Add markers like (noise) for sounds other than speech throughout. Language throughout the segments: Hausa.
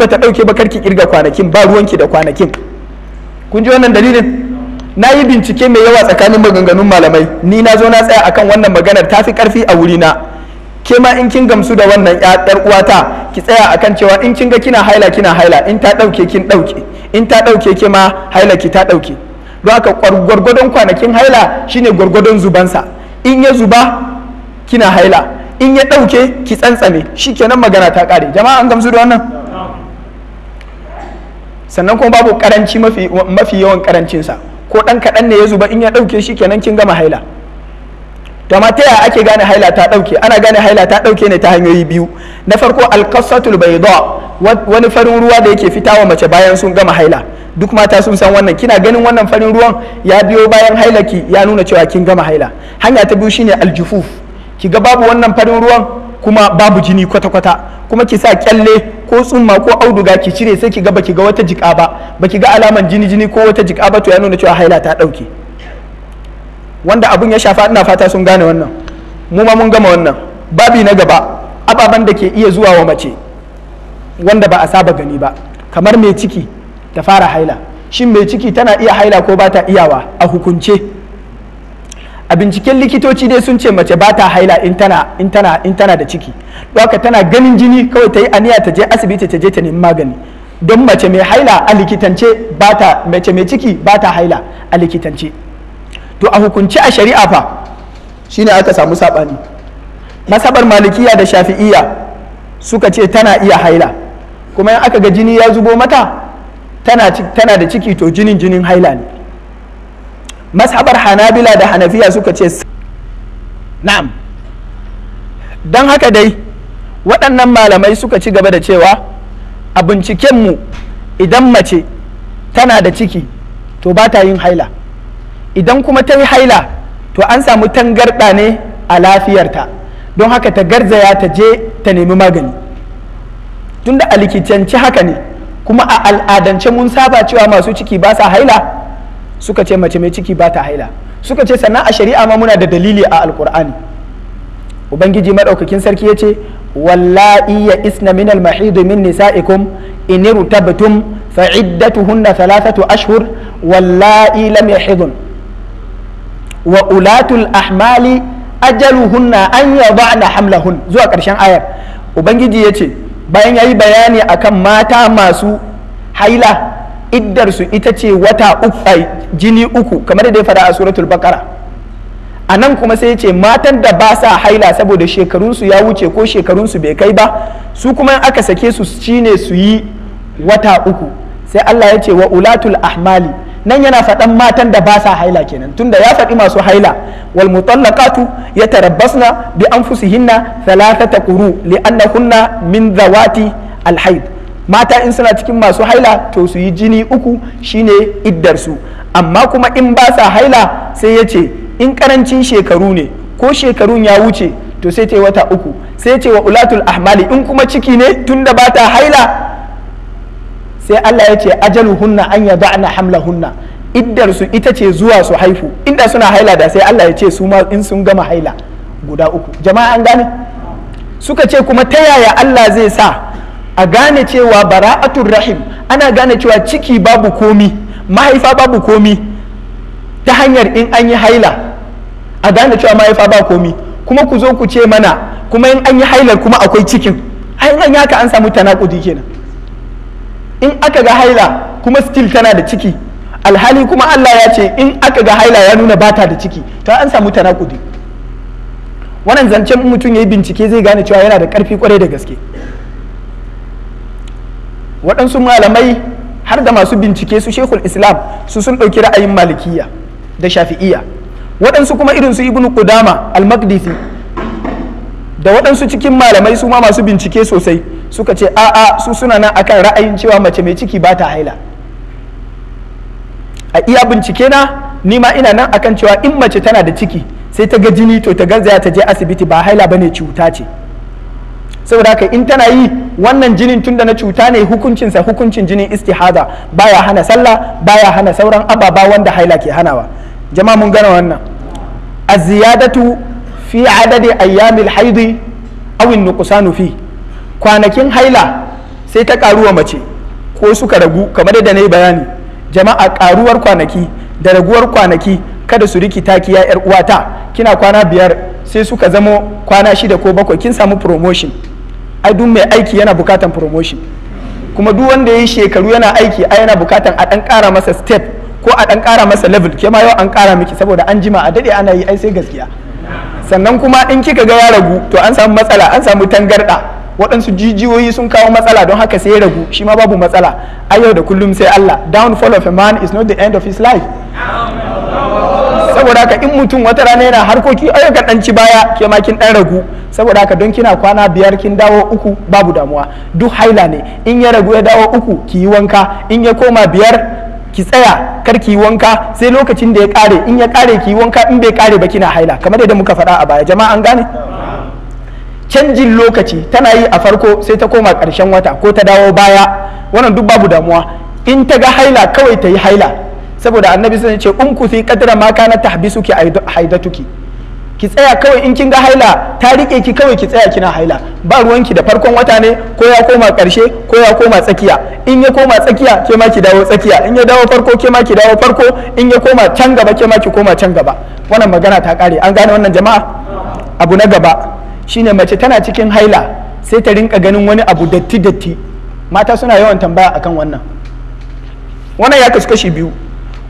ba ta ɗauke ba karki kirga kwanakin ba ruwanki da kwanakin kun ji wannan dalilin na yi bincike mai yawa tsakanin maganganun malamai ni na zo na tsaya akan wannan maganar ta fi ƙarfi a wurina ke ma in kin gamsu da wannan 'yar uwata ki tsaya akan cewa in kin ga kina haila kina haila in ta ɗauke kin ɗauke in ta ɗauke ke ma haila ki ta ɗauke don haka gwargwadon kwanakin haila shine gwargwadon zubansa in ya zuba kina haila in ya ɗauke ki tsantsame shikenan magana ta kare jama'a gamsu da wannan sannan kuma babu karanci mafi, yawan karancinsa ko ɗan kaɗan ne ya zuba in ya ɗauke shi kenan kin gama haila to amma ta yaya ake gane haila ta ɗauke ana gane haila ta ɗauke ne ta hanyoyi biyu na farko alkasatul bayda wani farin ruwa da yake fita wa mace bayan sun gama haila duk mata sun san wannan kina ganin wannan farin ruwan ya biyo bayan ki ya nuna cewa kin gama haila hanya ta biyu shine aljufuf ki ga babu wannan farin ruwan kuma babu jini kwata-kwata kuma ki sa kyalle ko tsumma ko auduga ki cire sai ki ga baki ga wata jika ba baki ga alaman jini jini ko wata jika ba to ya nuna cewa haila ta dauke wanda abun ya shafa ina fata sun gane wannan mu ma mun gama wannan babi na gaba ababen da ke iya zuwa wa mace wanda ba a saba gani ba kamar mai ciki ta fara haila shin mai ciki tana iya haila ko ba ta iyawa a hukunce a binciken likitoci dai sun ce mace ba ta haila in tana da ciki doka tana ganin jini kawai ta yi aniya ta je asibiti ta je ta nemi magani don mace mai haila a likitance ba ta mace mai ciki ba ta haila a likitance to a hukunci a shari'a fa shine aka samu sabani masabar malikiya da shafi'iya suka ce tana iya haila kuma in aka ga jini ya zubo mata tana da ciki to jinin jinin haila ne mashabar hanabila da hanafiya suka ce na'am don haka dai waɗannan malamai suka ci gaba da cewa a bincikenmu idan mace tana da ciki to ba ta yin haila idan kuma ta yi haila to an samu tangarɗa ne a lafiyarta don haka ta garzaya ta je ta nemi magani tunda a likitanci haka ne kuma a al'adance mun saba cewa masu ciki ba sa haila suka ce mace mai ciki ba ta haila suka ce sannan a shari'a ma muna da dalili a alkur'ani ubangiji madaukakin sarki ya ce wallahi ya isna minal mahidu min nisa'ikum in irtabtum fa iddatuhunna thalathatu ashhur wallahi lam yahidun wa ulatul ahmali ajaluhunna an hamla hun zuwa karshen ayar ubangiji ya ce bayan yayi bayani akan mata masu haila iddar su ita ce wata uku jini uku kamar da ya fada a suratul baqara a nan kuma sai ya ce matan da ba sa haila saboda shekarunsu ya wuce ko shekarunsu bai kai ba su kuma aka sake su shine su yi wata uku sai Allah ya ce wa ulatul ahmali nan yana faɗan matan da ba sa haila kenan tunda ya faɗi masu haila wal mutallaqatu yatarabbasna bi anfusihinna thalathata quru li annahunna min zawati al mata in suna cikin masu haila to su yi jini uku shine iddarsu amma kuma in ba sa haila sai ya ce in karancin shekaru ne ko shekarun ya wuce to sai ce wata uku sai ce wa ulatul ahmali in kuma ciki ne tunda ba ta haila sai Allah ya ce hunna an yada'na hamla iddar su ita ce zuwa su haifu inda suna haila da sai Allah ya ce su ma in sun gama haila guda uku jama'a an gane suka ce kuma ta yaya Allah zai sa a gane cewa bara'atun rahim ana gane cewa ciki babu komi mahaifa babu komi ta hanyar in an yi haila a gane cewa mahaifa ba komi kuma ku zo ku ce mana kuma in an yi hailar kuma akwai cikin in an yaka an samu tanakudi kenan in aka ga haila kuma still tana da ciki alhali kuma Allah ya ce in aka ga haila ya nuna bata da ciki ta an samu tanakudi wannan zancen mutum ya yi bincike zai gane cewa yana da karfi kwarai da gaske waɗansu malamai har da masu bincike su shekul islam su sun ɗauki ra'ayin malikiya da shafi'iya waɗansu kuma irin su ibnu kudama al-maqdisi da waɗansu cikin malamai su ma masu bincike sosai suka ce a'a su suna nan akan ra'ayin cewa mace mai ciki ba ta haila a iya bincike na ni ma ina nan akan cewa in mace tana da ciki sai ta ga jini to ta garzaya ta je asibiti ba haila bane cuta ce saboda haka in tana yi wannan jinin tun da na cuta ne hukuncinsa hukuncin jinin istihada baya hana sallah baya hana sauran ababa wanda haila ke hanawa jama'a mun gana wannan aziyadatu fi adadi ayyamil haidi awin nuqsanu fi kwanakin haila sai ta karuwa mace ko suka ragu kamar yadda na yi bayani jama'a karuwar kwanaki da raguwar kwanaki kada su rikita ki ya yar uwata kina kwana biyar sai suka zamo kwana shida ko bakwai kin samu promotion ai duk mai aiki yana bukatan promotion kuma duk wanda ya yi shekaru yana aiki ai yana bukatan a dan kara masa step ko a dan kara masa level ke ma yau an kara miki saboda an jima a dade ana yi ai sai gaskiya sannan kuma in kika ga ya ragu to an samu matsala an samu tangarda waɗansu jijiyoyi sun kawo matsala don haka sai ya ragu shi ma babu matsala a yau da kullum sai Allah downfall of a man is not the end of his life saboda ka in mutum wata rana yana harkoki ayyukan dan ci baya ke ma kin dan ragu saboda ka don kina kwana biyar kin dawo uku babu damuwa duk haila ne in ya ragu ya dawo uku ki yi wanka in ya koma biyar ki tsaya kar ki wanka sai lokacin da ya kare in ya kare ki wanka in bai kare ba kina haila kamar yadda muka faɗa a baya jama'a an gane canjin lokaci tana yi a farko sai ta koma ƙarshen wata ko ta dawo baya wannan duk babu damuwa in ta ga haila kawai ta yi haila saboda annabi sun ce ku kusi kadra ma kana tahbisuki haidatuki ki tsaya kawai in kin ga haila ta rike ki kawai ki tsaya kina haila ba ruwanki da farkon wata ne ko ya koma karshe ko ya koma tsakiya in ya koma tsakiya ke ma ki dawo tsakiya in ya dawo farko ke ma ki dawo farko in ya koma can gaba ke ma ki koma can gaba wannan magana ta kare an gane wannan jama'a abu na gaba shine mace tana cikin haila sai ta rinka ganin wani abu datti datti mata suna yawan tambaya akan wannan wannan ya kasu kashi biyu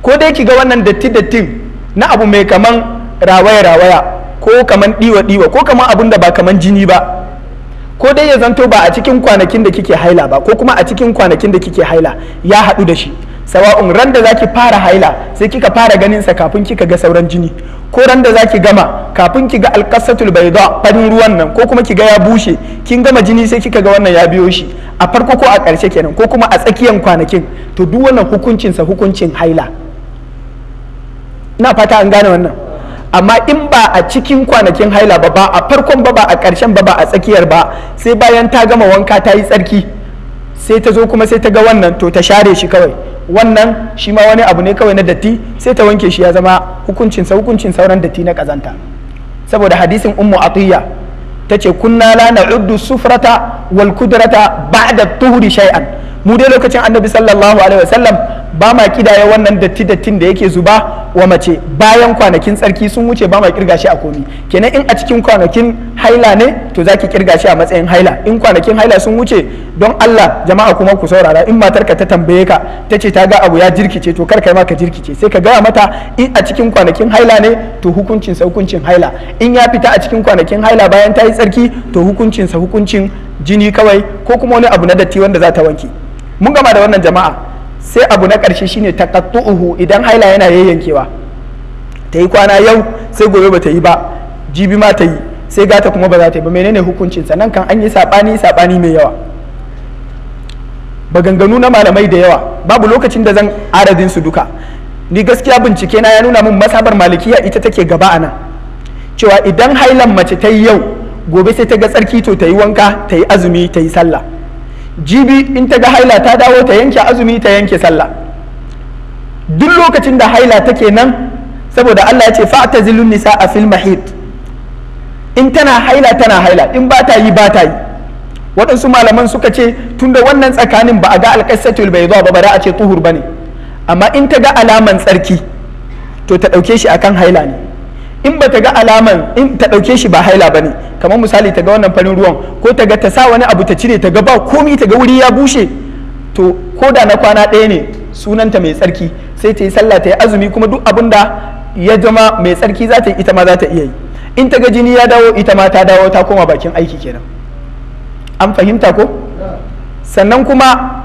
ko dai ki ga wannan datti dattin na abu mai kaman rawaya rawaya ko kaman diwa diwa ko kaman abun da ba kaman jini ba ko dai ya zanto ba a cikin kwanakin da kike haila ba ko kuma a cikin kwanakin da kike haila ya haɗu da shi sawa'un ran da zaki fara haila sai kika fara ganin sa kafin kika ga sauran jini ko ran da zaki gama kafin ki ga alqasatul bayda farin ruwan nan ko kuma ki ga ya bushe kin gama jini sai kika ga wannan ya biyo shi a farko ko a ƙarshe kenan ko kuma a tsakiyar kwanakin to duk wannan hukuncin sa hukuncin haila na fata an gane wannan amma in ba a cikin kwanakin haila ba ba a farkon ba ba a ƙarshen ba ba a tsakiyar ba sai bayan ta gama wanka ta yi tsarki sai ta zo kuma sai ta ga wannan to ta share shi kawai wannan shi ma wani abu ne kawai na datti sai ta wanke shi ya zama hukuncin sa hukuncin sauran datti na kazanta saboda hadisin ummu atiya ta ce kunna la na'uddu sufrata wal kudrata ba'da tuhuri shay'an mu dai lokacin annabi sallallahu alaihi wasallam ba ma kidaya wannan datti dattin da yake zuba wa mace bayan kwanakin tsarki sun wuce ba ma kirga shi a komi kenan in a cikin kwanakin haila ne to zaki kirga shi a matsayin haila in kwanakin haila sun wuce don Allah jama'a kuma ku saurara in matar ka ta tambaye ka ta ce ta ga abu ya jirkice to kar kai ma ka jirkice sai ka gaya mata in a cikin kwanakin haila ne to hukuncin sa hukuncin haila in ya fita a cikin kwanakin haila bayan ta yi tsarki to hukuncin sa hukuncin jini kawai ko kuma wani abu na datti wanda za ta wanke mun gama da wannan jama'a sai abu na ƙarshe shine uhu idan haila yana yayyankewa ta yi kwana yau sai gobe ba ta yi ba jibi ma ta yi sai gata kuma ba za ta yi ba menene hukuncin sa nan kan an yi sabani sabani mai yawa baganganu na malamai da yawa babu lokacin da zan aradin su duka ni gaskiya bincike na ya nuna min masabar malikiya ita take gaba a nan cewa idan hailan mace ta yi yau gobe sai ta ga tsarki to ta yi wanka ta yi azumi ta yi sallah jibi in ta ga haila ta dawo ta yanke azumi ta yanke sallah duk lokacin da haila take nan saboda Allah ya ce fa'ta zilun nisa a fil mahid in tana haila tana haila in ba ta yi ba ta yi waɗansu malaman suka ce tunda wannan tsakanin ba a ga alƙasatul bai zuwa ba ba a ce tuhur ba ne amma in ta ga alaman tsarki to ta ɗauke shi akan haila ne in ba ta ga alaman in ta ɗauke shi ba haila ba ne kamar misali ta ga wannan farin ruwan ko ta ga ta sa wani abu ta cire ta ga ba komi ta ga wuri ya bushe to ko da na kwana ɗaya ne sunanta mai tsarki sai ta yi sallah ta yi azumi kuma duk abin da ya zama mai tsarki za ta yi ita ma za ta iya yi in ta ga jini ya dawo ita ma ta dawo ta koma bakin aiki kenan an fahimta ko sannan kuma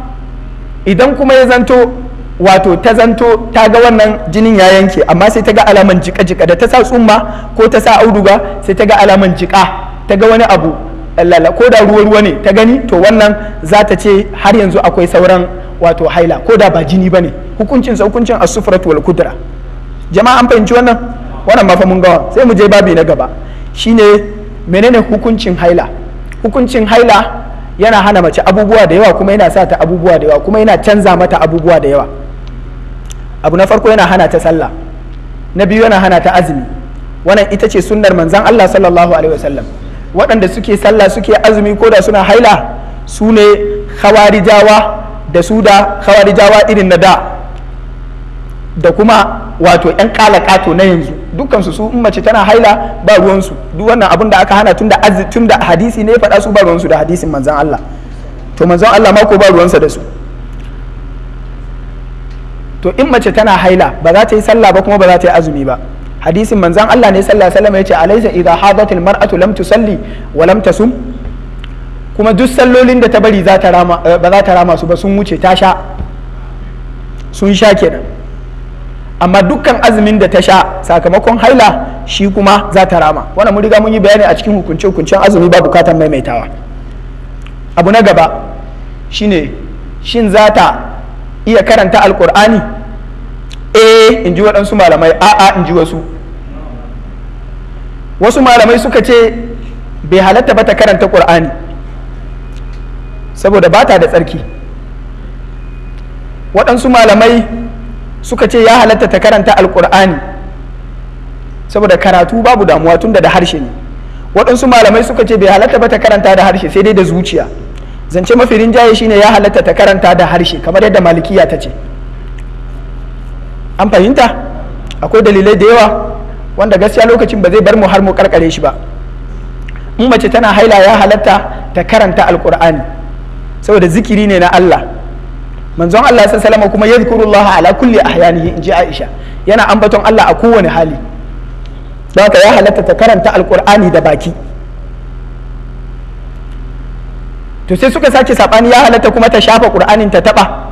idan kuma ya zanto wato ta zanto ta ga wannan jinin ya yanke amma sai ta ga alaman jika-jika da ta sa tsumma ko ta sa auduga sai ta ga alaman jika ta ga wani abu lalla ko da ruwa ruwa ne ta gani to wannan za ta ce har yanzu akwai sauran wato haila ko da ba jini ba ne hukuncin sa hukuncin asufrat wal kudra jama'a an fahimci wannan wannan ma fa mun gawa sai mu je babi na gaba shine menene hukuncin haila hukuncin haila yana hana mace abubuwa da yawa kuma yana sa ta abubuwa da yawa kuma yana canza mata abubuwa da yawa abu na farko yana hana ta sallah na biyu yana hana ta azumi wannan ita ce sunnar manzan Allah sallallahu alaihi wasallam waɗanda suke sallah suke azumi ko da suna haila su ne khawarijawa da su da khawarijawa irin na da da kuma wato yan kalakato na yanzu dukkan su in mace tana haila ba ruwansu duk wannan abin da aka hana tun da hadisi ne faɗa su ba su da hadisin manzan Allah to manzan Allah ma ko ba ruwansa da su to in mace tana haila ba za ta yi sallah ba kuma ba za ta yi azumi ba hadisin manzan Allah ne sallallahu alaihi wasallam yace alaysa idha hadatil mar'atu lam tusalli wa lam tasum kuma duk sallolin da ta bari za ta rama eh, ba za ta rama su ba sun wuce ta sha sun sha kenan amma dukkan azumin da ta sha sakamakon haila shi kuma za ta rama wannan mun riga mun yi bayani a cikin hukunce hukuncen azumi ba bukatan maimaitawa abu na gaba shine shin za ta iya karanta alkur'ani eh in ji waɗansu malamai a'a in ji wasu wasu malamai suka ce bai halatta ba ta karanta ƙur'ani saboda ba ta da tsarki waɗansu malamai suka ce ya halatta ta karanta alkur'ani saboda karatu babu damuwa tun da harshe ne waɗansu malamai suka ce bai halatta ba ta karanta da harshe sai dai da zuciya zance mafi rinjaye shine ya halatta ta karanta da harshe kamar yadda malikiya ta ce an fahimta akwai dalilai da yawa wanda gaskiya lokacin ba zai bar mu har mu karkare shi ba in mace tana haila ya halatta ta karanta alkur'ani saboda zikiri ne na Allah manzon Allah sai salama kuma Allah ala kulli ahyanihi inji Aisha yana ambaton Allah a kowane hali don haka ya halatta ta karanta alkur'ani da baki to sai suka sace sabani ya halatta kuma ta shafa qur'anin ta taba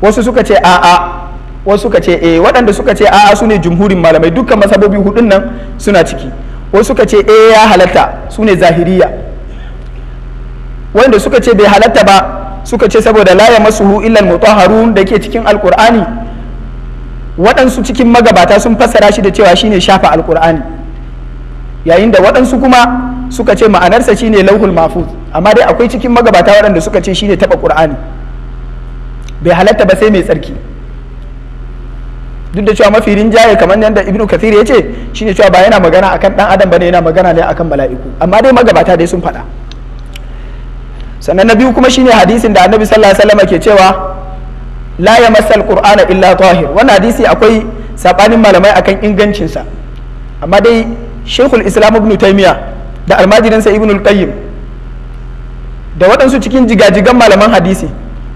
wasu suka ce a'a wasu suka ce eh waɗanda suka ce a'a su ne jumhurin malamai dukkan masabobi hudun nan suna ciki wasu suka ce eh ya halatta su ne zahiriya wanda suka ce bai halatta ba suka ce saboda la ya masuhu illal mutahharun da ke cikin alqur'ani waɗansu cikin magabata sun fassara shi da cewa shine shafa alqur'ani yayin da waɗansu kuma suka ce ma'anarsa shine lauhul mahfuz amma dai akwai cikin magabata waɗanda suka ce shine taɓa ƙur'ani bai halatta ba sai mai tsarki duk da cewa mafi rinjaye kamar yadda ibnu kathir ya ce shine cewa ba yana magana akan dan adam ne yana magana ne akan mala'iku amma dai magabata dai sun faɗa sannan na biyu kuma shine hadisin da annabi sallallahu alaihi wasallam ke cewa la yamassal qur'ana illa tahir wannan hadisi akwai sabanin malamai akan ingancinsa amma dai shekul islam ibn taymiya da almajirinsa ibn al-qayyim da waɗansu cikin jigajigan malaman hadisi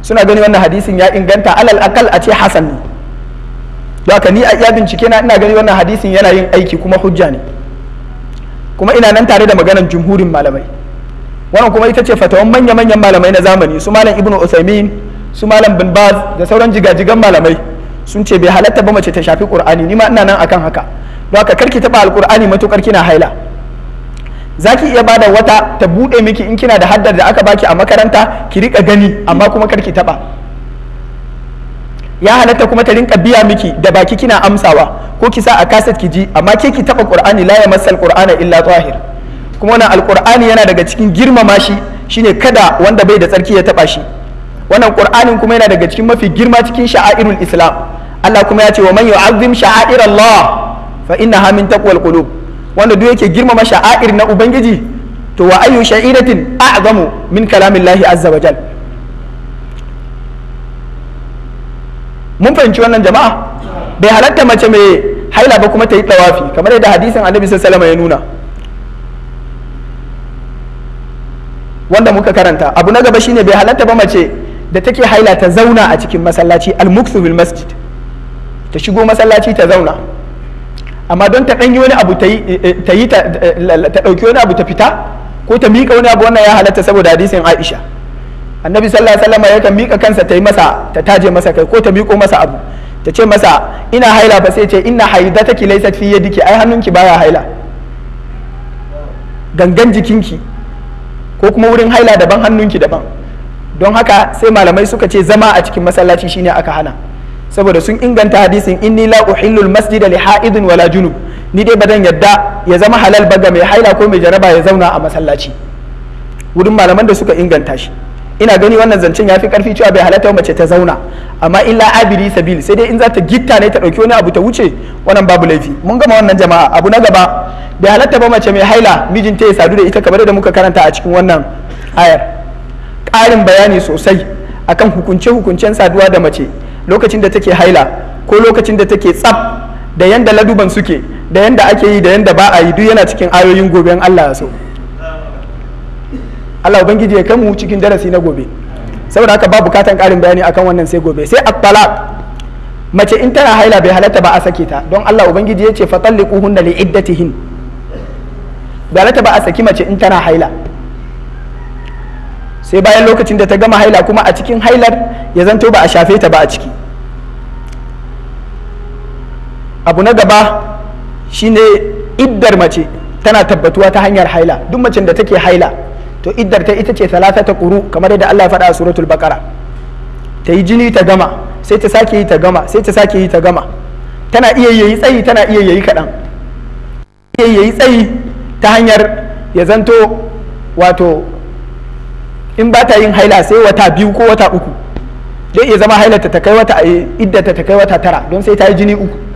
suna gani wannan hadisin ya inganta alal akal a ce hasan ne aka ni a iya bincike na ina gani wannan hadisin yana yin aiki kuma hujja ne kuma ina nan tare da maganan jumhurin malamai wannan kuma ita ce fatawan manya-manyan malamai na zamani su malam ibnu usaimin su malam bin baz da sauran jigajigan malamai sun ce bai halatta ba mace ta shafi qur'ani ni ma ina nan akan haka da haka karki taba alqur'ani matukar kina haila za ki iya bada wata ta buɗe miki in kina da haddar da aka baki a makaranta ki rika gani amma kuma kar ki taɓa ya halatta kuma ta rinka biya miki da baki kina amsawa ko ki sa a kaset ki ji amma ke ki taɓa qur'ani la yamassal qur'ana illa tahir kuma wannan alqur'ani yana daga cikin girmama shi shine kada wanda bai da tsarki ya taɓa shi wannan qur'anin kuma yana daga cikin mafi girma cikin sha'airul islam Allah kuma ya ce wa man yu'azzim sha'a'irallah fa innaha min taqwal qulub wanda duk yake girmama sha'air na ubangiji to wa ayyu sha'iratin a'zamu min kalamillahi azza wajal mun fahimci wannan jama'a bai halatta mace mai haila ba kuma ta yi tawafi kamar yadda hadisin annabi sallallahu ya nuna wanda muka karanta abu na gaba shine bai halatta ba mace da take haila ta zauna a cikin masallaci al-muksu bil masjid ta shigo masallaci ta zauna amma don ta ɗanyi wani abu ta yi eh, eh, eh, ta ɗauki wani abu ta fita ko ta miƙa wani abu wannan ya halatta saboda hadisin aisha annabi sallallahu alaihi wasallam yakan miƙa kansa ta yi masa ta taje masa kai ko ta miƙo masa abu ta ce masa ina haila ba sai ce ina haidataki laysat fi yadiki ai hannunki baya haila gangan jikinki ko kuma wurin haila daban hannunki daban don haka sai malamai suka ce zama a cikin masallaci shine aka hana saboda sun inganta hadisin inni la uhillul masjida li ha'idun wala junub ni dai badan yadda ya zama halal ba ga mai haila ko mai jaraba ya zauna a masallaci wurin malaman da suka inganta shi ina gani wannan zancen ya fi karfi cewa bai halatta mace ta zauna amma illa abiri sabil sai dai in za ta gitta ne ta dauki wani abu ta wuce wannan babu laifi mun gama wannan jama'a abu na gaba bai halatta ba mace mai haila mijinta ya sadu da ita kamar da muka karanta a cikin wannan ayar karin bayani sosai akan hukunce-hukuncen saduwa da mace lokacin da take haila ko lokacin da take tsaf da yanda laduban suke da yanda ake yi da yanda ba a yi duk yana cikin ayoyin gobe in Allah ya so Allah ubangiji ya kai mu cikin darasi na gobe saboda haka ba bukatan karin bayani akan wannan sai gobe sai at mace in tana haila bai halatta ba a sake ta don Allah ubangiji ya ce fatalliquhunna li iddatihin bai halatta ba a saki mace in tana haila sai bayan lokacin da ta gama haila kuma a cikin hailar ya zanto ba a shafe ta ba a ciki abu na gaba shine iddar mace tana tabbatuwa ta hanyar haila duk macen da take haila to iddar ta ita ce talata ta kuru kamar yadda Allah ya faɗa a suratul baqara ta yi jini ta gama sai ta sake yi ta gama sai ta sake yi ta gama tana iya yayi tsayi tana iya yayi kaɗan iya yayi tsayi ta hanyar ya zanto wato in ba ta yin haila sai wata biyu ko wata uku dai ya zama hailata ta kai wata eh, iddata ta kai wata tara don sai ta yi jini uku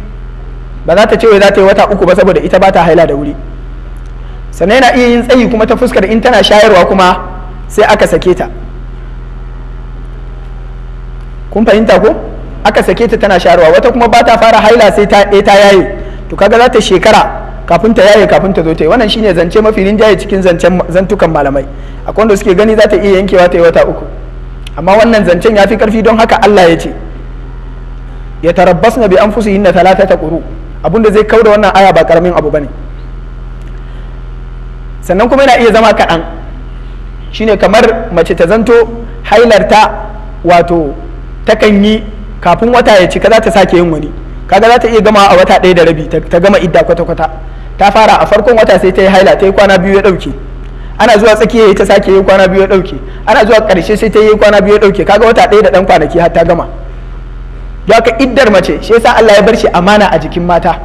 ba za ta ce za ta yi wata uku ba saboda ita ba ta haila da wuri sannan yana iya yin tsayi kuma ta fuskar in tana shayarwa kuma sai aka sake ta kun fahimta ko aka sake ta tana shayarwa wata kuma ba ta fara haila sai ta eh, ta yaye to kaga za ta shekara kafin ta yaye kafin ta zo ta yi wannan shine zance mafi rinjaye cikin zancen zantukan malamai akwai wanda suke gani za ta iya yankewa ta yi wata uku amma wannan zancen ya fi karfi don haka Allah ya ce ya tarabbas na bi an fusu yin na talata ta ƙuru abinda zai da wannan aya ba karamin abu ba ne sannan kuma yana iya zama kaɗan shine kamar mace ta zanto hailarta wato takan yi kafin wata ya cika za ta sake yin wani kaga za ta iya gama a wata ɗaya da rabi ta gama idda kwata-kwata ta fara a farkon wata sai ta yi haila ta yi kwana biyu ya ɗauke ana zuwa tsakiya ta sake yi kwana biyu ya ɗauke ana zuwa ƙarshe sai ta yi kwana biyu ya ɗauke kaga wata ɗaya da ɗan kwanaki har ta gama don haka iddar mace shi yasa Allah ya bar shi amana a jikin mata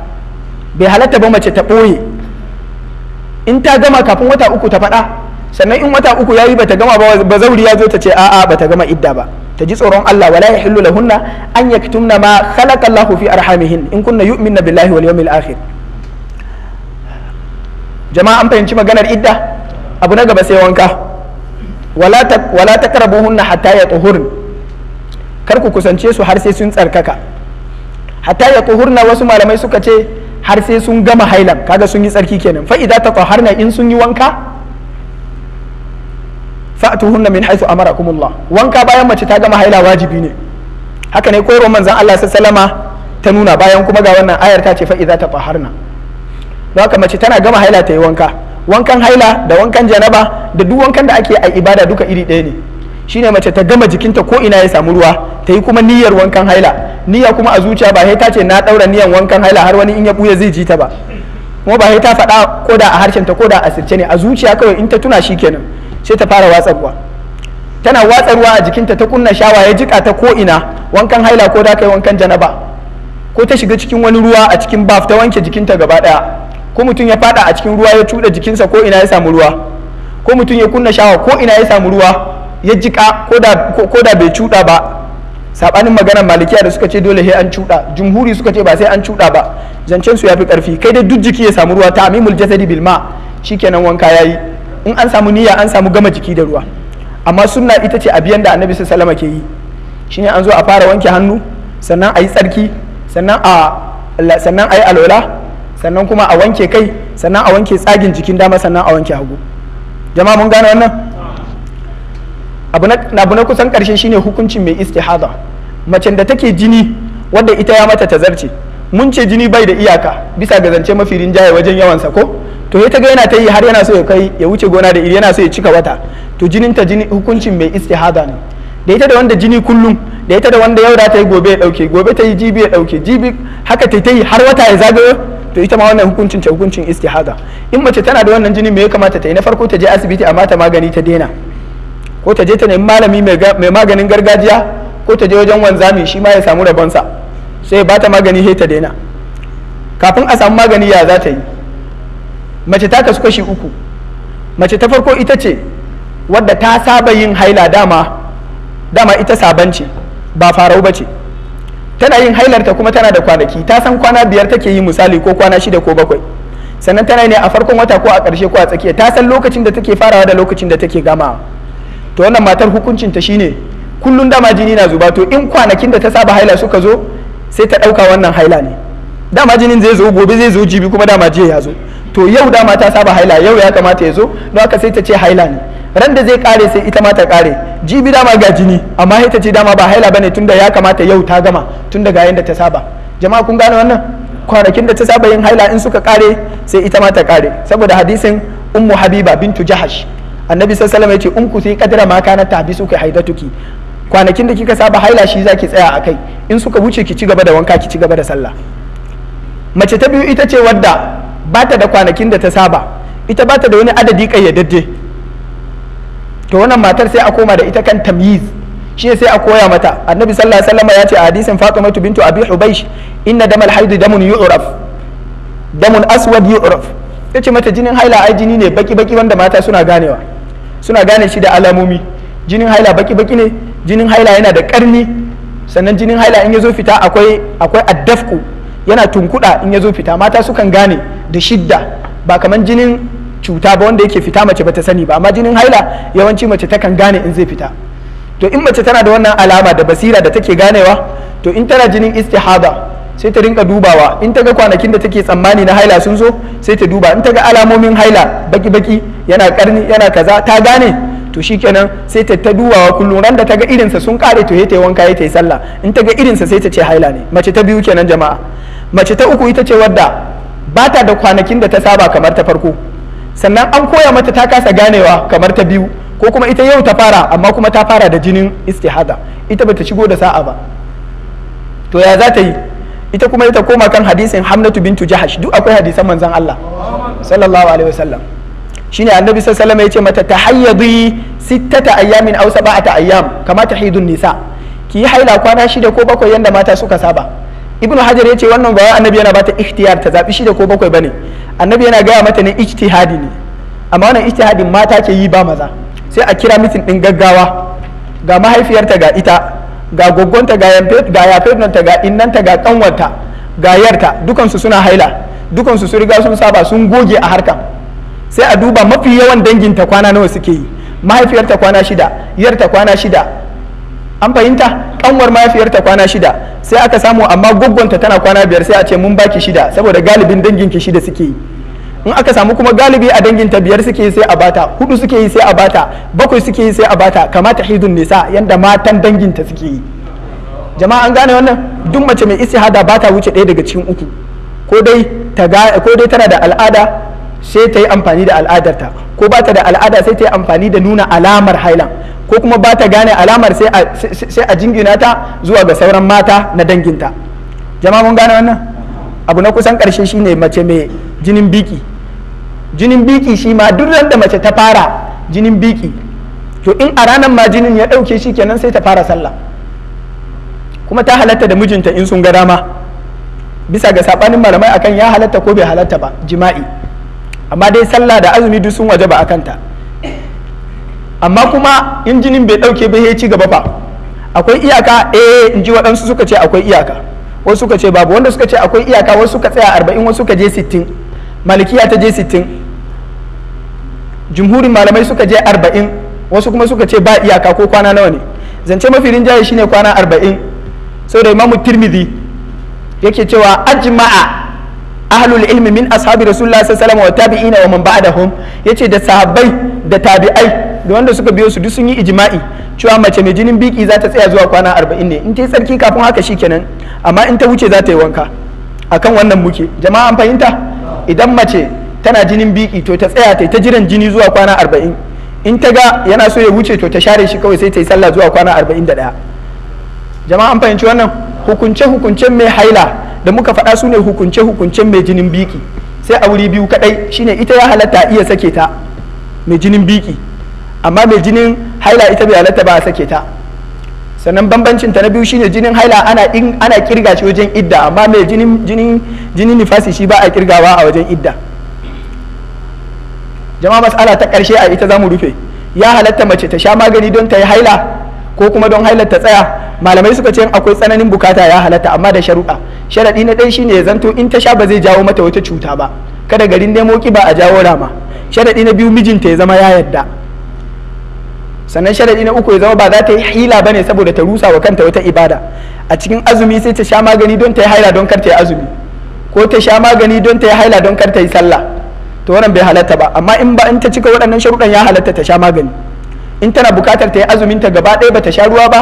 bai halatta ba mace ta ɓoye in ta gama kafin wata uku ta faɗa sannan in wata uku ya yayi bata gama ba zauri ya zo ta ce a'a bata gama idda ba ta ji tsoron Allah wala yahillu lahunna an yaktumna ma khalaqa Allahu fi arhamihin in kunna yu'minna billahi wal yawmil akhir jama'a an fahimci maganar idda abu na gaba sai wanka wala ta wala takrabuhunna hatta yatuhurna kar ku kusance su har sai sun tsarkaka hatta ya kuhurna wasu malamai suka ce har sai sun gama hailan kaga sun yi tsarki kenan fa idza na in sun yi wanka fa'tuhunna min haythu amarakumullah wanka bayan mace ta gama haila wajibi ne haka ne koyarwar manzon Allah wasallama ta nuna bayan kuma ga wannan ayar ta ce fa idza tatahharna don haka mace tana gama haila ta yi wanka wankan haila da wankan janaba da duk wankan da ake a ibada duka iri ɗaya ne shine mace ta gama jikinta ko ina ya samu ruwa ta yi kuma niyyar wankan haila niyya kuma a zuciya ba ta ce na daura niyan wankan haila har wani in ya buya zai ji ta ba kuma ba ta faɗa ko da a harshen ta ko da a sirce ne a zuciya kawai in ta tuna shikenan sai ta fara watsarwa tana ruwa a jikinta ta kunna shawa ya jika ta ko ina wankan haila ko da kai wankan janaba ko ta shiga cikin wani ruwa a cikin baf ta wanke jikinta gaba daya ko mutum ya fada a cikin ruwa ya cuɗa jikinsa ko ina ya samu ruwa ko mutum ya kunna shawa ko ina ya samu ruwa ya jika ko da bai cuɗa ba sabanin maganar malikiya da suka ce dole sai an cuɗa jumhuri suka ce ba sai an cuɗa ba zancen su fi karfi kai dai duk jiki ya samu ruwa ta amimul jasadi bil ma shikenan wanka yayi in an samu niyya an samu gama jiki da ruwa amma sunna ita ce abiyan da annabi sallallahu ke yi shine an zo a fara wanke hannu sannan a yi tsarki sannan a sannan a yi alwala sannan kuma a wanke kai sannan a wanke tsagin jikin dama sannan a wanke hagu jama'a mun gane wannan abu na kusan karshe shine hukuncin mai istihada Mace da take jini wanda ita ya mata zarce mun ce jini bai da iyaka bisa ga zance mafi rinjaye wajen yawansa ko to ya ga yana ta yi har yana so ya kai ya wuce gona da iri yana so ya cika wata to jinin ta jini hukuncin mai istihada ne da ita da wanda jini kullum da ita da wanda yau ta yi gobe ya dauke gobe ta yi jibi ya dauke jibi haka ta yi har wata ya zagayo to ita ma wannan hukuncin ta hukuncin istihada in mace tana da wannan jini me ya kamata ta yi na farko ta je asibiti a mata magani ta daina ko ta je ta nemi malami mai maganin gargajiya ko ta je wajen wanzami shi ma ya samu rabonsa sai ba ta magani sai ta daina kafin a samu magani ya za ta yi mace ta kasu kashi uku mace ta farko ita ce wadda ta saba yin haila dama dama ita sabance ba farau ba ce tana yin hailarta kuma tana da kwanaki ta san kwana biyar take yi misali ko kwana shida ko bakwai sannan tana ne a farkon wata ko a ƙarshe ko a tsakiya ta san lokacin da take farawa da lokacin da take gamawa to wannan matar hukuncin ta shine kullum dama jini na zuba to in kwanakin da ta saba haila suka zo sai ta ɗauka wannan haila ne dama jinin zai zo gobe zai zo jibi kuma dama jiya ya zo to yau dama ta saba haila yau ya kamata ya zo don haka sai ta ce haila ne ran da zai kare sai ita ma ta kare jibi dama ga jini amma sai ta ce dama ba haila bane tunda ya kamata yau ta gama tunda daga yanda ta saba jama'a kun gane wannan kwanakin da ta saba yin haila in suka kare sai ita ma ta kare saboda hadisin ummu habiba bintu jahash annabi sallallahu ya yace in ku sai kadara ma kana tabi suka haidatuki kwanakin da kika saba haila shi zaki tsaya a kai in suka wuce ki ci gaba da wanka ki ci gaba da sallah mace ta biyu ita ce wadda ba ta da kwanakin da ta saba ita ba ta da wani adadi kayyadadde to wannan matar sai a koma da ita kan tamyiz shi sai a koya mata annabi sallallahu alaihi wasallam ya a hadisin fatima bintu abi hubaysh inna damal haid damun yu'raf damun aswad yu'raf yace mata jinin haila ai jini ne baki baki wanda mata suna ganewa suna gane shi da alamomi jinin haila baki baki ne jinin haila yana da karni sannan jinin haila in ya zo fita akwai akwai addafku yana tunkuda in ya zo fita mata sukan gane da shidda ba kamar jinin cuta ba wanda yake fita mace bata sani ba amma jinin haila yawanci mace takan gane in zai fita to in mace tana da wannan alama da basira da take ganewa to in tana jinin istihaba sai ta rinka dubawa in ta ga kwanakin da take tsammani na haila sun zo sai ta duba in ta ga alamomin haila baki baki yana karni yana kaza ta gane to shikenan sai ta ta dubawa kullum randa da ta ga irinsa sun kare to ta yi wanka ya ta yi sallah in ta ga irin sa sai ta ce haila ne mace ta biyu kenan jama'a mace ta uku ita ce wadda ba ta da kwanakin da ta saba kamar ta farko sannan an koya mata ta kasa ganewa kamar ta biyu ko kuma ita yau ta fara amma kuma ta fara da jinin istihada ita bata shigo da sa'a ba to ya za ta yi ita kuma ita koma kan hadisin hamnatu bintu jahash duk akwai hadisan manzan Allah sallallahu alaihi wasallam shine annabi sallallahu alaihi wasallam yace mata tahayyadi sittata ayyamin aw sab'ata ayyam kama tahidun nisa ki yi haila kwana shida ko bakwai yanda mata suka saba ibnu hajar yace wannan ba annabi yana bata ikhtiyar ta zabi shida ko bakwai bane annabi yana gaya mata ne ijtihadi ne amma wannan ijtihadin mata ke yi ba maza sai a kira mitin din gaggawa ga mahaifiyarta ga ita ga goggonta ga yafetanta ga innanta ga kanwata ga yarta dukansu suna haila dukansu su riga sun saba sun goge a harkan sai a duba mafi yawan danginta kwana nawa suke yi mahaifiyarta kwana shida yarta kwana shida an fahimta kanwar mahaifiyarta kwana shida sai aka samu amma goggonta tana kwana biyar sai a ce mun baki shida saboda galibin danginki shida suke yi in aka samu kuma galibi a dangin ta biyar suke yi sai a bata hudu suke yi sai a bata bakwai suke yi sai a bata kamata hidun nisa yanda matan dangin ta suke yi jama'a an gane wannan duk mace mai istihada hada bata wuce ɗaya daga cikin uku ko dai tana da al'ada sai ta yi amfani da al'adarta ko bata da al'ada sai ta yi amfani da nuna alamar hailan ko kuma ba ta gane alamar sai a jingina ta zuwa ga sauran mata na danginta jama'a mun gane wannan abu na kusan karshe shine mace mai jinin biki jinin biki shi ma duk da mace ta fara jinin biki to in a ranar ma jinin ya ɗauke shi kenan sai ta fara sallah kuma ta halatta da mijinta in sun ga dama bisa ga sabanin malamai akan ya halatta ko bai halatta ba jima'i amma dai sallah da azumi duk sun waje ba akan ta amma kuma in jinin bai ɗauke ba ya ci gaba ba akwai iyaka eh in ji waɗansu suka ce akwai iyaka wasu suka ce babu wanda suka ce akwai iyaka wasu suka tsaya arba'in wasu suka je sittin malikiya ta je sittin jumhurin malamai suka je arba'in wasu kuma suka ce ba iyaka ko kwana nawa ne zance mafi rinjaye shine kwana arba'in saboda imamu tirmidhi yake cewa ajma'a ahlul ilmi min ashabi rasulullah sallallahu wa tabi'ina wa man ba'dahum yace da sahabbai da tabi'ai da wanda suka biyo su duk sun yi ijma'i cewa mace mai jinin biki za ta tsaya zuwa kwana arba'in ne in ta yi tsarki kafin haka shi kenan amma in ta wuce za ta yi wanka akan wannan muke jama'a an fahimta idan mace tana jinin biki to ta tsaya ta ta jiran jini zuwa kwana arba'in in ta ga yana so ya wuce to ta share shi kawai sai ta yi sallah zuwa kwana arba'in da ɗaya jama'a an fahimci wannan hukunce hukuncen mai haila da muka faɗa su ne hukunce hukuncen mai jinin biki sai a wuri biyu kaɗai shine ita ya halatta iya sake ta mai jinin biki amma mai jinin haila ita bai halatta ba a sake ta sannan bambancin ta na biyu shine jinin haila ana ana kirga shi wajen idda amma mai jinin jinin jinin nifasi shi ba a kirgawa a wajen idda jama'a matsala ta karshe a ita zamu rufe ya halatta mace ta sha magani don ta yi haila ko kuma don haila ta tsaya malamai suka ce akwai tsananin bukata ya halatta amma da sharuɗa sharaɗi na ɗaya shine ya zanto in ta sha ba zai jawo mata wata cuta ba kada garin nemo kiba a jawo rama sharaɗi na biyu mijinta ya zama ya yadda sannan sharadi na uku ya zama ba za ta yi hila bane saboda ta rusa wa kanta wata ibada a cikin azumi sai ta sha magani don ta yi haila don kar ta yi azumi ko ta sha magani don ta yi haila don kar ta yi sallah to wannan bai halatta ba amma in ba in ta cika waɗannan sharuɗan ya halatta ta sha magani in tana buƙatar ta yi azumin ta gaba ɗaya ba ta sha ruwa ba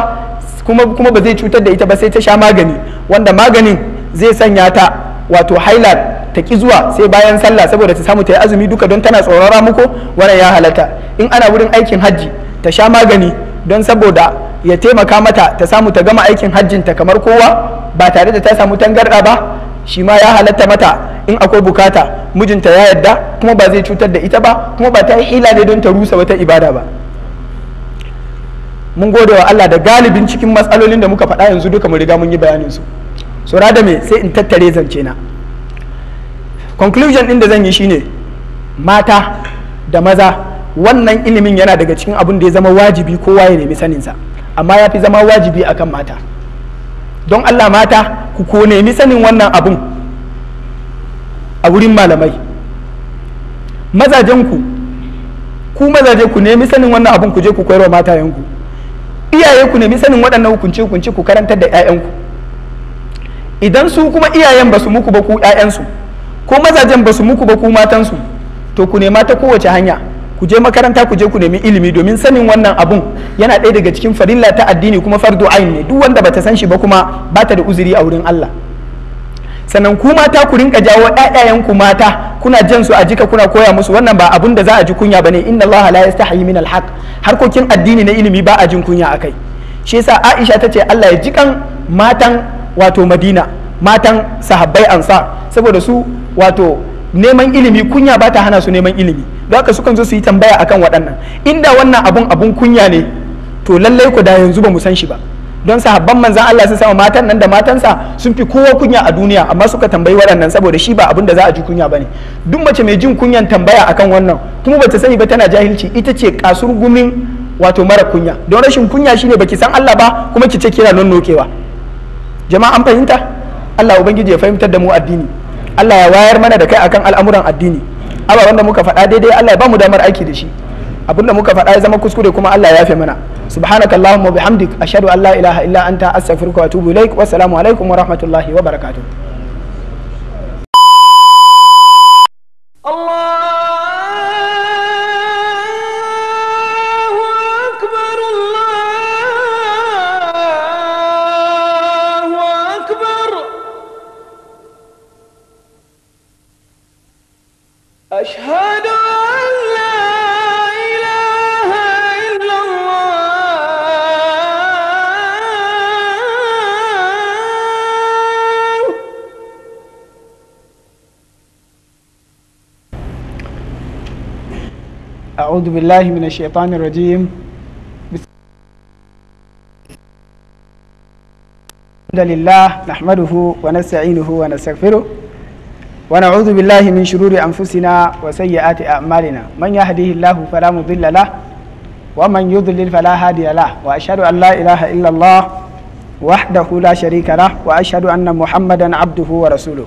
kuma kuma ba zai cutar da ita ba sai ta sha magani wanda maganin zai sanya ta wato haila ta ki zuwa sai bayan sallah saboda ta samu ta yi azumi duka don tana tsoron ramuko wannan ya halatta in ana wurin aikin hajji ta sha magani don saboda ya taimaka mata ta samu ta gama aikin hajjinta kamar kowa ba tare da ta samu tangarɗa ba shi ma ya halatta mata in akwai bukata mijinta ya yarda kuma ba zai cutar da ita ba kuma ba ta yi hila ne don ta rusa wata ibada ba mun gode wa Allah da galibin cikin matsalolin da muka faɗa yanzu duka mu riga mun yi bayanin su saura da me sai in tattare zance na conclusion din da zan yi shine mata da maza wannan ilimin yana daga cikin abin da ya zama wajibi kowa ya nemi saninsa amma ya fi zama wajibi akan mata don allah mata ku ko nemi sanin wannan abin a wurin malamai mazajenku ku mazaje ku nemi sanin wannan abin ku je ku koyarwa matayenku iyaye ku nemi sanin waɗannan hukunce hukunce ku karantar da 'ya'yanku idan su kuma iyayen ba su muku ba ku 'ya'yansu ko mazajen ba su muku ba ku matansu to ku nema ta kowace hanya ku je makaranta ku je ku nemi ilimi domin sanin wannan abun yana ɗaya daga cikin farilla ta addini kuma fardu ain ne duk wanda bata san shi ba kuma bata da uzuri a wurin Allah sannan ku mata ku rinka jawo ɗayayen ku mata kuna jan su a jika kuna koya musu wannan ba abun da za a ji kunya bane inna Allah la yastahi min alhaq harkokin addini na ilimi ba a jin kunya akai shi yasa Aisha ta ce Allah ya jikan matan wato Madina matan sahabbai ansa saboda su wato neman ilimi kunya ba ta hana su neman ilimi don haka sukan zo su yi tambaya akan waɗannan inda wannan abun abun kunya ne to lallai ku da yanzu ba mu san shi ba don sahabban manzan Allah sun sama matan nan da sa sun fi kowa kunya a duniya amma suka tambayi waɗannan saboda shi ba abin da za a ji kunya bane duk mace mai jin kunyan tambaya akan wannan kuma bata sani ba tana jahilci ita ce kasur gumin wato mara kunya don rashin kunya shine baki san Allah ba kuma ki ce kira nan nokewa jama'a an fahimta Allah ubangiji ya fahimtar da mu addini Allah ya wayar mana da kai akan al'amuran addini ababen da muka faɗa daidai Allah ya bamu damar aiki da shi abinda muka faɗa ya zama kuskure kuma Allah ya fi mana subhanakallahumma bihamdik ashhadu an la ilaha illa anta astaghfiruka wa atubu ilaik wassalamu alaikum wa rahmatullahi wa barakatuh أعوذ بالله من الشيطان الرجيم الحمد لله نحمده ونستعينه ونستغفره ونعوذ بالله من شرور أنفسنا وسيئات أعمالنا من يهديه الله فلا مضل له ومن يضلل فلا هادي له وأشهد أن لا إله إلا الله وحده لا شريك له وأشهد أن محمدا عبده ورسوله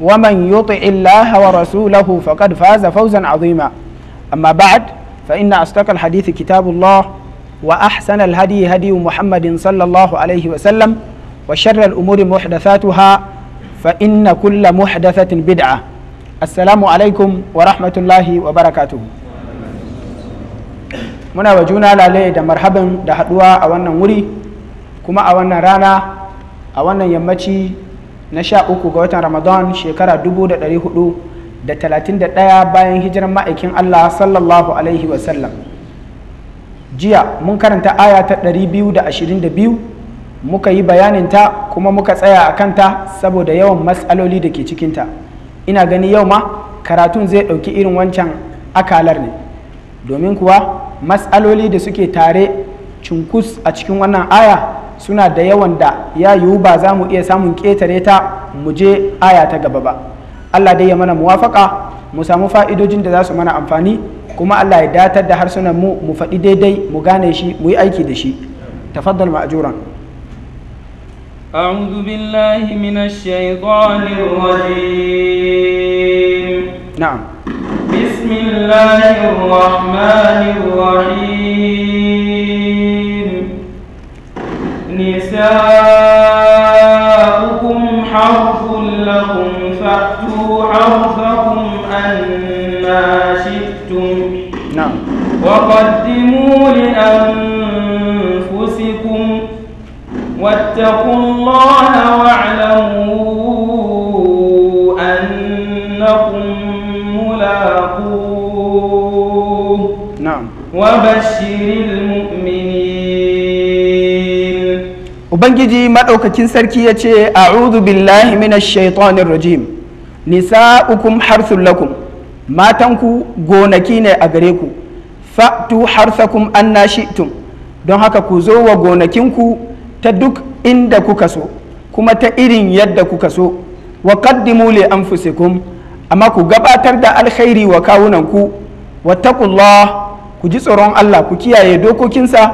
ومن يطع الله ورسوله فقد فاز فوزا عظيما أما بعد فإن أصدق الحديث كتاب الله وأحسن الهدي هدي محمد صلى الله عليه وسلم وشر الأمور محدثاتها فإن كل محدثة بدعة السلام عليكم ورحمة الله وبركاته muna wa juna lalai da marhaban da haduwa a wannan wuri kuma a wannan rana a wannan yammaci na sha uku ga watan ramadan shekara dubu da ɗari hudu da talatin da ɗaya bayan hijirar ma'aikin allah sallallahu alaihi wasallam jiya mun karanta aya ta ɗari biyu da ashirin da biyu muka yi bayaninta kuma muka tsaya a kanta saboda yawan matsaloli da ke cikinta ina gani yau ma karatun zai ɗauki irin wancan akalar ne domin kuwa matsaloli da suke tare cunkus a cikin wannan aya suna da yawan da ya yiwu ba za mu iya samun ƙetare ta mu je aya ta gaba ba Allah dai ya mana muwafaka mu samu fa'idojin da za su mana amfani kuma Allah ya datar da harsunan mu mu faɗi daidai mu gane shi mu yi aiki da shi tafaddal ma'juran أعوذ بالله من الشيطان الرجيم نعم بسم الله الرحمن الرحيم نساؤكم حرف لكم فأتوا حرفكم أنا شئتم نعم وقدموا لأنفسكم واتقوا الله واعلموا أنكم ملاقوه نعم وبشر المؤمنين ubangiji maɗaukakin sarki ya ce a'udhu billahi minash shaitanir rajim nisa'ukum harsun lakum matanku gonaki ne a gare ku fa'tu harsakum anna shi'tum don haka ku zo wa gonakinku ta duk inda kuka so kuma ta irin yadda kuka so wa qaddimu li anfusikum amma ku gabatar da alkhairi wa kawunanku wattaqullah ku ji tsoron Allah ku kiyaye dokokinsa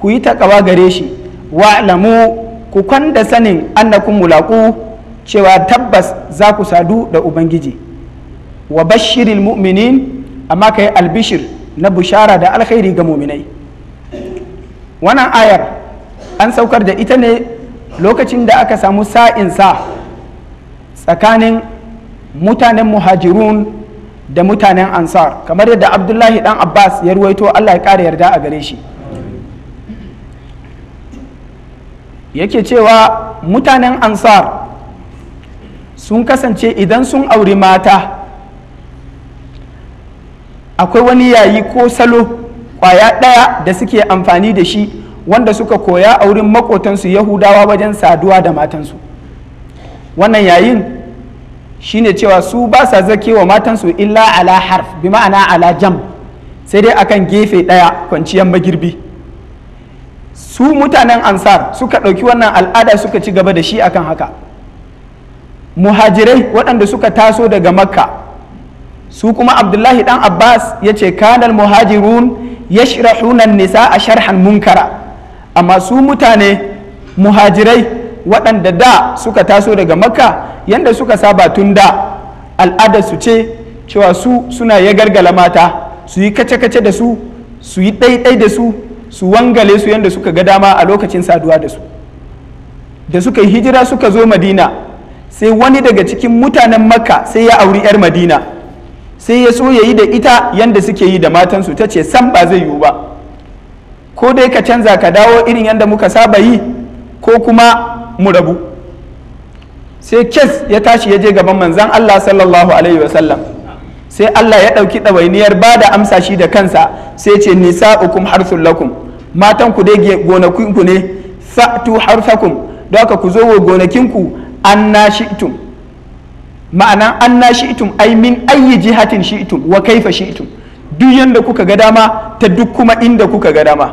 ku yi takawa gare shi wa'lamu ku kwanda sanin annakun mulaku cewa tabbas za ku sadu da ubangiji wa bashirin mu'minin amma yi albishir na bushara da alkhairi ga muminai wannan ayar an saukar da ita ne lokacin da aka samu sa'in sa tsakanin mutanen muhajirun da mutanen ansar kamar yadda abdullahi dan abbas ya ruwaito allah ya ƙara yarda a gare shi yake cewa mutanen ansar sun kasance idan sun auri mata akwai wani yayi ko salo kwaya ɗaya da suke amfani da shi wanda suka koya a wurin makotansu yahudawa wajen saduwa da matansu wannan yayin shine cewa su ba sa zake wa matansu illa ala harf bi ma'ana ala jam sai dai akan gefe ɗaya kwanciyar magirbi su mutanen ansar suka ɗauki wannan al'ada suka ci gaba da shi akan haka muhajirai waɗanda suka taso daga makka su kuma abdullahi dan abbas ya ce kanal muhajirun ya shirahunan nisa a sharhan munkara amma su mutane muhajirai waɗanda da suka taso daga makka yadda suka saba tun da al'adar su ce cewa su suna ya gargala mata su yi kace-kace da su su yi ɗaiɗai da su su wangale su yadda suka ga dama a lokacin saduwa da su da suka yi hijira suka zo madina sai wani daga cikin mutanen makka sai ya auri 'yar madina sai ya so ya yi da ita yadda suke yi da matansu ta ce san ba zai yiwu ba ko dai ka canza ka dawo irin yadda muka saba yi ko kuma mu rabu sai kes ya tashi ya je gaban manzan allah sallallahu alaihi wasallam sai Allah ya ɗauki ɗawainiyar ba da amsa shi da kansa sai ce har harsul lakum matan ku dai gonakin ku ne fa'tu harsakum don haka ku zo wa gonakin ku anna shi'tum ma'ana anna shi'tum ai min ayyi jihatin shi'tum wa kaifa shi'tum duk yanda kuka ga dama ta duk kuma inda kuka ga dama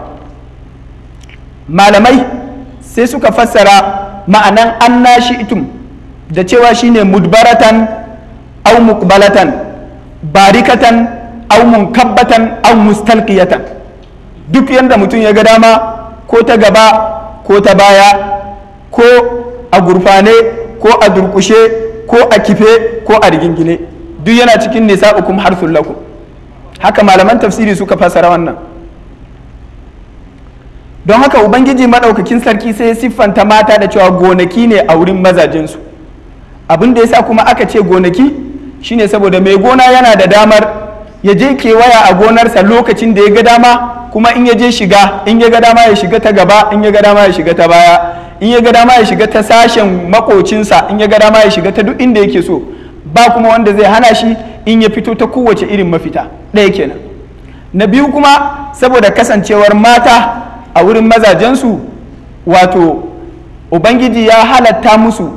malamai sai suka fassara ma'anan anna shi'tum da cewa shine mudbaratan au mukbalatan barikatan au kabbatan au mustalqiyatan duk yadda mutum ya ga dama ko ta gaba ko ta baya ko a gurfane ko a durkushe ko a kife ko a rigingine duk yana cikin nisa ukum harsul laku haka malaman tafsiri suka fasara wannan don haka ubangiji maɗaukakin sarki sai siffanta mata da cewa gonaki ne a wurin mazajensu abin da ya sa kuma aka ce gonaki shine saboda mai gona yana da damar ya je kewaya a gonarsa lokacin da ya ga dama kuma in ya je shiga in ya ga dama ya shiga ta gaba in ya ga dama ya shiga ta baya in ya ga dama ya shiga ta sashen makocinsa in ya ga dama ya shiga ta duk inda yake so ba kuma wanda zai hana shi in ya fito ta kowace irin mafita ɗaya kenan na biyu kuma saboda kasancewar mata a wurin mazajensu wato ubangiji ya halatta musu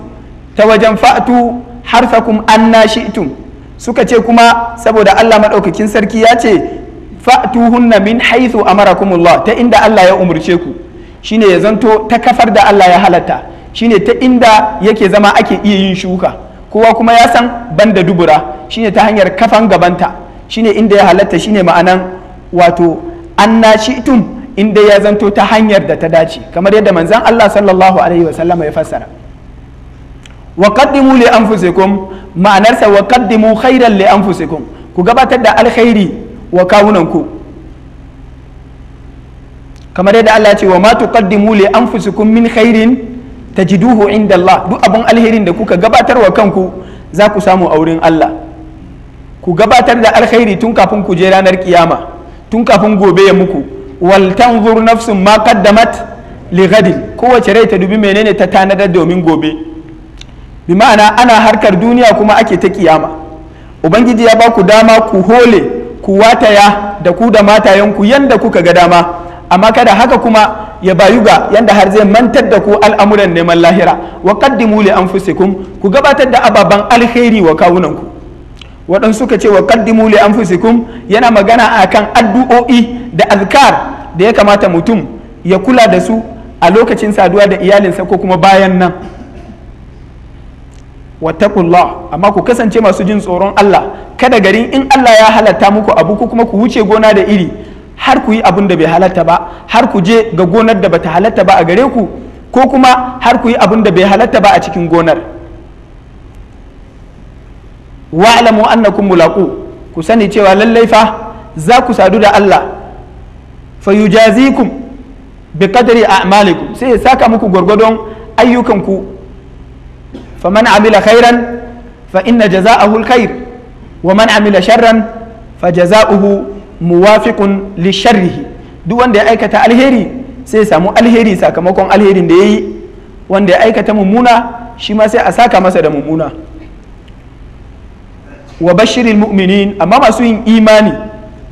ta wajen fa'atu harfakum anna annashitun suka ce kuma saboda Allah madaukakin sarki ya ce fa'tuhunna min a amarakumullah ta inda Allah ya umurce ku shine ya zanto ta kafar da Allah ya halatta shine ta inda yake zama ake iya yin shuka kowa kuma ya san banda dubura shine ta hanyar kafan gabanta shine inda ya halatta shine ma'anan wato annashitun shi'tum inda ya zanto ta hanyar da ta dace kamar yadda manzan Allah sallallahu alaihi wasallama ya fassara wa qaddimu li anfusikum ma'anarsa wa qaddimu khairan li anfusikum ku gabatar da alkhairi wa kawunanku kamar yadda Allah ce wa ma tuqaddimu li anfusikum min khairin tajiduhu inda Allah duk abin alherin da kuka gabatar wa kanku za ku samu a wurin Allah ku gabatar da alkhairi tun kafin ku je ranar kiyama tun kafin gobe ya muku wal tanzur nafsun ma qaddamat li kowace rai ta dubi menene ta tanadar domin gobe bi ma'ana ana harkar duniya kuma ake ta kiyama ubangiji ya ba ku dama ku hole ku wataya da ku da matayenku yanda kuka ga dama amma kada haka kuma ya bayu ga yanda har zai mantar da ku al'amuran neman lahira wa qaddimu li anfusikum ku gabatar da ababan alheri wa kawunanku waɗansu suka ce wa qaddimu li anfusikum yana magana akan addu'o'i da azkar da ya kamata mutum ya kula da su a lokacin saduwa da iyalinsa ko kuma bayan nan wattaqullah amma ku kasance masu jin tsoron Allah kada garin in Allah ya halatta muku abu ku kuma ku wuce gona da iri har ku yi abin da bai halatta ba har ku je ga gonar da bata halatta ba a gare ku ko kuma har ku yi abin da bai halatta ba a cikin gonar wa'lamu annakum mulaqu ku sani cewa lallai fa za ku sadu da Allah fa yujazikum bi qadri a'malikum sai ya saka muku gwargwadon ayyukanku faman amila khairan fa inna jaza'ahu alkhair wa man amila sharran fa jaza'uhu muwafiqun li sharrihi duk wanda ya aikata alheri sai ya samu alheri sakamakon alherin da ya yi wanda ya aikata mummuna shi ma sai a saka masa da mummuna wa bashirin mu'minin amma masu yin imani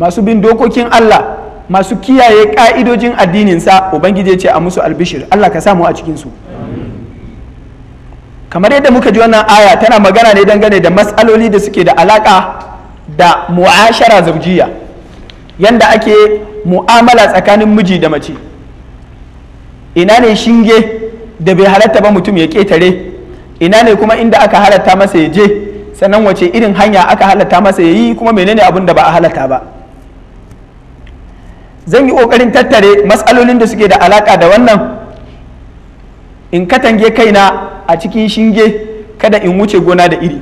masu bin dokokin Allah masu kiyaye ka'idojin addininsa ubangiji ce a musu albishir Allah ka samu a cikinsu kamar yadda muka ji wannan aya tana magana ne dangane da matsaloli da suke da alaka da mu'ashara zaujiya yanda ake mu'amala tsakanin miji da mace ina ne shinge da bai halatta ba mutum ya ketare ina ne kuma inda aka halatta masa ya je sannan wace irin hanya aka halatta masa ya yi kuma menene abin da ba a halatta ba zan yi ƙoƙarin tattare matsalolin da suke da alaka da wannan in katange kaina a cikin shinge kada in wuce gona da iri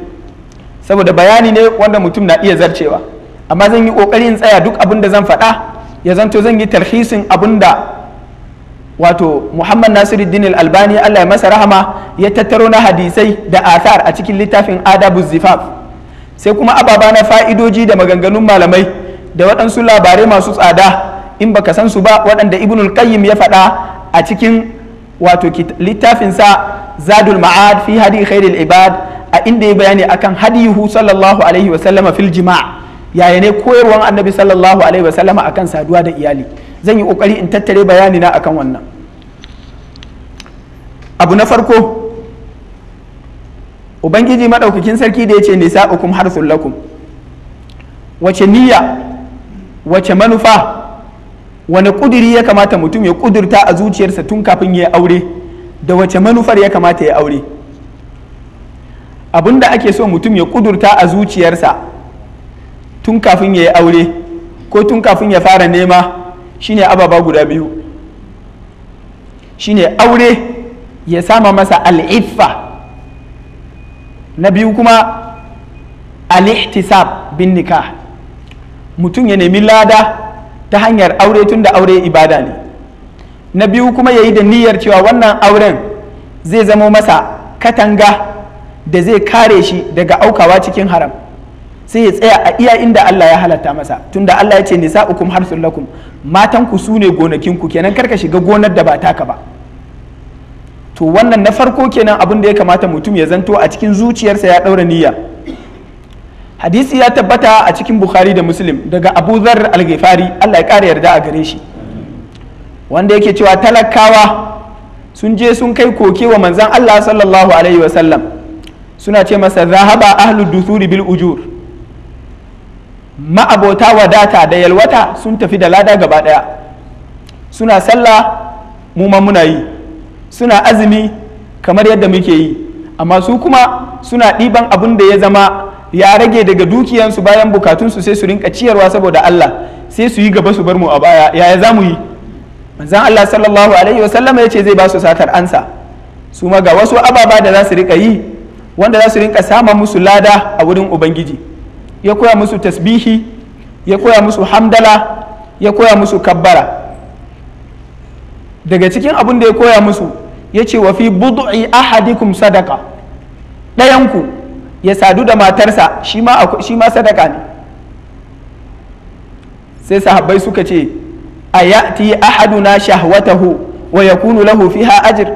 saboda bayani ne wanda mutum na iya zarcewa amma zan yi kokari in tsaya duk abin da zan faɗa ya zanto zan yi tarhisin abin da wato muhammad nasiruddin albani allah ya masa rahama ya tattaro na hadisai da athar a cikin littafin adabu zifaf sai kuma ababa na fa'idoji da maganganun malamai da waɗansu labarai masu tsada in baka san su ba waɗanda ibnul qayyim ya faɗa a cikin wato littafinsa zadul ma'ad fi hadi khairil ibad a inda ya bayani akan hadihu sallallahu alaihi wa sallama fil jima' yaya ne koyarwan annabi sallallahu alaihi wa sallama akan saduwa da iyali zan yi kokari in tattare bayani na akan wannan abu na farko ubangiji madaukakin sarki da ya ce sa'ukum harsul lakum wace niyya wace manufa wani kuduri ya kamata mutum ya kudurta a zuciyarsa tun kafin ya aure da wace manufar ya kamata ya aure da ake so mutum ya kudurta a zuciyarsa tun kafin ya yi aure ko tun kafin ya fara nema shine ababa guda biyu shine aure ya sama masa al'iffa na biyu kuma al'ihtisab bin nika mutum ya nemi lada ta hanyar aure tun da aure ibada ne na biyu kuma ya yi da niyyar cewa wannan auren zai zamo masa katanga da zai kare shi daga aukawa cikin haram sai ya tsaya a iya inda Allah ya halatta masa tunda Allah ya ce nisa harsul lakum matan ku sune gonakin ku kenan karka shiga gonar da ba taka ba to wannan na farko kenan abin da ya kamata mutum ya zanto a cikin zuciyarsa ya daura niyya hadisi ya tabbata a cikin bukhari da muslim daga abu zar al-ghifari Allah ya kare yarda a gare shi wanda yake cewa talakawa sun je sun kai koke wa manzan Allah sallallahu alaihi wasallam suna ce masa zahaba ahlu dusuri bil ujur ma'abota wadata da yalwata sun tafi da lada gaba daya suna sallah mu ma muna yi suna azumi kamar yadda muke yi amma su kuma suna ɗiban abin da ya zama ya rage daga dukiyansu bayan bukatunsu sai su rinka ciyarwa saboda Allah sai su yi gaba su bar mu a baya yaya za mu yi manzan Allah sallallahu alaihi wasallam ya ce zai ba su satar ansa su ga wasu ababa da za su rika yi wanda za su rinka sama musu lada a wurin ubangiji ya koya musu tasbihi ya koya musu hamdala ya koya musu kabbara daga cikin abin da ya koya musu ya ce wa fi bud'i ahadikum sadaka ɗayanku ya sadu da matarsa shi ma sadaka ne sai sahabbai suka ce a ayati ahaduna shahwatahu wa yakunu lahu fiha ajr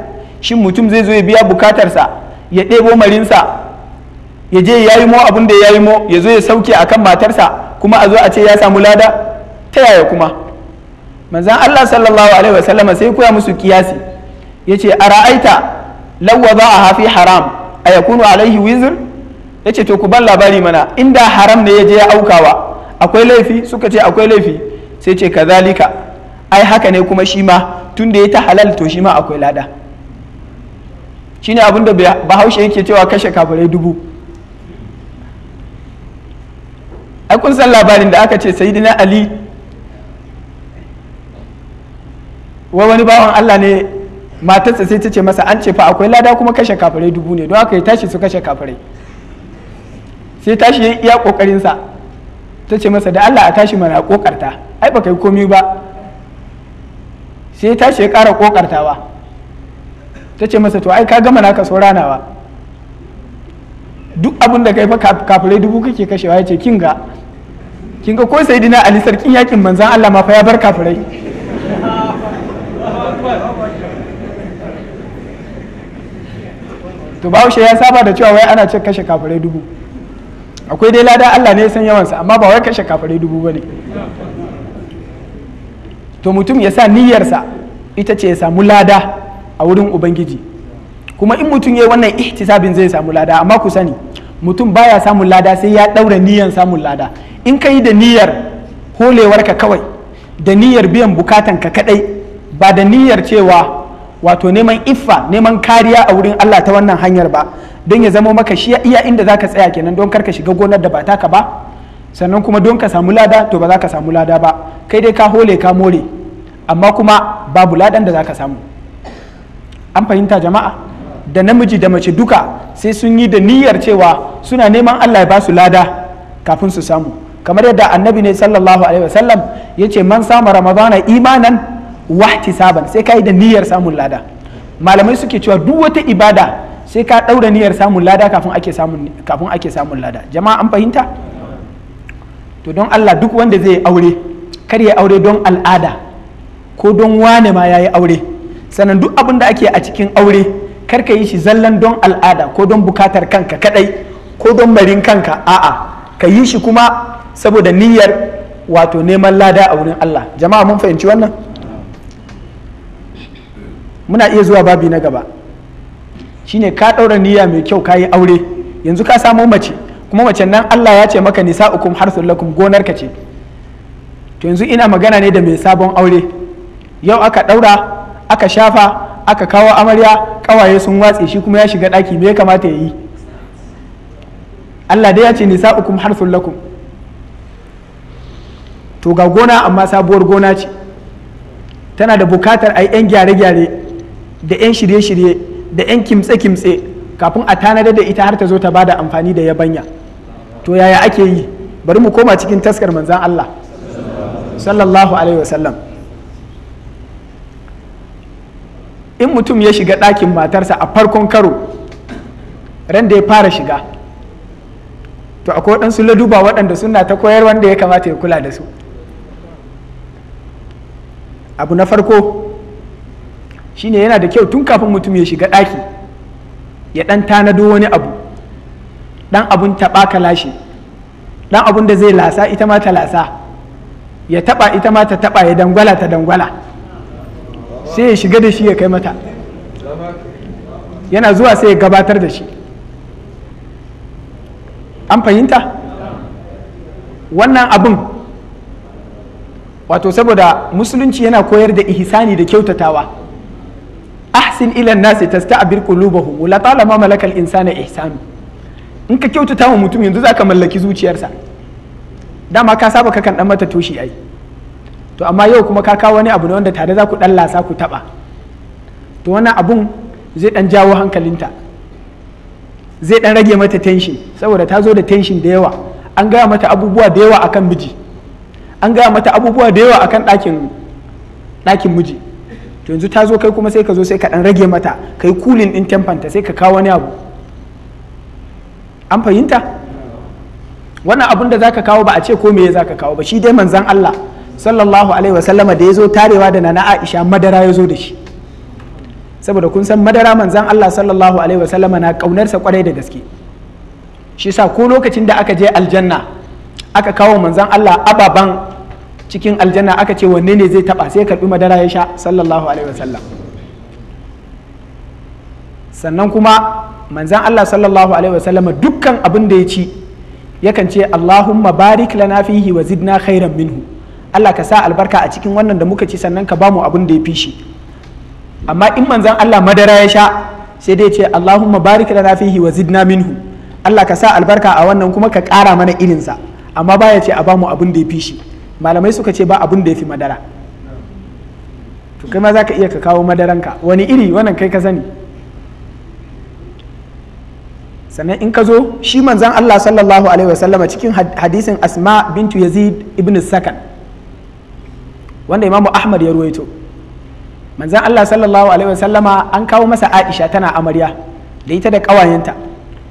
shin mutum zai zo ya biya bukatarsa ya ɗebo marinsa ya je ya yi mo abin da ya yi mo ya zo ya sauke a kan matarsa kuma a zo a ce ya samu lada ta yaya kuma manzan Allah sallallahu alaihi wa sallama sai koya musu kiyasi yace ara'aita law a hafi haram a yakunu alaihi ya yace to ku ban labari mana inda haram ne ya je ya aukawa akwai laifi suka ce akwai laifi sai ce kazalika ai haka ne kuma shi ma tun da ya ta halal to shi ma akwai lada shi ne abin da bahaushe yake cewa kashe kafirai dubu ai kun san labarin da aka ce sayidina ali wa wani bawan allah ne matarsa sai ta ce masa an ce fa akwai lada kuma kashe kafirai dubu ne don haka ya tashi su kashe kafirai sai tashi ya iya kokarinsa ta ce masa da allah a tashi mana kokarta ai ba kai komi ba sai ta shi kara ƙoƙartawa ta ce masa to ai ka gama naka so ranawa duk abin da yi fa kafirai dubu kake kashewa ya ce kin ga ko sai dina ali sarkin yakin manzan Allah ma fa ya bar kafirai to bahaushe ya saba da cewa wai ana ce kashe kafirai dubu akwai dai lada Allah ne ya san yawansa amma ba wai kashe kafirai dubu ba ne to mutum ya sa niyyarsa ita ce ya samu lada a wurin ubangiji kuma in mutum ya yi wannan ihtisabin zai samu lada amma ku sani mutum baya samun lada sai ya ɗaura niyyar samun lada in ka yi da niyyar holewarka kawai da niyyar biyan bukatan ka kadai ba da niyyar cewa wato neman iffa neman kariya a wurin Allah ta wannan hanyar ba don ya zama maka shi iya inda zaka tsaya kenan don ka shiga gonar da ba ka ba sannan kuma don ka samu lada to ba za ka samu lada ba kai dai ka hole ka more amma kuma babu ladan da za ka samu an fahimta jama'a da namiji da mace duka sai sun yi da niyyar cewa suna neman allah ya ba su lada kafin su samu kamar yadda annabi ne sallallahu alaihi wasallam ya ce man samu ramadana imanan wahti saban sai ka yi da niyyar samun lada malamai suke cewa duk wata ibada sai ka ɗaura niyyar samun lada kafin ake samun lada jama'a an fahimta to don allah duk wanda zai aure kar ya aure don al'ada ko don wane ma yi aure sannan duk abin da ake a cikin aure kar ka yi shi zallan don al'ada ko don bukatar kanka kadai ko don barin kanka a'a ka yi shi kuma saboda niyyar wato neman lada a wurin Allah jama'a mun fahimci wannan muna iya zuwa babi na gaba shine ka ɗaura niyya mai kyau ka yi aure yanzu ka samo mace kuma mace nan Allah ya ce maka nisa'ukum harsul lakum gonar ka ce to yanzu ina magana ne da mai sabon aure yau aka ɗaura aka shafa aka kawo amarya ƙawaye sun watse shi kuma ya shiga ɗaki me ya kamata ya yi Allah dai ya ce nisa'ukum harsun lakum to ga gona amma sabuwar gona ce tana da bukatar a yi 'yan gyare-gyare da 'yan shirye-shirye da 'yan kimtse-kimtse kafin a tanadar da ita har ta zo ta bada amfani da yabanya to yaya ake yi bari mu koma cikin taskar manzan Allah sallallahu alaihi wasallam in mutum ya shiga ɗakin matarsa a farkon karo ran da ya fara shiga to akwai waɗansu laduba waɗanda suna ta koyar wanda ya kamata ya kula da su abu na farko shine yana da kyau tun kafin mutum ya shiga ɗaki ya ɗan tanado wani abu ɗan abun taɓa ka lashe ɗan abun da zai lasa ita ma ta lasa ya taɓa ita ma ta taɓa ya dangwala ta dangwala sai ya shiga da shi ya kai mata yana zuwa sai ya gabatar da shi an fahimta wannan abin wato saboda musulunci yana koyar da ihsani da kyautatawa ahsin ilan nasi tasta'bir qulubahu wala ma malakal insana ihsanu in ka kyautata wa mutum yanzu zaka mallaki zuciyarsa dama ka saba kakan dan mata toshi ai to amma yau kuma ka kawo wani abu ne wanda tare za ku dan lasa ku taba to wannan abun zai dan jawo hankalinta zai dan rage mata tension saboda ta zo da tension da yawa an gaya mata abubuwa da yawa akan miji an gaya mata abubuwa da yawa akan ɗakin ɗakin miji to yanzu ta zo kai kuma sai ka zo sai ka dan rage mata kai kulin din tempanta sai ka kawo wani abu an fahimta wannan abun da zaka kawo ba a ce ko me zaka kawo ba shi dai manzan Allah sallallahu alaihi wasallama da ya zo tarewa da nana aisha madara ya zo da shi saboda kun san madara manzan allah sallallahu alaihi wasallama na sa kwarai da gaske shi sa ko lokacin da aka je aljanna aka kawo manzan allah ababan cikin aljanna aka ce wanne ne zai taba sai karbi madara ya sha sallallahu alaihi wasallam sannan kuma manzan allah sallallahu alaihi wasallama dukkan abin da ya ci yakan ce allahumma barik lana fihi wa zidna khairan minhu Allah ka sa albarka a cikin wannan da muka ci sannan ka bamu abin da ya fi shi amma in manzan Allah madara ya sha sai dai ce Allahumma barik lana fihi wa zidna minhu Allah ka sa albarka a wannan kuma ka kara mana irinsa amma baya ce a bamu abin da ya fi shi malamai suka ce ba abin da ya fi madara to kai ma za iya ka kawo madaranka wani iri wannan kai ka sani sannan in ka zo shi manzan Allah sallallahu alaihi wasallama cikin hadisin asma bintu yazid ibn sakan wanda imamu ahmad ya ruwaito manzan allah sallallahu alaihi wasallama an kawo masa aisha tana amarya da ita da ƙawayenta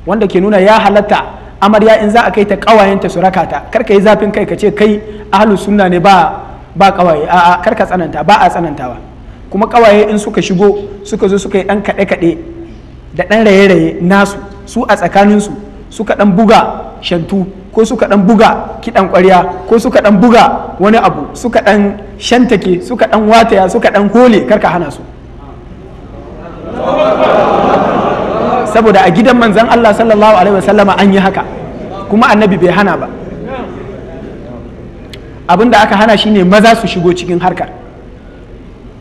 wanda ke nuna ya halatta amarya in za a kai ta ƙawayenta su rakata ta karka yi zafin kai ka ce kai ahlu sunna ne ba ba kawaye a karka tsananta ba a tsanantawa kuma ƙawaye in suka shigo suka zo suka yi ɗan kaɗe-kaɗe da ɗan raye-raye nasu su a tsakaninsu suka dan buga shantu ko suka dan buga kidan kwarya ko suka dan buga wani abu suka dan shantake suka dan wataya suka dan hole karka hana su saboda a gidan manzan Allah sallallahu alaihi wasallama an yi haka kuma annabi bai hana ba abin da aka hana shine maza su shigo cikin harkar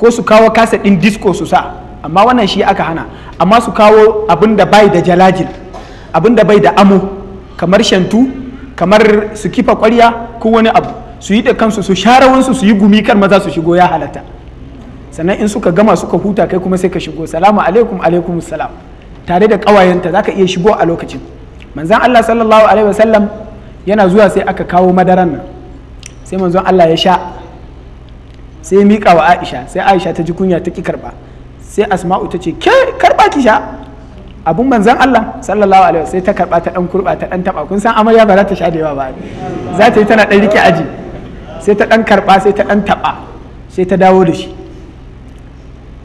ko su kawo kasa ɗin disko su sa amma wannan shi aka hana amma su kawo abin da bai da jalajil abin da bai da amo kamar shantu kamar su kifa kwarya ko wani abu su yi da kansu su sharawansu su yi gumi kar maza su shigo ya halatta sannan in suka gama suka huta kai kuma sai ka shigo salamu alaikum alaikum salam tare da ƙawayenta zaka iya shigo a lokacin manzan allah sallallahu alaihi wasallam yana zuwa sai aka kawo madaran nan sai manzon allah ya sha sai ya mika wa aisha sai aisha ta ji kunya ta ƙi karba sai asma'u ta ce ke karba ki sha abun manzan Allah sallallahu alaihi wasallam sai ta karba ta dan kurba ta dan taba kun san amarya ba za ta sha da yawa ba za ta yi tana dan rike aji sai ta dan karba sai ta dan taba sai ta dawo da shi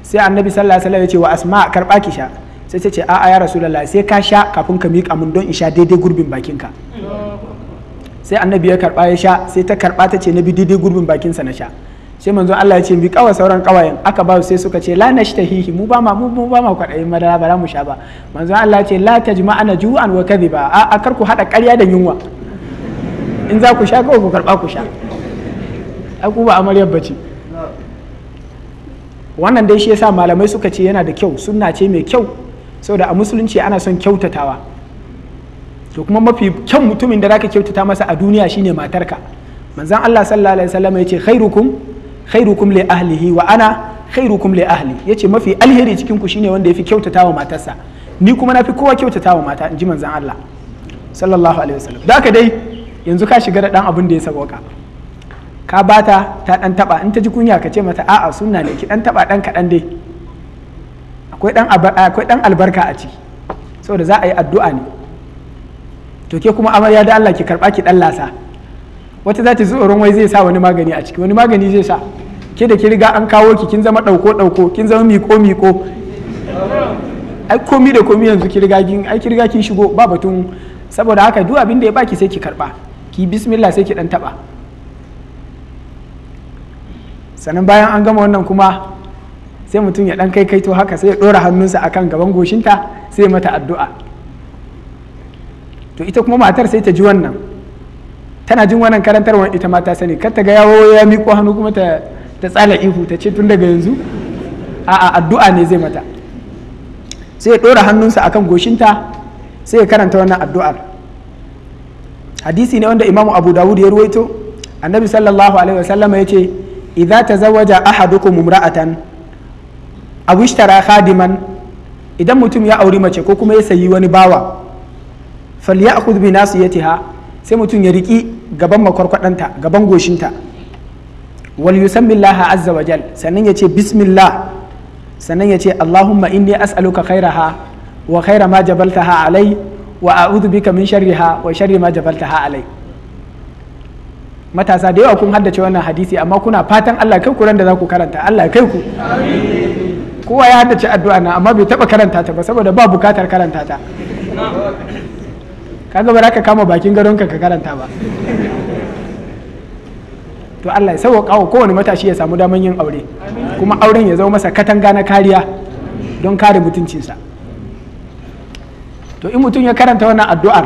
sai annabi sallallahu alaihi wasallam ya ce wa asma karba ki sha sai ta ce a'a ya rasulullahi sai ka sha kafin ka miƙa mun don in sha daidai gurbin bakinka sai annabi ya karba ya sha sai ta karba ta ce na bi daidai gurbin bakin sa na sha sai manzon Allah ya ce bi kawai sauran kawayen aka ba sai suka ce la nashtahihi mu ba ma mu ba ma kwadayin madara ba mu sha ba manzon Allah ya ce la tajma'ana ju'an wa kadhiba a kar ku hada ƙarya da yunwa in za ku sha kawai ku karba ku sha aku ba amaryar bace wannan dai shi yasa malamai suka ce yana da kyau sunna ce mai kyau saboda a musulunci ana son kyautatawa to kuma mafi kyan mutumin da zaka kyautata masa a duniya shine matarka manzon Allah sallallahu alaihi wasallam ya ce khairukum khairukum li ahlihi wa ana khairukum li ahli yace mafi alheri cikin ku shine wanda yafi kyautatawa matarsa ni kuma nafi kowa kyautatawa mata inji manzon Allah sallallahu alaihi wasallam da dai yanzu ka shiga da dan abin da ya ka ka bata ta dan taba in ta ji kunya ka ce mata a'a sunna ne ki dan taba dan kadan dai akwai dan akwai dan albarka a ciki saboda za a yi addu'a ne to ke kuma amarya da Allah ki karba ki dan lasa wata za ta zo tsoron wai zai sa wani magani a ciki wani magani zai sa ke da ki riga an kawo ki kin zama ɗauko ɗauko kin zama miko miko ai komi da komi yanzu ki riga kin ai ki riga kin shigo ba batun saboda haka duk abin da ya baki sai ki karba ki bismillah sai ki dan taba sannan bayan an gama wannan kuma sai mutum ya dan kai kaito haka sai ya dora hannunsa akan gaban goshinta sai mata addu'a to ita kuma matar sai ta ji wannan tana jin wannan karantarwar ita ma ta sani kar ta ga yawo ya miƙo hannu kuma ta tsala ihu ta ce tun daga yanzu a'a addu'a ne zai mata sai ya ɗora hannunsa akan goshinta sai ya karanta wannan addu'ar hadisi ne wanda imamu abu dawud ya ruwaito annabi sallallahu alaihi wasallama ya ce idza tazawwaja ahadukum imra'atan aw ishtara khadiman idan mutum ya auri mace ko kuma ya sayi wani bawa falya'khudh bi nasiyatiha sai mutum ya riki gaban makwarkwadanta gaban goshinta wal yusammillaha azza wa jal sannan ya ce bismillah sannan ya ce allahumma inni as'aluka khairaha wa khaira ma jabaltaha alai wa a'udhu bika min sharriha wa sharri ma jabaltaha alai matasa da yawa kun haddace wannan hadisi amma kuna fatan Allah kai ku da za ku karanta Allah kai ku kowa ya haddace addu'a na amma bai taba karanta ta ba saboda ba bukatar karanta ta kaga baraka za kama bakin garonka ka karanta ba to Allah ya sa wa kowane matashi ya samu daman yin aure kuma auren ya zama masa katanga na kariya don kare mutuncinsa to in mutum ya karanta wannan addu'ar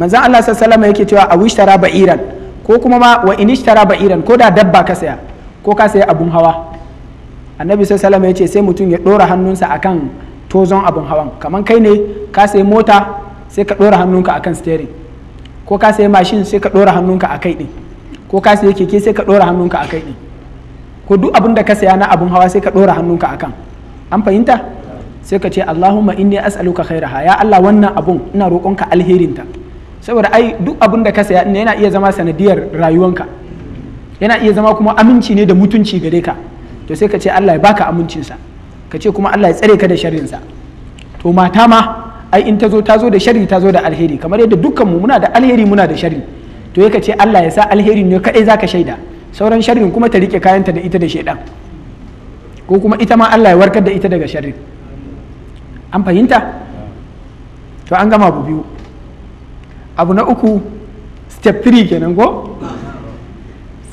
manzan Allah sallallahu yake cewa a wishtara ba'iran ko kuma ma wa inishtara ba'iran ko da dabba ka saya ko ka saya abun hawa annabi sallallahu ya ce sai mutum ya dora hannunsa akan tozon abun hawan kamar kai ne ka sayi mota sai ka ɗora hannunka akan steering ko ka sayi mashin sai ka ɗora hannunka a kai ko ka sai keke sai ka ɗora hannunka a kai ɗin ko duk abin da ka saya na abin hawa sai ka ɗora hannunka a kan an fahimta sai ka ce allahumma inni as'aluka khairaha ya allah wannan abun ina roƙonka alherinta saboda ai duk abin da ka saya yana iya zama sanadiyar rayuwanka yana iya zama kuma aminci ne da mutunci gare ka to sai ka ce allah ya baka amincinsa ka ce kuma allah ya tsare ka da sharrinsa to mata ma ai in ta zo ta zo da shari ta zo da alheri kamar yadda dukkanmu muna da alheri muna da shari. to ya ce Allah ya sa alherin ne kaɗai za shaida sauran sharrin kuma ta rike kayanta da ita da shaidan ko kuma ita ma Allah ya warkar da ita daga sharrin an fahimta to an gama abu biyu abu na uku step 3 kenan ko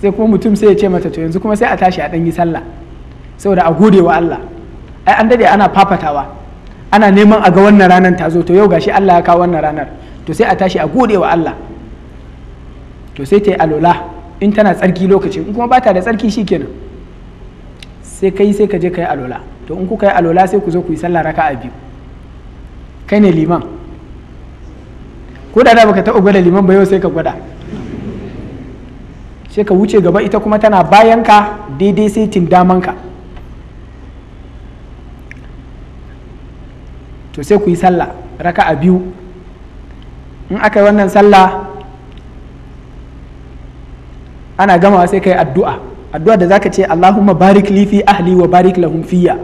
sai kuma mutum sai ya ce mata to yanzu kuma sai a tashi a ɗan yi sallah saboda a gode wa Allah ai an dade ana fafatawa ana neman a ga wannan ranar ta zo to yau gashi Allah ya kawo wannan ranar to sai a tashi a gode wa Allah to sai ta yi alola in tana tsarki lokaci in kuma bata da tsarki shi kenan sai kai sai ka je ka yi alola to in kuka yi alola sai ku zo ku yi sallah raka a biyu kai ne liman ko da da baka taɓa gwada liman ba yau sai ka gwada sai ka wuce gaba ita kuma tana bayanka daidai sai tin damanka to sai ku yi sallah raka a biyu in aka yi wannan sallah ana gamawa sai kai addu'a addu'a da zaka ce Allahumma barik li fi ahli wa barik lahum fiyya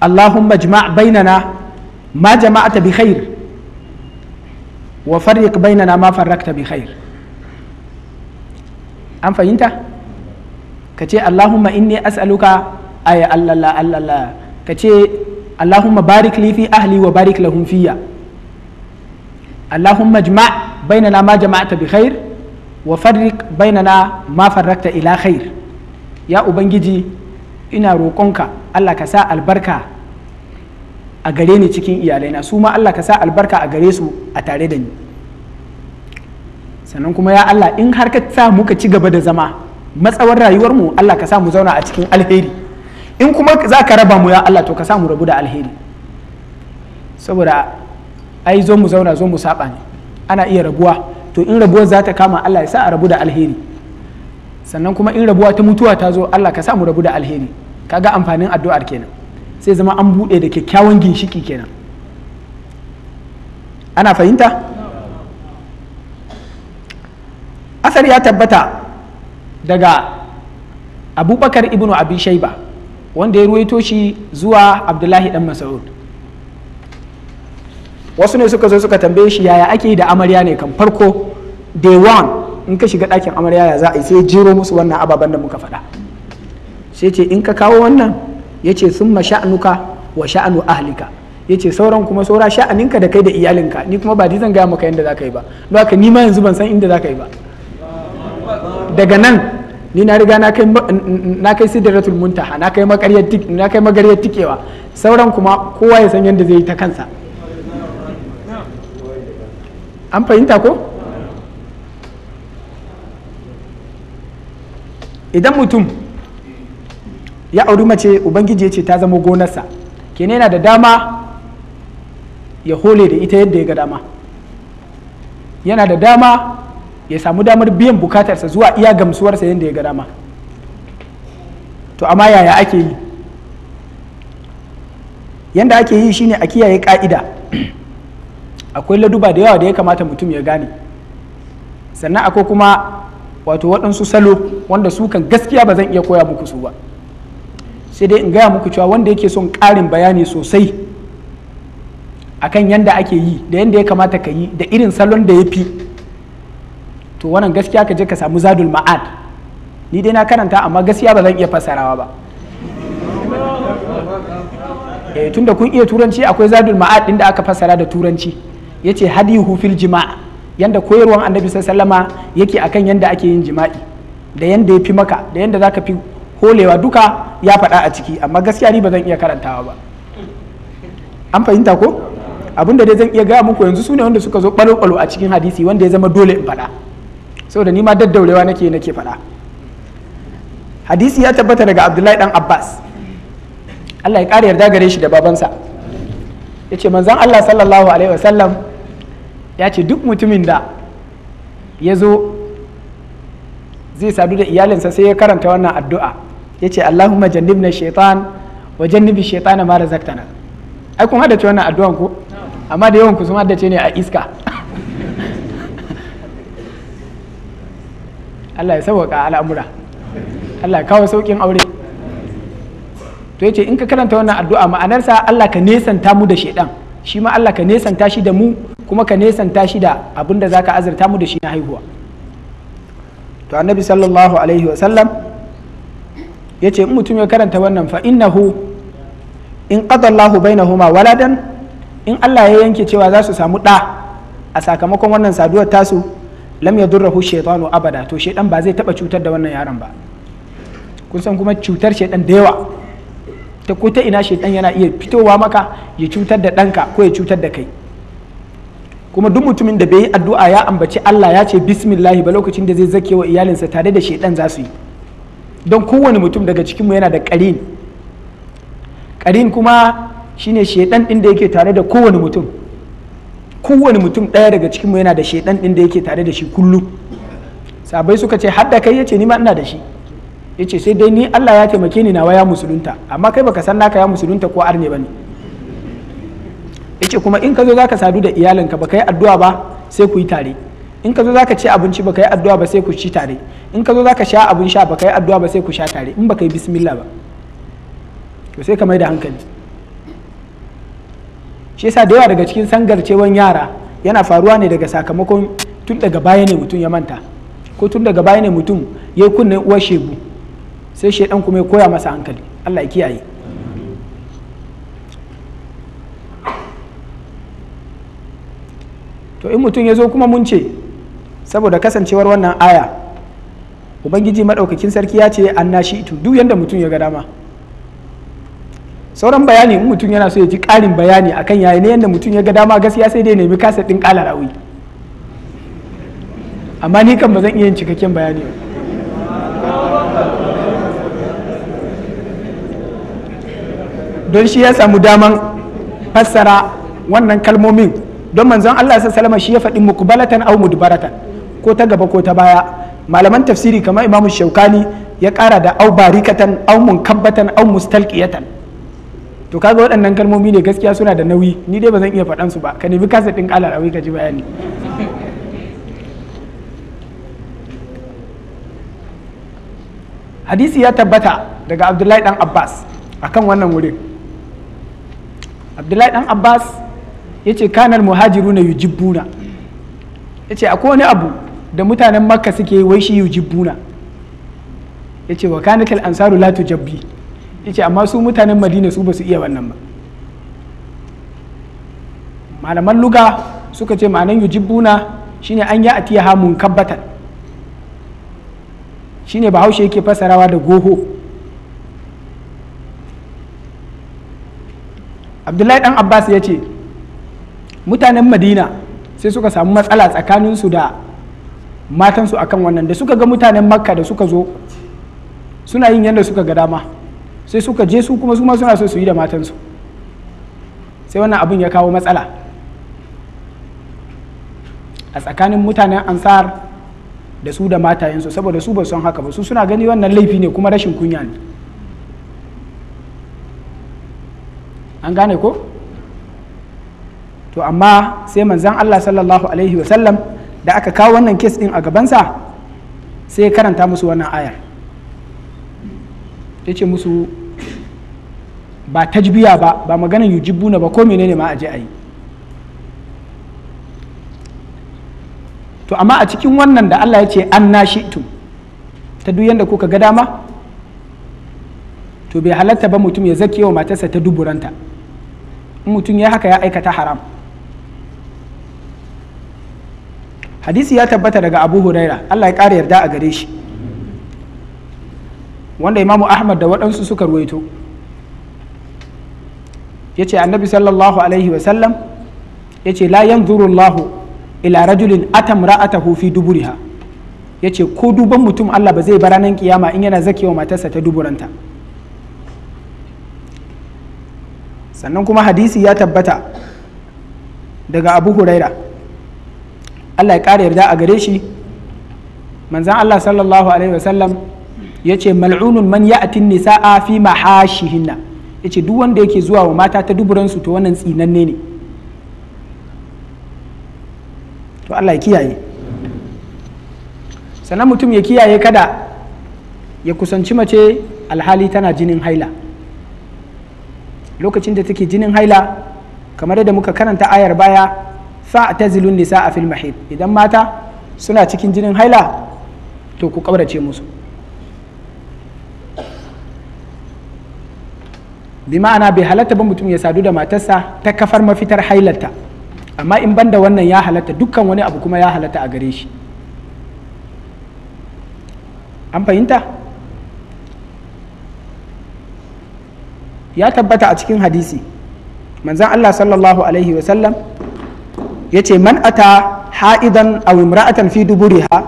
Allahumma jma' bainana ma jama'ata bi khair wa farriq bainana ma farrakta bi khair an fahimta ka ce Allahumma inni as'aluka ay Allah Allah ka ce Allahumma barik li fi ahli wa barik lahum fiyya Allahumma jma' bainana ma jama'ata bi khair wa farriq bainana ma farrakta ila khair ya ubangiji ina roƙonka Allah ka sa albarka a gare ni cikin iyalaina su ma Allah ka sa albarka a gare su a tare da ni sannan kuma ya Allah in har ka sa muka ci gaba da zama matsawar rayuwar mu Allah ka sa mu zauna a cikin alheri in kuma za ka raba mu ya Allah to ka sa mu rabu da alheri saboda ai zo mu zauna zo mu saba ne ana iya rabuwa to in rabuwar za ta kama Allah ya sa a rabu da alheri sannan kuma in rabuwa ta mutuwa ta zo Allah ka sa mu rabu da alheri kaga amfanin addu'ar kenan sai zama an buɗe da kyakkyawan ginshiki kenan ana fahimta asar ya tabbata daga abubakar ibnu abi shaiba wanda ya ruwaito shi zuwa abdullahi dan mas'ud wasu ne suka zo suka tambaye shi yaya ake yi da amarya ne kan farko day one in ka shiga ɗakin amarya ya za a yi sai jiro musu wannan ababen da muka faɗa sai ce in ka kawo wannan ya ce sun ma sha'anuka wa sha'anu ahlika ya ce sauran kuma saura sha'aninka da kai da iyalinka ni kuma ba zan gaya maka yadda za ka yi ba don haka ni ma yanzu ban san inda za ka yi ba daga nan ni na riga na kai sidratul muntaha na kai magaryar tikewa sauran kuma kowa ya san yadda zai yi ta kansa an fahimta ko idan mutum ya auri mace ubangiji ya ce ta zama gonarsa kenan yana da dama ya hole da ita yadda ya ga dama yana da dama ya samu damar biyan bukatarsa zuwa iya gamsuwarsa yadda ya ga dama to amma yaya ake yi yadda ake yi shine a kiyaye ka'ida akwai laduba da yawa da ya kamata mutum ya gane sannan akwai kuma wato waɗansu salo wanda su kan gaskiya ba zan iya koya muku su ba sai dai in gaya muku cewa wanda yake son ƙarin bayani sosai akan yanda ake yi da yanda ya kamata ka yi da irin salon da ya fi to wannan gaskiya ka je ka samu zadul ma'ad ni dai na karanta amma gaskiya ba zan iya fassarawa ba eh, tun da kun iya turanci akwai zadul ma'ad da aka fassara da turanci ya ce hadihu fil jima'a yanda koyarwan annabi sallama yake akan yadda ake yin jima'i da yadda ya fi maka da yadda za ka fi holewa duka ya faɗa a ciki amma gaskiya ni ba zan iya karantawa ba an fahimta ko da dai zan iya gaya muku yanzu sune wanda suka zo balo balo a cikin hadisi wanda ya zama dole in faɗa saboda ni ma daddaurewa nake nake faɗa hadisi ya tabbata daga abdullahi dan abbas allah ya ƙara yarda gare shi da babansa ya ce manzan allah sallallahu alaihi wasallam ya ce duk mutumin da ya zo zai sadu da iyalinsa sai ya karanta wannan addu'a ya ce allahumma na shaitan wa jannibi na mara razaqtana ai kun hada wannan addu'an ku amma da yawan ku sun hada ne a iska (laughs) Allah ya sauka al'amura Allah ya kawo saukin aure to ya ce in ka karanta wannan addu'a ma'anarsa Allah ka nesanta mu da shaitan shi ma Allah ka nesanta shi da mu kuma ka nesanta shi da abin da zaka azurta mu da shi na haihuwa to annabi sallallahu alaihi wa sallam ya ce in mutum ya karanta wannan fa innahu in qadallahu bainahuma waladan in Allah ya yanke cewa za su samu ɗa a sakamakon wannan saduwar tasu lam yadurruhu shaytanu abada to shaydan ba zai taba cutar da wannan yaron ba kun san kuma cutar shaydan da yawa ta ko ta ina shaitan yana iya fitowa maka ya cutar da ɗanka ko ya cutar da kai kuma duk mutumin da bai yi addu'a ya ambaci Allah ya ce bismillahi ba lokacin da zai zake wa iyalinsa tare da shaidan za su yi don kowane mutum daga cikinmu yana da karin karin kuma shine shaidan din da yake tare da kowane mutum kowane mutum ɗaya daga cikinmu yana da shaidan din da yake tare da shi kullum sabai suka ce hadda kai ya ce ni ma ina da shi ya ce sai dai ni Allah ya taimake ni nawa ya musulunta amma kai baka san naka ya musulunta ko arne bane yace kuma in ka zo zaka sadu da iyalinka baka yi addu'a ba sai ku yi tare in ka zo zaka ci abinci baka yi addu'a ba sai ku ci tare in ka zo zaka sha abin sha baka yi addu'a ba sai ku sha tare in baka yi bismillah ba to sai ka mai da hankali shi yasa da yawa daga cikin sangarcewan yara yana faruwa ne daga sakamakon tun daga baya ne mutum ya manta ko tun daga baya ne mutum ya kunna uwar shebu. sai shaidan kuma ya koya masa hankali Allah ya kiyaye to in mutum ya zo kuma mun ce saboda kasancewar wannan aya ubangiji maɗaukakin sarki ya ce an nashi ito duk yadda mutum ya ga dama sauran bayani in mutum yana so ya ji ƙarin bayani akan yayi ne yadda mutum ya ga dama gaskiya sai dai nemi kasa ɗin ƙala rawi amma ni kan ba zan iya yin cikakken bayani ba don shi ya samu daman fassara wannan kalmomin don manzon Allah salama shi ya faɗi mukbalatan aw mudbaratan ko ta gaba ko ta baya malaman tafsiri kamar imamu shaukani ya ƙara da au barikatan aw munkabbatan aw mustalqiyatan to kaga waɗannan kalmomi ne gaskiya suna da nauyi ni dai ba zan iya faɗan su ba ka nemi kasa ɗin ƙalarawi ka ji bayani hadisi ya tabbata daga abdullahi dan abbas akan wannan wurin abdullahi dan abbas ya ce kanar muhajiru na yujibbuna ya ce akwai wani abu da mutanen makka suke wai shi yujibbuna ya ce wa kanakal ansaru la tujabbi ya ce amma su mutanen madina su basu iya wannan ba malaman luga suka ce ma'anan yujibbuna shine an yi a tiya hamun kabbatan shine bahaushe yake fasarawa da goho abdullahi dan abbas ya ce mutanen madina sai suka samu matsala tsakaninsu da matansu akan wannan da suka ga mutanen makka da suka zo suna yin yadda suka ga dama sai suka je su kuma su ma suna so su yi da matansu sai wannan abin ya kawo matsala a tsakanin mutanen ansar da su da matayensu saboda su ba son haka ba su suna gani wannan laifi ne kuma rashin kunya ne an gane ko to amma sai manzan Allah sallallahu alaihi wasallam da aka kawo wannan kes din a gabansa sai ya karanta musu wannan ayar ya ce musu ba tajbiya ba ba yujibu na ba ko menene ma aje a yi to amma a cikin wannan da Allah ya ce an nashi ta duk yadda kuka ga dama to bai halatta ba mutum ya zake wa matarsa ta duburanta mutum ya haka ya aikata haram hadisi ya tabbata daga abu huraira allah ya ƙara yarda a gare shi wanda imamu ahmad da waɗansu suka ruwaito ya ce annabi sallallahu alaihi wasallam ya ce la yanzuru lahu ila rajulin atamra'atahu fi duburiha ya ce ko duban mutum allah ba zai ba ranar kiyama in yana zakewa matarsa ta duburanta sannan kuma hadisi ya tabbata daga abu huraira allah ya ƙara yarda a gare shi manzan allah sallallahu alaihi wasallam ya ce mal'unun man ya atin nisa'a fi mahashihinna ya ce duk wanda yake zuwa wa mata ta duburansu to wannan tsinanne ne to allah ya kiyaye sannan mutum ya kiyaye kada ya kusanci mace alhali tana jinin haila lokacin da take jinin haila kamar yadda muka karanta ayar baya fa tazilun nisa a fil mahid idan mata suna cikin jinin haila to ku kaurace musu bi ma'ana bai halatta ba mutum ya sadu da matarsa ta kafar mafitar hailarta amma in banda wannan ya halatta dukkan wani abu kuma ya halatta a gare shi an fahimta ya tabbata a cikin hadisi manzan Allah sallallahu alaihi wasallam ya ce man ata ha'idan aw imra'atan fi duburiha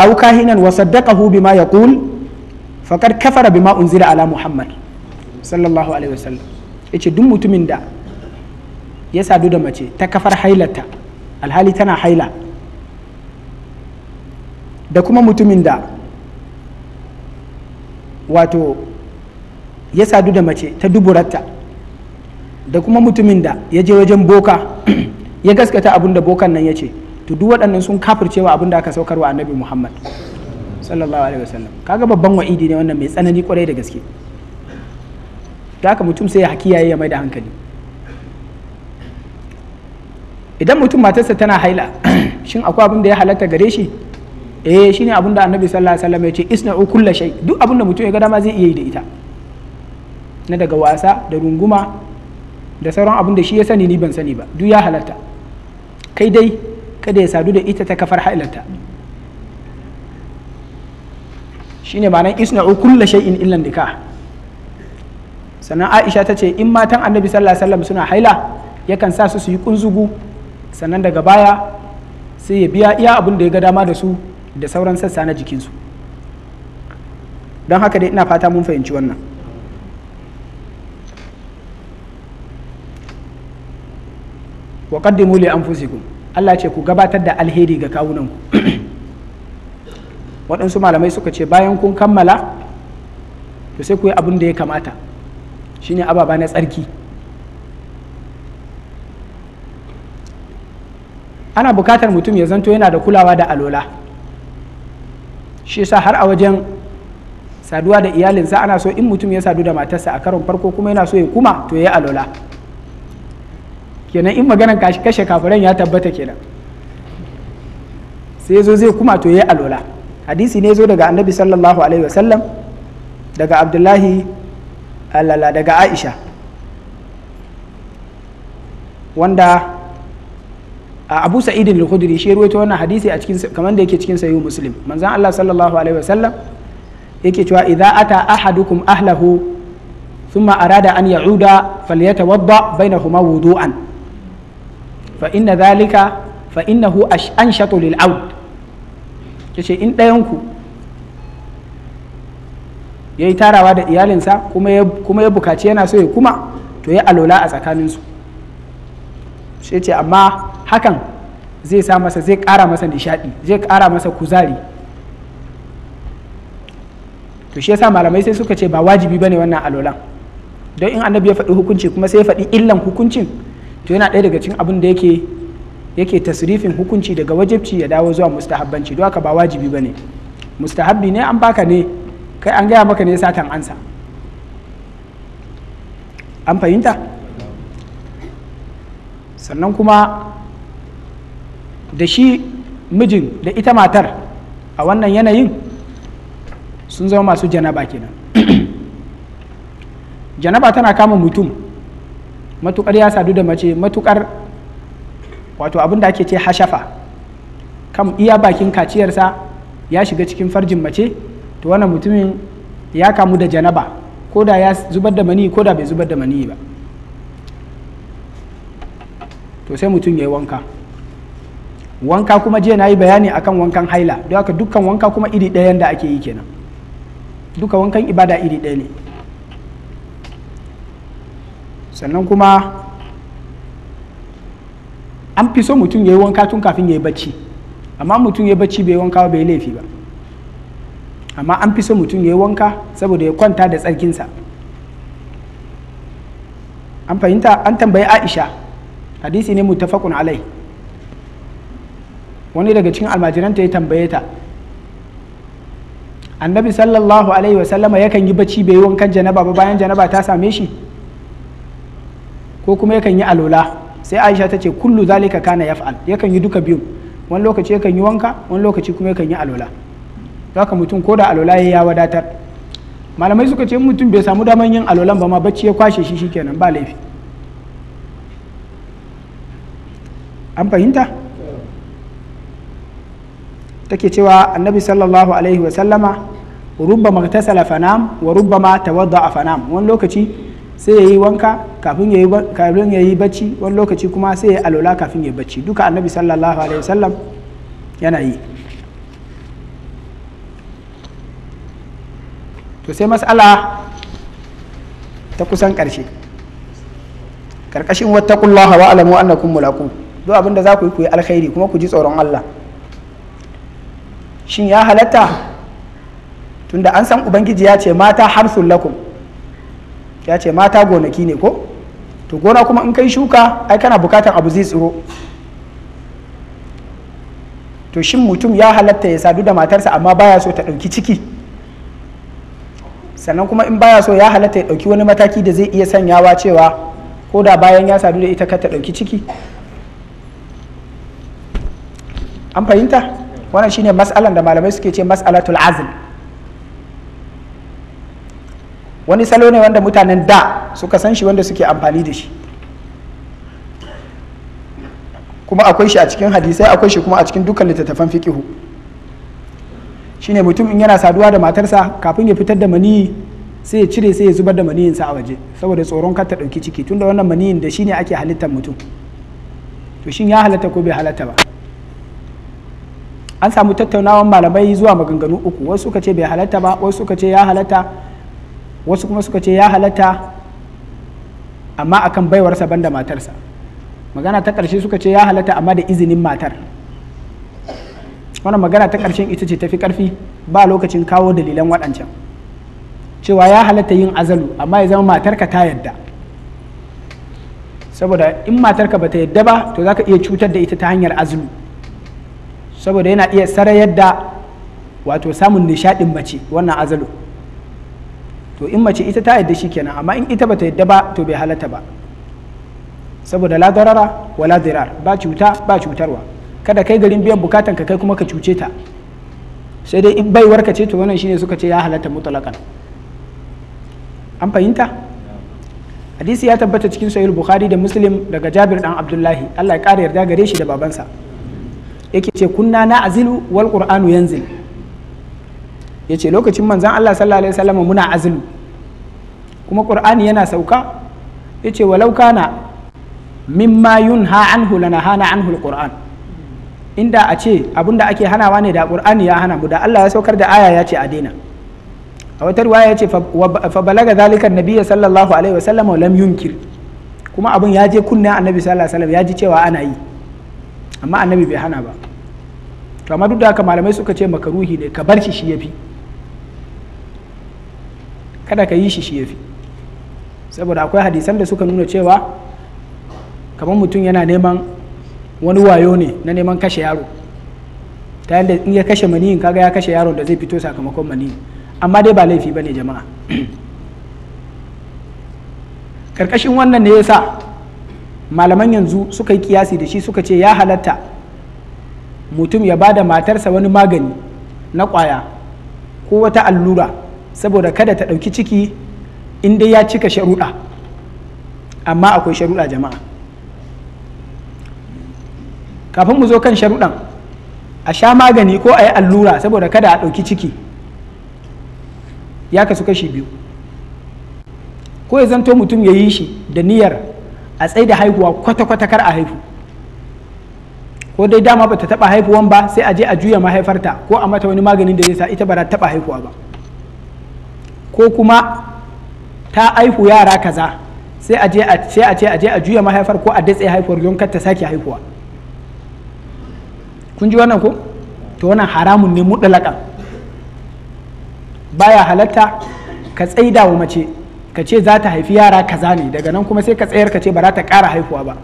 aw kahinan wa saddaqahu bima yaqul faqad kafara bima unzila ala muhammad sallallahu alaihi wasallam yace duk mutumin da ya sadu da mace ta kafar hailata alhali tana haila da kuma mutumin da wato ya sadu da mace ta duburarta da kuma mutumin da ya je wajen boka (clears throat) ya gaskata abin da bokan nan ya ce to duk waɗannan sun kafircewa abin da aka saukarwa annabi muhammad sallallahu alaihi wasallam kaga babban wa'idi ne wannan mai tsanani kwarai da gaske da haka mutum sai ya yayi ya mai da hankali idan mutum matarsa tana haila (clears throat) shin akwai abin da ya halatta gare shi eh shine abin da annabi sallallahu alaihi wasallam ya ce isna'u kulla shay duk abin da mutum ya ga dama zai iya yi da ita na daga wasa da runguma da sauran abin da shi ya sani ni ban sani ba duk ya halatta kai dai kada ya sadu da ita ta kafar hailata shine ma'anar isna kulla shay'in illan dika sannan aisha ta ce in matan annabi sallallahu alaihi wasallam suna haila yakan sa su su yi kunzugu sannan daga baya sai ya biya iya abin da ya ga dama da su da sauran sassa na jikinsu don haka dai ina fata mun fahimci wannan wa qaddimu li anfusikum Allah ce ku gabatar da alheri ga kawunan ku waɗansu malamai suka ce bayan kun kammala to sai ku yi abin da ya kamata shine ababa na tsarki ana bukatar mutum ya zanto yana da kulawa da alola shi sa har a wajen saduwa da iyalinsa ana so in mutum ya sadu da matarsa a karon farko kuma yana so ya kuma to ya yi alola kenan in maganan kashe kafiran ya tabbata kenan sai zo zai kuma to yayi alola hadisi ne zo daga annabi sallallahu alaihi wasallam daga abdullahi alala daga aisha wanda a abu sa'idin al-khudri shi ruwaito wannan hadisi a cikin kamar da yake cikin sayu muslim manzon Allah sallallahu alaihi wasallam yake cewa idza ata ahadukum ahlahu thumma arada an ya'uda falyatawadda bainahuma wudu'an fa inna zalika fa an shato ce in ɗayan ku yi tarawa da iyalinsa kuma ya bukaci yana so ya kuma to ya alola a tsakaninsu. sai ce amma hakan zai sa masa zai ƙara masa nishaɗi zai ƙara masa kuzari to shi yasa malamai sai suka ce ba wajibi ba ne wannan alolan don in annabi ya faɗi hukunci kuma sai ya faɗi illan hukuncin to yana ɗaya daga cikin abin da yake yake tasrifin hukunci daga wajibci ya dawo zuwa mustahabbanci don haka ba wajibi ba mustahabbi ne an baka ne kai an gaya maka ne satan ansa an fahimta sannan kuma da shi mijin da ita matar a wannan yanayin sun zama masu janaba kenan (clears throat) janaba tana kama mutum matukar ya sadu da mace matukar wato abin da ake ce hashafa kan iya bakin kaciyarsa ya shiga cikin farjin mace to wannan mutumin ya kamu da janaba ko da ya zubar da mani ko da bai zubar da mani ba to sai mutum ya yi wanka wanka kuma jiya na yi bayani akan wankan haila don haka dukkan wanka kuma iri ɗaya da ake yi kenan duka wankan ibada iri ɗaya ne sannan kuma an fi so mutum ya yi wanka tun kafin ya yi bacci amma mutum ya yi bacci bai wanka bai laifi ba amma an fi so mutum ya yi wanka saboda ya kwanta da tsarkinsa an fahimta an tambayi aisha hadisi ne mutafakun alai wani daga cikin almajiranta ya tambaye ta annabi sallallahu alaihi wasallama yakan yi bacci bai yi wankan janaba ba bayan janaba ta same shi ko kuma yakan yi alola sai aisha ta ce kullu zalika kana yaf'al yakan yi duka biyu wani lokaci yakan yi wanka wani lokaci kuma yakan yi alola haka mutum ko da alola ya wadatar malamai suka ce mutum bai samu daman yin alolan ba ma bacci ya kwashe shi shikenan ba laifi an fahimta take cewa annabi sallallahu alaihi wa sallama rubba magtasala fanam wa rubba ma tawadda fanam wani lokaci sai ya yi wanka kafin ya yi bacci wani lokaci kuma sai ya alola kafin ya yi bacci duka annabi sallallahu alaihi wasallam yana yi to sai mas'ala ta kusan ƙarshe ƙarƙashin wattaqullaha wa alamu annakum mulaku duk abinda za ku yi ku yi alkhairi kuma ku ji tsoron Allah shin ya halatta tunda an san ubangiji ya ce mata harsul lakum ya ce mata gonaki ne ko to gona kuma in kai shuka ai kana bukatar abu zai tsiro to shin mutum ya halatta ya sadu da matarsa amma baya so ta ɗauki ciki sannan kuma in baya so ya halatta ya ɗauki wani mataki da zai iya sanyawa cewa ko da bayan ya sadu da ita ka ta ɗauki ciki an fahimta wannan shine mas'alan da malamai suke ce mas'alatul azl wani salo ne wanda mutanen da suka san shi wanda suke amfani da shi kuma akwai shi a cikin hadisai akwai shi kuma a cikin dukkan littattafan fiqihu shine mutum in yana saduwa da matarsa kafin ya fitar da maniyi sai ya cire sai ya zubar da maniyin sa a waje saboda tsoron kar ta ɗauki ciki tunda wannan maniyin da shine ake halittar mutum to shin ya halatta ko bai halatta ba an samu tattaunawan malamai zuwa maganganu uku wasu suka ce bai halatta ba wasu suka ce ya halatta wasu kuma suka ce ya halatta amma akan baiwarsa banda matarsa magana ta ƙarshe suka ce ya halatta amma da izinin matar wannan magana ta ƙarshen ita ce tafi ƙarfi ba lokacin kawo dalilan waɗancan cewa ya halatta yin azalu amma ya zama matarka ta yadda saboda in matarka ta yadda ba to za ka iya cutar da ita ta hanyar azalu saboda yana iya sarayar da wato samun nishaɗin mace wannan azalu to in mace ita ta yadda shi kenan amma in ita bata yadda ba to bai halatta ba saboda la darara wala dirar ba cuta ba cutarwa kada kai garin biyan bukatan ka kai kuma ka cuce ta sai dai in baiwar ka ce to wannan shine suka ce ya halatta mutlaqan an fahimta hadisi ya tabbata cikin sahih bukhari da muslim daga jabir dan abdullahi Allah ya kara yarda gare shi da babansa yake ce kunna na azilu wal qur'anu yanzil ya ce lokacin manzan Allah sallallahu alaihi wasallam muna azulu kuma ƙur'ani yana sauka ya ce walau kana mimma yunha anhu lana hana anhu alquran inda a ce abinda ake hanawa ne da ƙur'ani ya hana mu da Allah ya saukar da aya ya ce a daina a wata riwaya ya ce fa balaga zalika nabiyya sallallahu alaihi wasallam lam yunkir kuma abin ya je kunna annabi sallallahu alaihi wasallam ya ji cewa ana yi amma annabi bai hana ba to amma duk da haka malamai suka ce makaruhi ne ka bar shi shi fi. kada ka yi shi shi fi saboda akwai hadisan da suka nuna cewa kamar mutum yana neman wani wayo ne na neman kashe yaro ta yadda in ya kashe maniyin kaga ya kashe yaron da zai fito sakamakon maniyin amma dai ba laifi ba ne jama'a (clears throat) karkashin wannan ne yasa malaman yanzu suka yi kiyasi da shi suka ce ya halatta mutum ya ba da matarsa wani magani na kwaya ko wata allura saboda kada ta ɗauki ciki in dai ya cika sharuɗa amma akwai sharuɗa jama'a kafin mu zo kan sharuɗan a sha magani ko a yi allura saboda kada a ɗauki ciki ya kasu kashi biyu ko ya zanto mutum ya yi shi da niyyar a tsaye da haihuwa kwata-kwata kar a haihu ko dai dama ba ta taɓa haihuwan ba sai a je a juya mahaifarta ko a mata wani maganin da zai sa ita ba ta taɓa haihuwa ba ko kuma ta aihu yara kaza sai a je a ce a je a juya mahaifar ko a datse haifuwar don kar ta sake haihuwa kun ji wannan ko to wannan haramun ne mutlaqan baya halatta ka tsaida wa mace ka ce za ta haifi yara kaza ne daga nan kuma sai ka tsayar ka ce ba za ta kara haihuwa ba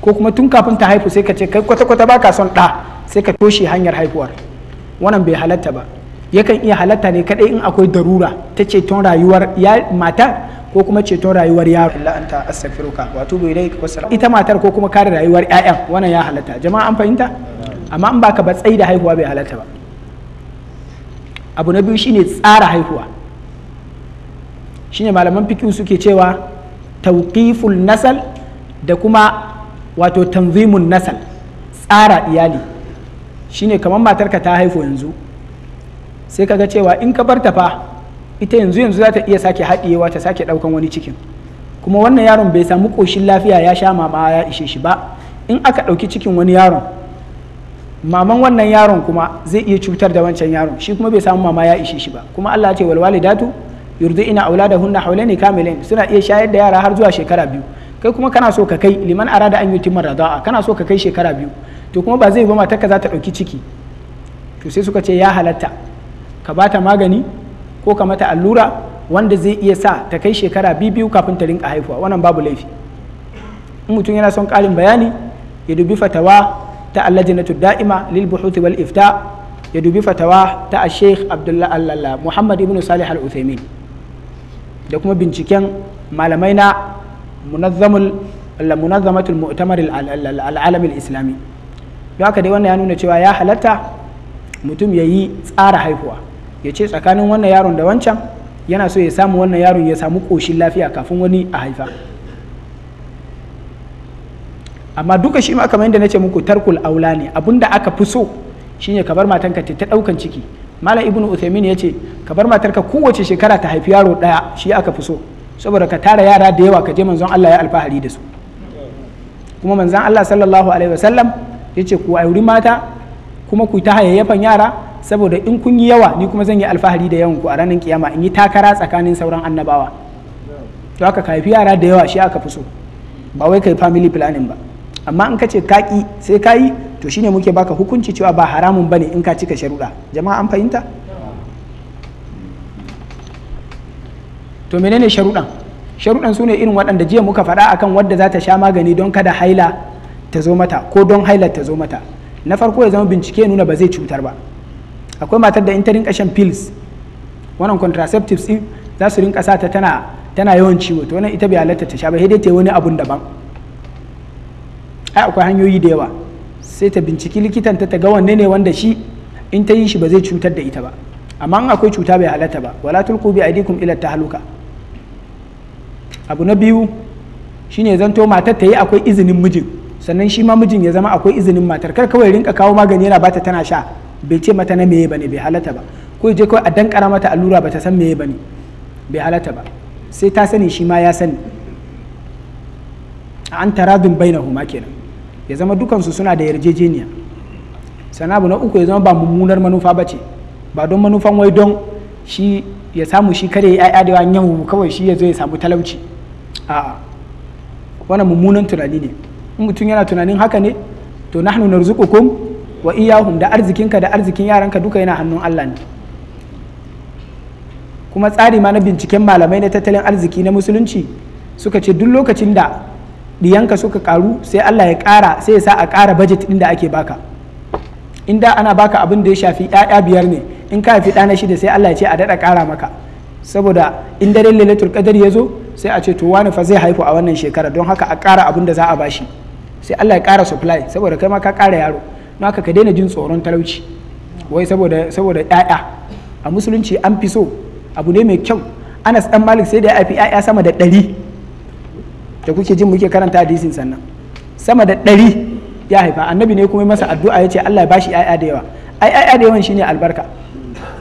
ko kuma tun kafin ta haihu sai ka ce kai kwata-kwata ba ka son ɗa sai ka toshe hanyar haihuwar wannan bai halatta ba yakan iya halatta ne kadai in akwai darura ta ceton rayuwar mata ko kuma ceton rayuwar yaro Allah anta astaghfiruka wa tubu ilaik ita matar ko kuma kare rayuwar ƴaƴan wannan ya halatta jama'a an fahimta amma in baka ba tsayi da haihuwa bai halatta ba abu na biyu shine tsara haihuwa shine malaman fiqh suke cewa tawqiful nasal da kuma wato tanzimun nasal tsara iyali shine kamar matarka ta haihu yanzu sai kaga cewa in ka barta fa ita yanzu yanzu za ta iya sake haɗiyewa ta sake ɗaukan wani cikin kuma wannan yaron bai samu ƙoshin lafiya ya sha mama ya ishe shi ba in aka ɗauki cikin wani yaron maman wannan yaron kuma zai iya cutar da wancan yaron shi kuma bai samu mama ya ishe shi ba kuma Allah ya ce wal walidatu hunna haula ne kamilin suna iya shayar da yara har zuwa shekara biyu kai kuma kana so ka kai liman ara arada an yutimma rada'a kana so ka kai shekara biyu to kuma ba zai ba matarka za ta ɗauki ciki to sai suka ce ya halatta ka bata magani ko ka mata allura wanda zai iya sa ta kai shekara biyu biyu kafin ta rinka haifuwa wannan babu laifi in mutum yana son karin bayani ya dubi fatawa ta allajinatu da'ima lil buhuti wal ifta ya dubi fatawa ta sheikh abdullahi allala muhammad ibn salih al uthaymin da kuma binciken malamai na munazzamatul mu'tamar al'alam islami don haka dai wannan ya nuna cewa ya halatta mutum ya yi tsara haihuwa ya ce tsakanin wannan yaron da wancan yana so ya samu wannan yaron ya samu koshin lafiya kafin wani a haifa amma duka shi ma kamar yadda na ce muku tarkul aula ne abinda aka fi so shine ka bar matanka ta ta daukan ciki malam ibnu uthaymin ya ce ka bar matarka kowace shekara ta haifi yaro ɗaya shi aka fi so saboda ka tara yara da yawa ka je manzon Allah ya alfahari da su kuma manzon Allah sallallahu alaihi wasallam ya ce ku auri mata kuma ku ta hayayyafan yara saboda in kun yi yawa ni kuma zan yi alfahari da yawan ku a ranar kiyama in yi takara tsakanin sauran annabawa to haka kai yara da yawa shi aka fi so ba wai kai family planning ba amma in ka ce kaki sai ka yi to shine muke baka hukunci cewa ba haramun bane in ka cika sharuɗa jama'a an fahimta to menene sharuɗan sharuɗan sune irin waɗanda jiya muka faɗa akan wadda za ta sha magani don kada haila ta zo mata ko don haila ta zo mata na farko ya zama bincike nuna ba zai cutar ba akwai matar da in ta rinka shan pills wannan contraceptives din za su rinka sata tana tana yawan ciwo to wannan ita bai halatta ta sha ba sai dai ta yi wani abun daban ai akwai hanyoyi da yawa sai ta binciki likitan ta ga wanne ne wanda shi in ta yi shi ba zai cutar da ita ba amma in akwai cuta bai halatta ba wala tulqu bi aidikum ila tahluka abu na biyu shine zanto matar ta yi akwai izinin mijin sannan shi ma mijin ya zama akwai izinin matar kar kawai rinka kawo magani yana bata tana sha bai ce mata na meye bane bai halata ba ko je kawai a dankara mata allura bata san meye bane bai halata ba sai ta sani shi ma ya sani A an na huma kenan ya zama dukansu suna da yarjejeniya sana abu na uku ya zama ba mummunar manufa ba ce ba don manufan wai don shi ya samu shi kare ya yi da yawan kawai shi ya zo ya samu talauci a wani mummunan tunani ne in mutum yana tunanin haka ne to nahnu narzuqukum wa iyahum da arzikinka da arzikin yaranka duka yana hannun Allah ne kuma tsari ma na binciken malamai na tattalin arziki na musulunci suka ce duk lokacin da diyanka suka karu sai Allah ya kara sai ya sa a kara budget din da ake baka in da ana baka abin da ya shafi ƴaƴa biyar ne in ka haifi ɗana shida sai Allah ya ce a daɗa kara maka saboda in daren lailatul qadar ya zo sai a ce to wani fa zai haifu a wannan shekara don haka a kara abin da za a bashi sai Allah ya kara supply saboda kai ma ka kara yaro na haka ka daina jin tsoron talauci wai saboda saboda ƴaƴa a musulunci an fi so abu ne mai kyau anas dan malik sai da ya fi ƴaƴa sama da ɗari da kuke jin muke karanta hadisin sannan sama da ɗari ya haifa annabi ne kuma masa addu'a ya ce Allah ya bashi ƴaƴa da yawa ai ƴaƴa da yawan shine albarka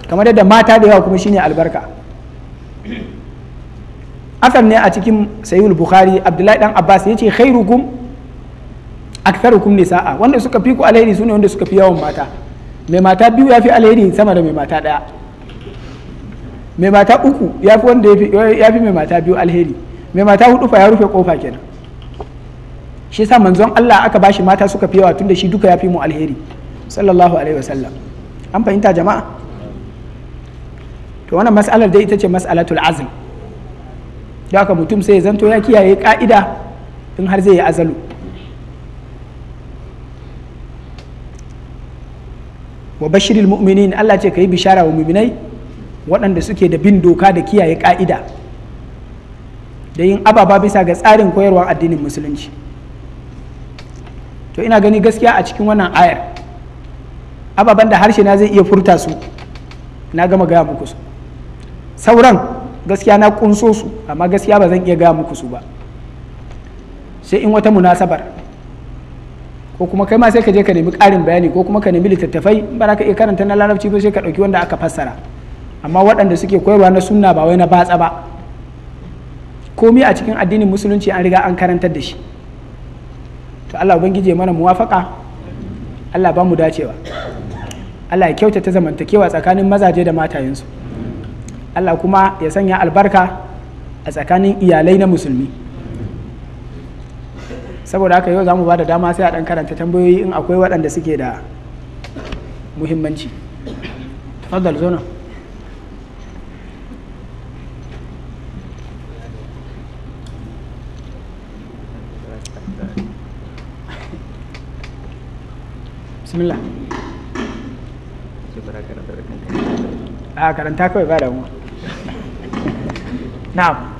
kamar yadda mata da yawa kuma shine albarka asar ne a cikin sayyid bukhari abdullahi dan abbas ya ce yace khairukum aktharukum nisaa wanda suka fi ku alheri sune wanda suka fi yawan mata mai mata biyu ya fi alheri sama da mai mata daya mai mata uku ya fi wanda ya fi mai mata biyu alheri mai mata hudu fa ya rufe kofa kenan shi sa manzon Allah aka bashi mata suka fi yawa tunda shi duka ya fi mu alheri sallallahu alaihi wasallam an fahimta jama'a to wannan mas'alar dai ita ce mas'alatul azm da haka mutum sai ya zanto ya kiyaye ka'ida in har zai yi azalu wa bashirin bashiril mu'minin Allah ce ka yi bishara wa mu'minai waɗanda suke da bin doka da kiyaye ka'ida da yin ababa bisa ga tsarin koyarwar addinin musulunci to ina gani gaskiya a cikin wannan ayar ababan da harshe na zai iya furta su na gama gaya muku su sauran gaskiya na kunso su amma gaskiya ba zan iya gaya muku su ba sai in wata munasabar ko kuma kai ma sai ka je ka nemi ƙarin bayani ko kuma ka nemi littattafai ba za ka iya karanta na larabci ba sai ka ɗauki wanda aka fassara amma waɗanda suke koyarwa na sunna ba wai na batsa ba komi a cikin addinin musulunci an riga an karantar da shi to Allah ubangije mana muwafaka Allah ba mu dacewa Allah ya kyautata zamantakewa tsakanin mazaje da matayensu Allah kuma ya sanya albarka a tsakanin iyalai na musulmi saboda haka yau za mu ba da dama sai a ɗan karanta tambayoyi in akwai waɗanda suke da muhimmanci tafadar zona bismillah a karanta kawai ba damuwa na'am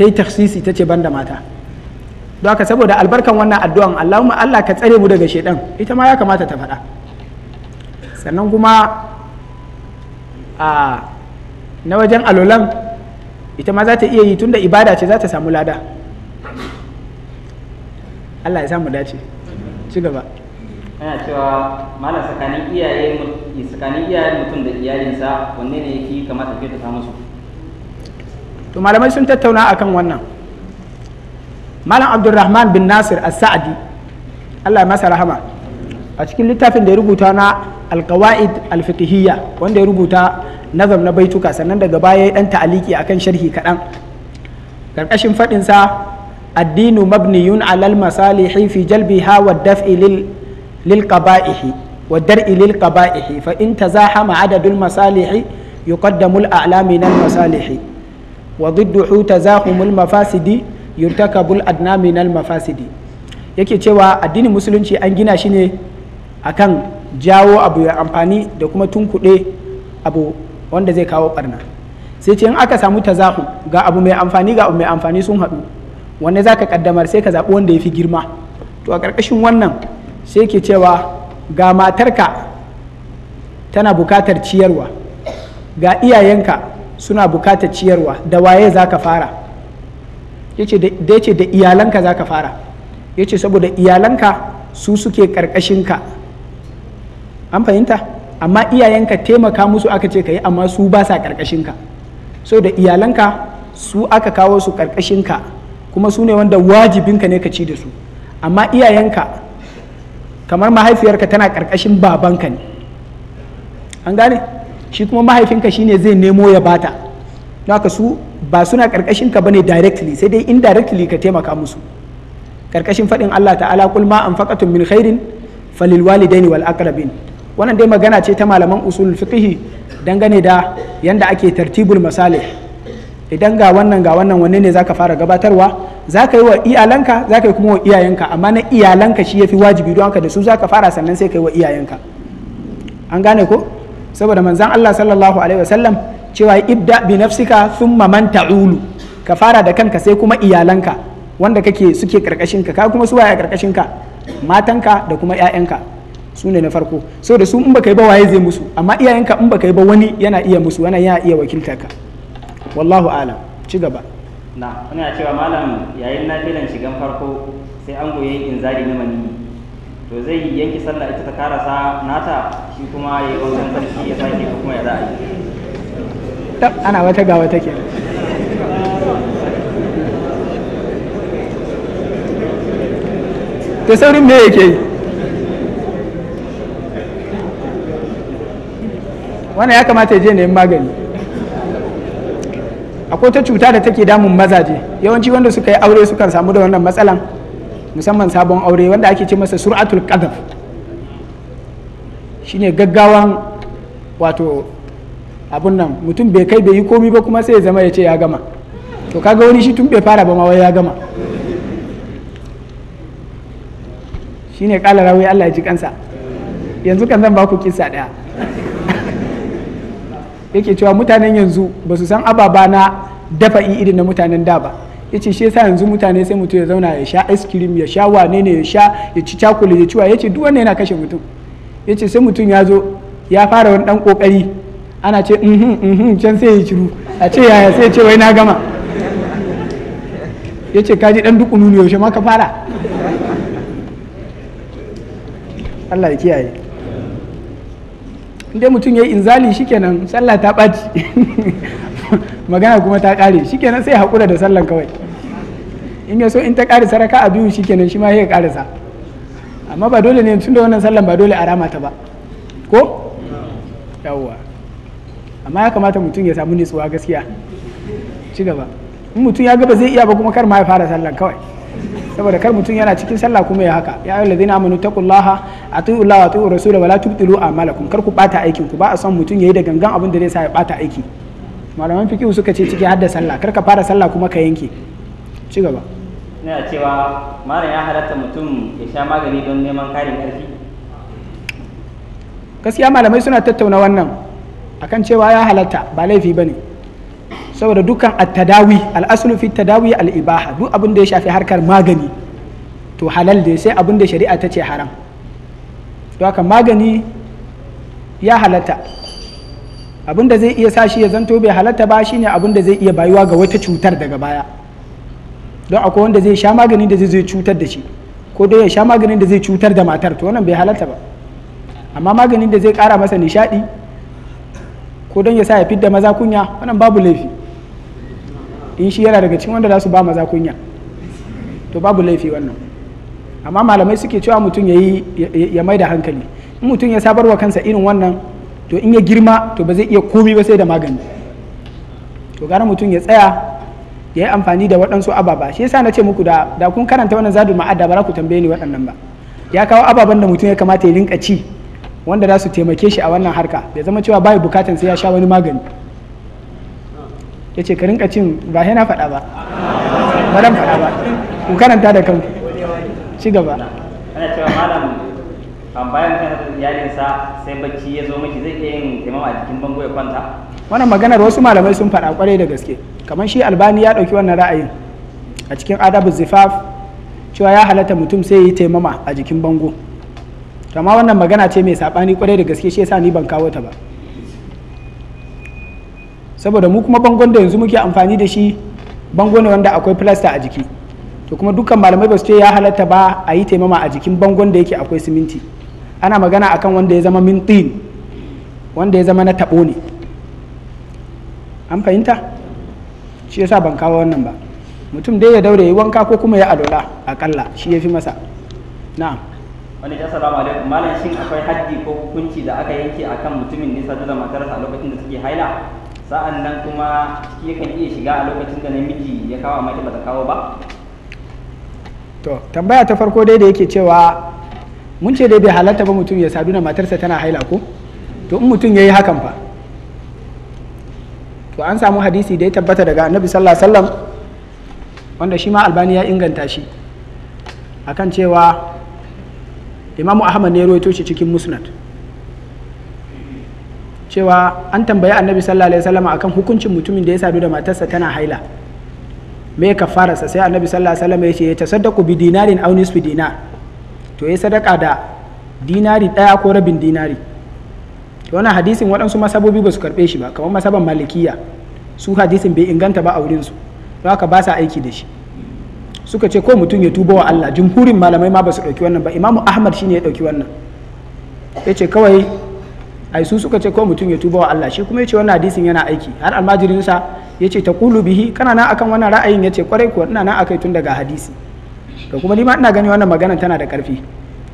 ta yi tafsisi ta ce banda mata don haka saboda albarkan wannan addu'an allahumma allah ka tsare mu daga shaidan ita ma ya kamata ta faɗa sannan kuma a na wajen alolan ita ma za ta iya yi tunda ibada ce za ta samu lada allah ya samu dace ci gaba ana cewa malam tsakanin iyayen mutum da iyalinsa wanne ne yake kamata ke ta samu su to malamai sun tattauna akan wannan malam abdulrahman bin nasir as-sa'di Allah masa rahama a cikin littafin da ya rubuta na alkawa'id alfiqhiyya wanda ya rubuta nazam na baituka sannan daga baya ya dan ta'aliki akan sharhi kaɗan karkashin faɗinsa sa الدين مبني على المصالح في جلبها والدفع لل... fa in للقبائح فإن تزاحم عدد المصالح يقدم الأعلى من المصالح wa zidduhu tazahumul mafasidi yurtakabul adna minal mafasidi yake cewa addinin musulunci an gina shi ne akan jawo abu ya amfani da kuma tunkuɗe abu wanda zai kawo ɓarna sai ce in aka samu ta ga abu mai amfani ga abu mai amfani sun haɗu wanda za ka kaddamar sai ka zaɓi wanda ya fi girma to a ƙarƙashin wannan sai ke cewa ga matarka tana buƙatar ciyarwa ga iyayenka suna bukatar ciyarwa da waye za ka fara da ce da iyalanka za ka fara yace saboda iyalanka su suke ka an fahimta amma iyayenka taimaka musu aka ce ka yi amma su ba sa ka so da iyalanka su aka kawo su ka kuma su ne wanda wajibinka ne ka ci da su amma iyayenka kamar mahaifiyarka tana karkashin babanka ne an gane shi kuma mahaifinka shine zai nemo ya bata haka su ba suna karkashin ka bane directly sai dai indirectly ka taimaka musu karkashin fadin Allah ta'ala kul ma anfaqatum min khairin falil walidaini wal aqrabin wannan dai magana ce ta malaman usulul fiqh dangane da yanda ake tartibul masalih idan ga wannan ga wannan wanne ne zaka fara gabatarwa zaka yi wa iyalanka zaka yi kuma wa iyayenka amma na iyalanka shi yafi wajibi don haka da su zaka fara sannan sai kai wa iyayenka an gane ko saboda manzan Allah sallallahu alaihi wasallam cewa ibda bi nafsika thumma man ta'ulu ka fara da kanka sai kuma iyalanka wanda kake suke karkashin ka kuma su waye karkashin ka matanka da kuma ƴaƴanka su ne na farko so da su in baka yi ba waye zai musu amma iyayenka in baka yi ba wani yana iya musu wani yana iya wakiltar ka wallahu alam ci gaba na ina cewa malam yayin na filan shigan farko sai an goye inzari na manini. to zai yanki sallah ita ta karasa nata shi kuma ya yi wankan sarki ya sake ko kuma ya za a yi ana wata ga wata ke da saurin me yake yi wannan ya kamata ya je neman magani akwai ta cuta da take damun mazaje yawanci wanda suka yi aure sukan samu da wannan matsalan musamman sabon aure wanda ake ce masa sur'atul qadaf shine gaggawan wato abun nan mutum bai kai bai yi komi ba kuma sai ya zama ya ce ya gama to kaga wani shi tun bai fara ba ma ya gama shine kala rawai Allah ya ji kansa yanzu kan zan baku kisa daya (laughs) yake cewa mutanen yanzu ba su san ababa na dafa'i irin na mutanen da ba yace shi yasa yanzu mutane sai mutum ya zauna ya sha ice cream ya sha wane ne ya sha ya ci chocolate ya ci wa yace duk wannan yana kashe mutum yace sai mutum ya zo ya fara wani dan kokari ana ce mhm mhm can sai ya ciru a ce yaya sai ya ce wai na gama yace ka ji dan duk ne yaushe ma ka fara Allah ya kiyaye inda mutum ya yi inzali shikenan sallah ta ɓaci (laughs) magana kuma ta kare shikenan sai haƙura da sallan kawai in so in ta kare saraka a biyu shikenan shi ma ya karisa amma ba dole ne tun da wannan sallan ba dole a rama ta ba ko yawwa amma ya kamata mutum ya samu nutsuwa gaskiya ci gaba in mutum ya gaba zai iya ba kuma kar ma ya fara sallan kawai saboda kar mutum yana cikin sallah kuma ya haka ya ayyuhal ladina amanu taqullaha atiiu llaha wa atiiu rasula wala tubtilu a'malakum kar ku bata aikin ku ba a son mutum yayi da gangan abin da zai sa ya bata aiki malaman fikihu suka ce ciki hadda sallah kar ka fara sallah kuma ka yanke ci gaba cewa mara ya halatta mutum ya sha magani don neman karin karfi gaskiya malamai suna tattauna wannan akan cewa ya halatta ba laifi ba ne saboda dukkan at-tadawi al-aslu fi tadawi al-ibaha duk abin da ya shafi harkar magani to halal da sai abin da shari'a ta ce haram to haka magani ya halatta abin da zai iya sa shi ya zanto bai halatta ba shine abin da zai iya bayuwa ga wata cutar daga baya don akwai wanda zai sha maganin da zai cutar da shi ko dai ya sha maganin da zai cutar da matar to wannan bai halatta ba amma maganin da zai kara masa nishadi ko don ya sa ya fidda maza kunya wannan babu laifi in shi yana daga cikin wanda za su ba maza kunya to babu laifi wannan amma malamai suke cewa mutum ya yi ya mai da hankali in mutum ya sabarwa kansa irin wannan to in ya girma to ba zai iya komi ba sai da magani to gara mutum ya tsaya ya yi amfani da waɗansu ababa shi yasa na ce muku da da kun karanta wannan zadu ma'ada ba za ku tambaye ni waɗannan ba ya kawo ababan da mutum ya kamata ya rinka ci wanda za su taimake shi a wannan harka bai zama cewa bai bukatan sai ya sha wani magani ya ce ka rinka cin ba na faɗa ba ba faɗa ba ku karanta da kanku ci gaba ana cewa malam an bayan kan da iyalinsa sai bacci ya zo miki zai iya yin taimama a jikin bango ya kwanta wannan maganar wasu malamai sun faɗa kwarai da gaske kamar shi albani ya ɗauki wannan ra'ayin a cikin adabu zifaf cewa ya halatta mutum sai yi taimama a jikin bango kama wannan magana ce mai saɓani kwarai da gaske shi yasa ni ban kawo ta ba saboda mu kuma bangon da yanzu muke amfani da shi bango ne wanda akwai filasta a jiki to kuma dukkan malamai ba su ce ya halatta ba a yi taimama a jikin bangon da yake akwai siminti ana magana akan wanda ya zama mintin wanda ya zama na taɓo ne an fahimta shi yasa ban kawo wannan ba mutum dai ya daure yi wanka ko kuma ya alola akalla shi ya fi masa na'am wani ya salamu alaikum malam shin akwai haddi ko hukunci da aka yanke akan mutumin nisa da matarsa a lokacin da suke haila sa'an nan kuma ciki kan iya shiga a lokacin da namiji ya kawo amma ba ta kawo ba to tambaya ta farko dai da yake cewa mun ce dai bai halatta ba mutum ya sadu da matarsa tana haila ko to in mutum ya yi hakan fa to an samu hadisi da ya tabbata daga annabi sallallahu alaihi wasallam wanda shi ma albani ya inganta shi akan cewa imamu ahmad ne rawaito shi cikin musnad cewa an tambayi annabi sallallahu alaihi wasallam akan hukuncin mutumin da ya sadu da matarsa tana haila me kafarasa sai annabi sallallahu alaihi wasallam ya ce ya tasaddaqu bi dinarin aw nisfi dinar to ya sadaka da dinari ɗaya ko rabin dinari to wannan hadisin waɗansu masabobi ba su karɓe shi ba kamar masaban malikiya su hadisin bai inganta ba a su don haka ba sa aiki da shi suka ce ko mutum ya tuba wa Allah jumhurin malamai ma ba su ɗauki wannan ba imamu ahmad shine ya ɗauki wannan ya ce kawai ai su suka ce ko mutum ya tuba wa Allah shi kuma ya ce wannan hadisin yana aiki har almajirinsa ya ce ta bihi kana na akan wannan ra'ayin ya ce kwarai kuwa ina na akai tun daga hadisi to kuma ni ma ina gani wannan magana tana da karfi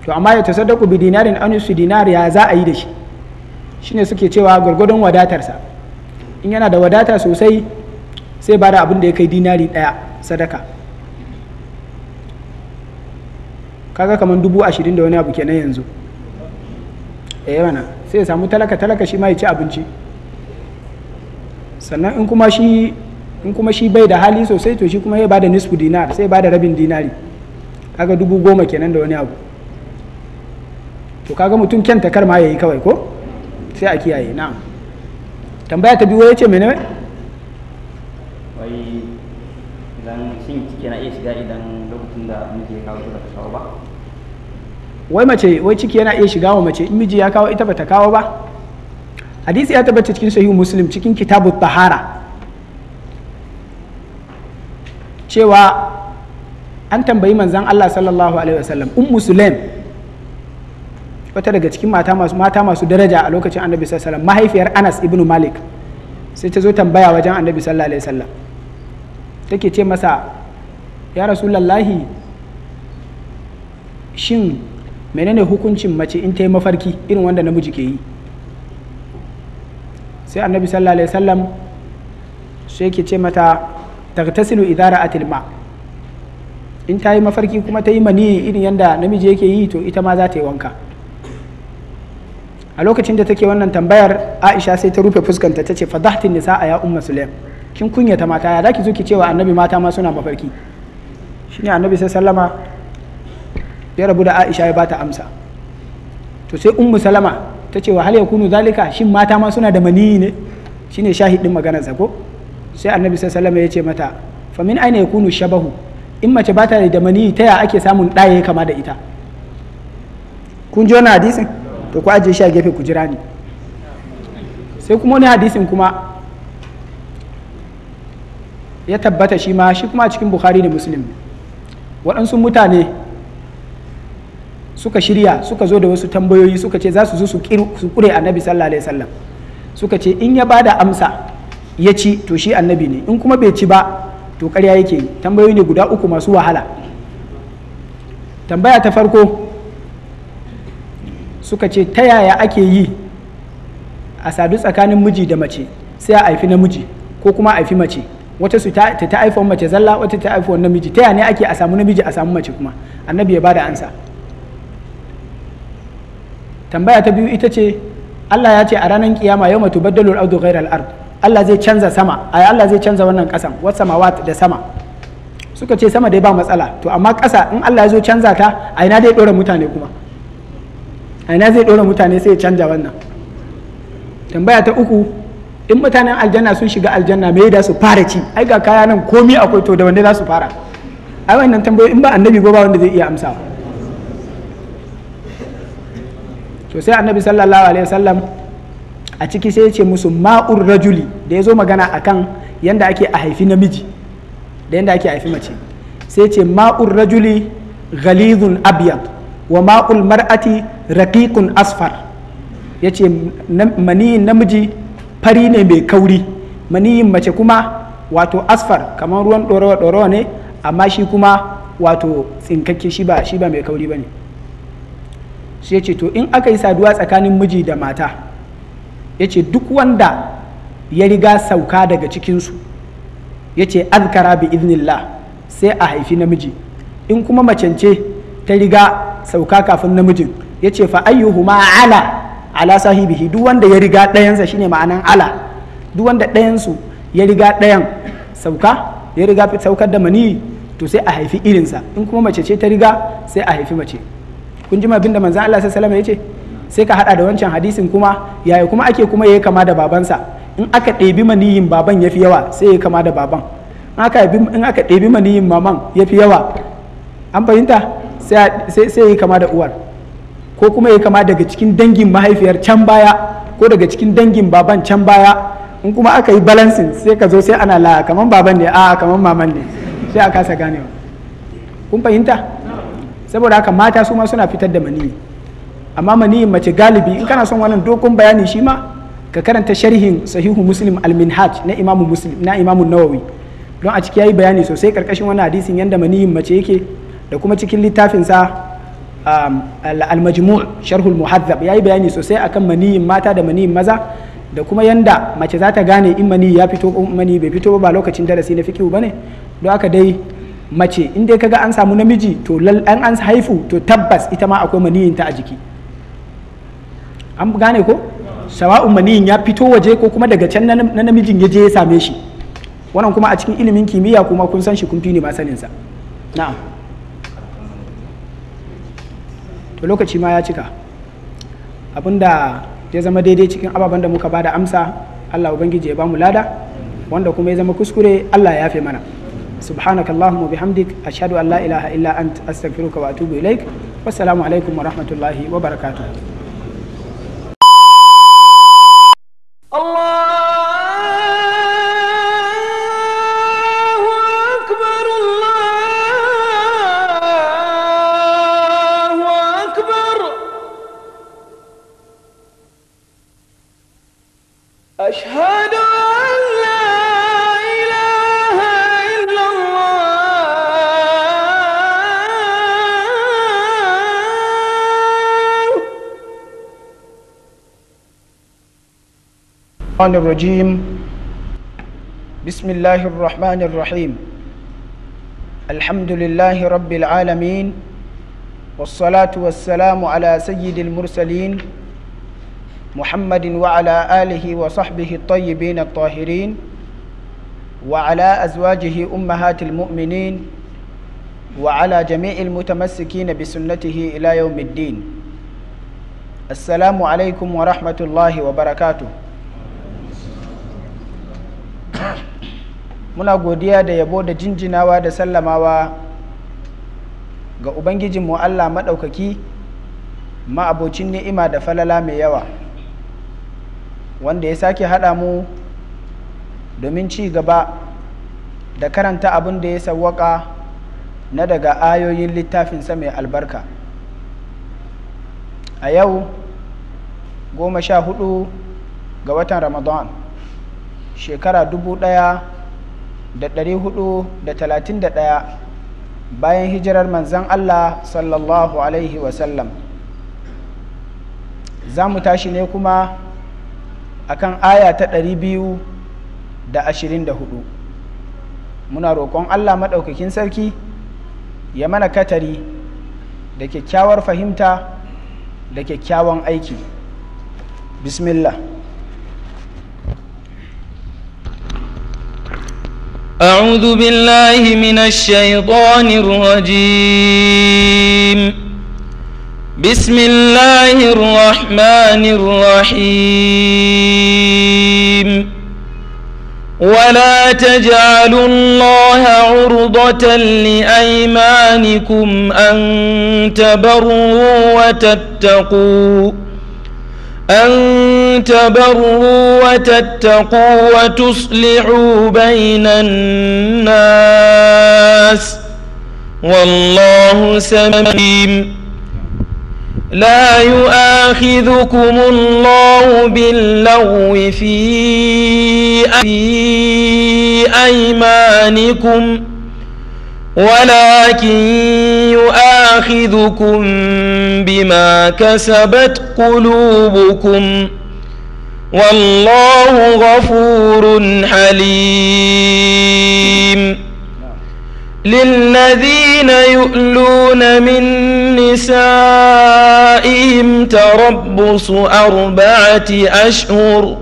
to amma ya tasaddaku bi dinarin an yusu dinar ya za a yi da shi shine suke cewa gwargwadon wadatarsa in yana da wadata sosai sai ba da abin da ya kai dinari daya sadaka kaga kamar dubu ashirin da wani abu kenan yanzu eh mana sai ya samu talaka talaka shi ma ya ci abinci sannan in kuma shi in kuma shi bai da hali sosai to shi kuma ya bada nisfu dinar sai ya bada rabin dinari kaga dubu goma kenan da wani abu to kaga mutum kyanta kar ma yayi kawai ko sai a kiyaye na tambaya ta biyu yace mene wai idan shin ciki na iya shiga idan lokacin da miji ya kawo ta kawo ba wai mace wai ciki yana iya shiga wa mace in miji ya kawo ita bata kawo ba hadisi ya tabbata cikin sahihu muslim cikin kitabu tahara cewa an tambayi manzan Allah sallallahu alaihi wasallam ummu wata daga cikin mata masu daraja a lokacin annabi sallallahu alaihi mahaifiyar Anas ibn Malik sai ta zo tambaya wajen annabi sallallahu alaihi wasallam take ce masa ya rasulullahi shin menene hukuncin mace in ta yi mafarki irin wanda namiji ke yi sai annabi sallallahu alaihi wasallam sai yake ce mata tagtasilu idara atilma in ta yi mafarki kuma ta yi mani irin yadda namiji yake yi to ita ma za ta yi wanka a lokacin da take wannan tambayar aisha sai ta rufe fuskanta ta ce fadahtin nisa a ya umma kin kunyata mata ya zaki zo cewa annabi mata ma suna mafarki shine annabi sai sallama ya rabu da aisha ya bata amsa to sai ummu salama ta ce wa hal yakunu zalika shin mata ma suna da mani ne shine shahidin maganar sa ko sai annabi sai sallama ya ce mata famin aina yakunu shabahu in mace ba ta da maniyi ta ya ake samun ɗaya kama da ita kun ji wani hadisin to ku ajiye shi a gefe ku jira ni sai kuma wani hadisin kuma ya tabbata shi ma shi kuma a cikin bukhari da muslim waɗansu mutane suka shirya suka zo da wasu tambayoyi suka ce za su zo su kure annabi sallallahu alaihi suka ce in ya bada amsa ya ci to shi annabi ne in kuma bai ci ba to ƙarya yake tambayoyi ne guda uku masu wahala tambaya ta farko suka ce ta yaya ake yi a sadu tsakanin miji da mace sai a haifi namiji ko kuma a mace wata su ta ta haifa mace zalla wata ta haifa namiji ta yaya ne ake a samu namiji a samu mace kuma annabi ya bada ansa tambaya ta biyu ita ce Allah ya ce a ranar kiyama yau matu baddalul ardu ghairal ard Allah zai canza sama ay Allah zai canza wannan kasan wasu samawat da sama suka ce sama dai ba matsala to amma kasa in Allah ya zo canza ta a ina zai dora mutane kuma a ina zai dora mutane sai ya canza wannan tambaya ta uku in mutanen aljanna sun shiga aljanna me da su fara ci ai ga kaya nan komi akwai to da wanda za su fara ai wannan tambayoyi in ba annabi ba wanda zai iya amsa to sai annabi sallallahu alaihi wasallam a ciki sai ya ce musu ma'ur rajuli da ya zo magana akan yanda ake a haifi namiji da yanda ake a haifi mace sai ce ma'ur rajuli galizun abyad wa ma'ul mar'ati raqiqun asfar ya ce maniyin namiji fari ne mai kauri maniyin mace kuma wato asfar kamar ruwan ɗorawa-ɗorawa ne amma shi kuma wato tsinkakke shi ba shi ba mai kauri ba ne sai ce to in aka yi saduwa tsakanin miji da mata ya ce duk wanda ya riga sauka daga cikinsu ya ce azkara bi iznillah sai a haifi namiji in kuma macence ta riga sauka kafin namiji ya ce fa ayyuhuma ala ala sahibihi duk wanda ya riga ɗayansa shine ma'anan ala duk wanda ɗayansu ya riga ɗayan sauka ya riga saukar da mani to sai a haifi irinsa in kuma mace ce ta riga sai a haifi mace kun ji abin da manzan Allah sai salama ya ce sai ka hada da wancan hadisin kuma yaya kuma ake kuma yayi kama da babansa in aka ɗebi maniyin baban yafi yawa sai yayi kama da baban in aka ɗebi maniyin maman yafi yawa an fahimta sai yayi kama da uwar ko kuma yayi kama daga cikin dangin mahaifiyar can baya ko daga cikin dangin baban can baya in kuma aka yi balancing sai ka zo sai ana la kaman baban ne a kaman maman ne sai a kasa ganewa kun fahimta saboda haka mata su ma suna fitar da maniyi amma maniyin mace galibi in kana son wannan dokon bayani shi ma ka karanta sharhin sahihu muslim al-minhaj na imamu muslim na imamu nawawi don a ciki yayi bayani sosai karkashin wannan hadisin yanda maniyin mace yake da kuma cikin littafin sa um, al-majmu' sharhul muhadhab yayi bayani sosai akan maniyin mata da maniyin maza da kuma yanda mace za ta gane in mani ya fito ko mani bai fito ba lokacin darasi na fikihu bane don aka dai mace in dai ga an samu namiji to an an haifu to tabbas ita ma akwai maniyinta a jiki an gane ko sawa'un maniyin ya fito waje ko kuma daga can na namijin ya je ya same shi wannan kuma a cikin ilimin kimiyya kuma kun san shi kun fi ne ba sanin sa na'am to lokaci ma ya cika abinda ya zama daidai cikin ababen da muka bada amsa Allah ubangiji ya ba mu lada wanda kuma ya zama kuskure Allah ya yafe mana سبحانك اللهم وبحمدك أشهد أن لا إله إلا أنت أستغفرك وأتوب إليك والسلام عليكم ورحمة الله وبركاته الشيطان الرجيم بسم الله الرحمن الرحيم الحمد لله رب العالمين والصلاة والسلام على سيد المرسلين محمد وعلى آله وصحبه الطيبين الطاهرين وعلى أزواجه أمهات المؤمنين وعلى جميع المتمسكين بسنته إلى يوم الدين السلام عليكم ورحمة الله وبركاته muna godiya da yabo da jinjinawa da sallamawa ga ubangijinmu allah maɗaukaki ma'abocin ni'ima da falala mai yawa wanda ya sake haɗa mu domin ci gaba da karanta abin da ya sawwaka na daga ayoyin littafinsa mai albarka a yau goma sha hudu ga watan ramadan shekara dubu ɗaya da da talatin da bayan hijirar manzan Allah sallallahu alaihi wasallam za mu tashi ne kuma akan aya ta ɗari biyu da ashirin da hudu muna roƙon Allah maɗaukakin sarki ya mana katari da kyakkyawar fahimta da kyakkyawan aiki bismillah أعوذ بالله من الشيطان الرجيم بسم الله الرحمن الرحيم ولا تجعلوا الله عرضة لأيمانكم أن تبروا وتتقوا أن تبروا وتتقوا وتصلحوا بين الناس والله سميع لا يؤاخذكم الله باللغو في أيمانكم ولكن يؤاخذكم بما كسبت قلوبكم والله غفور حليم للذين يؤلون من نسائهم تربص أربعة أشهر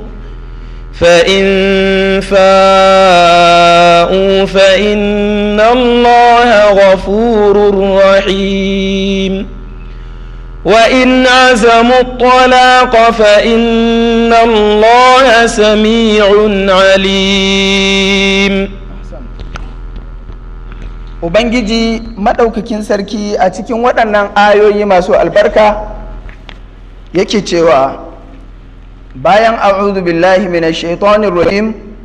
فإن فاءوا فإن الله غفور رحيم وإن عزموا الطلاق فإن الله سميع عليم Ubangiji maɗaukakin sarki a cikin waɗannan ayoyi masu albarka yake cewa bayan a'udhu billahi minash shaitanir rajim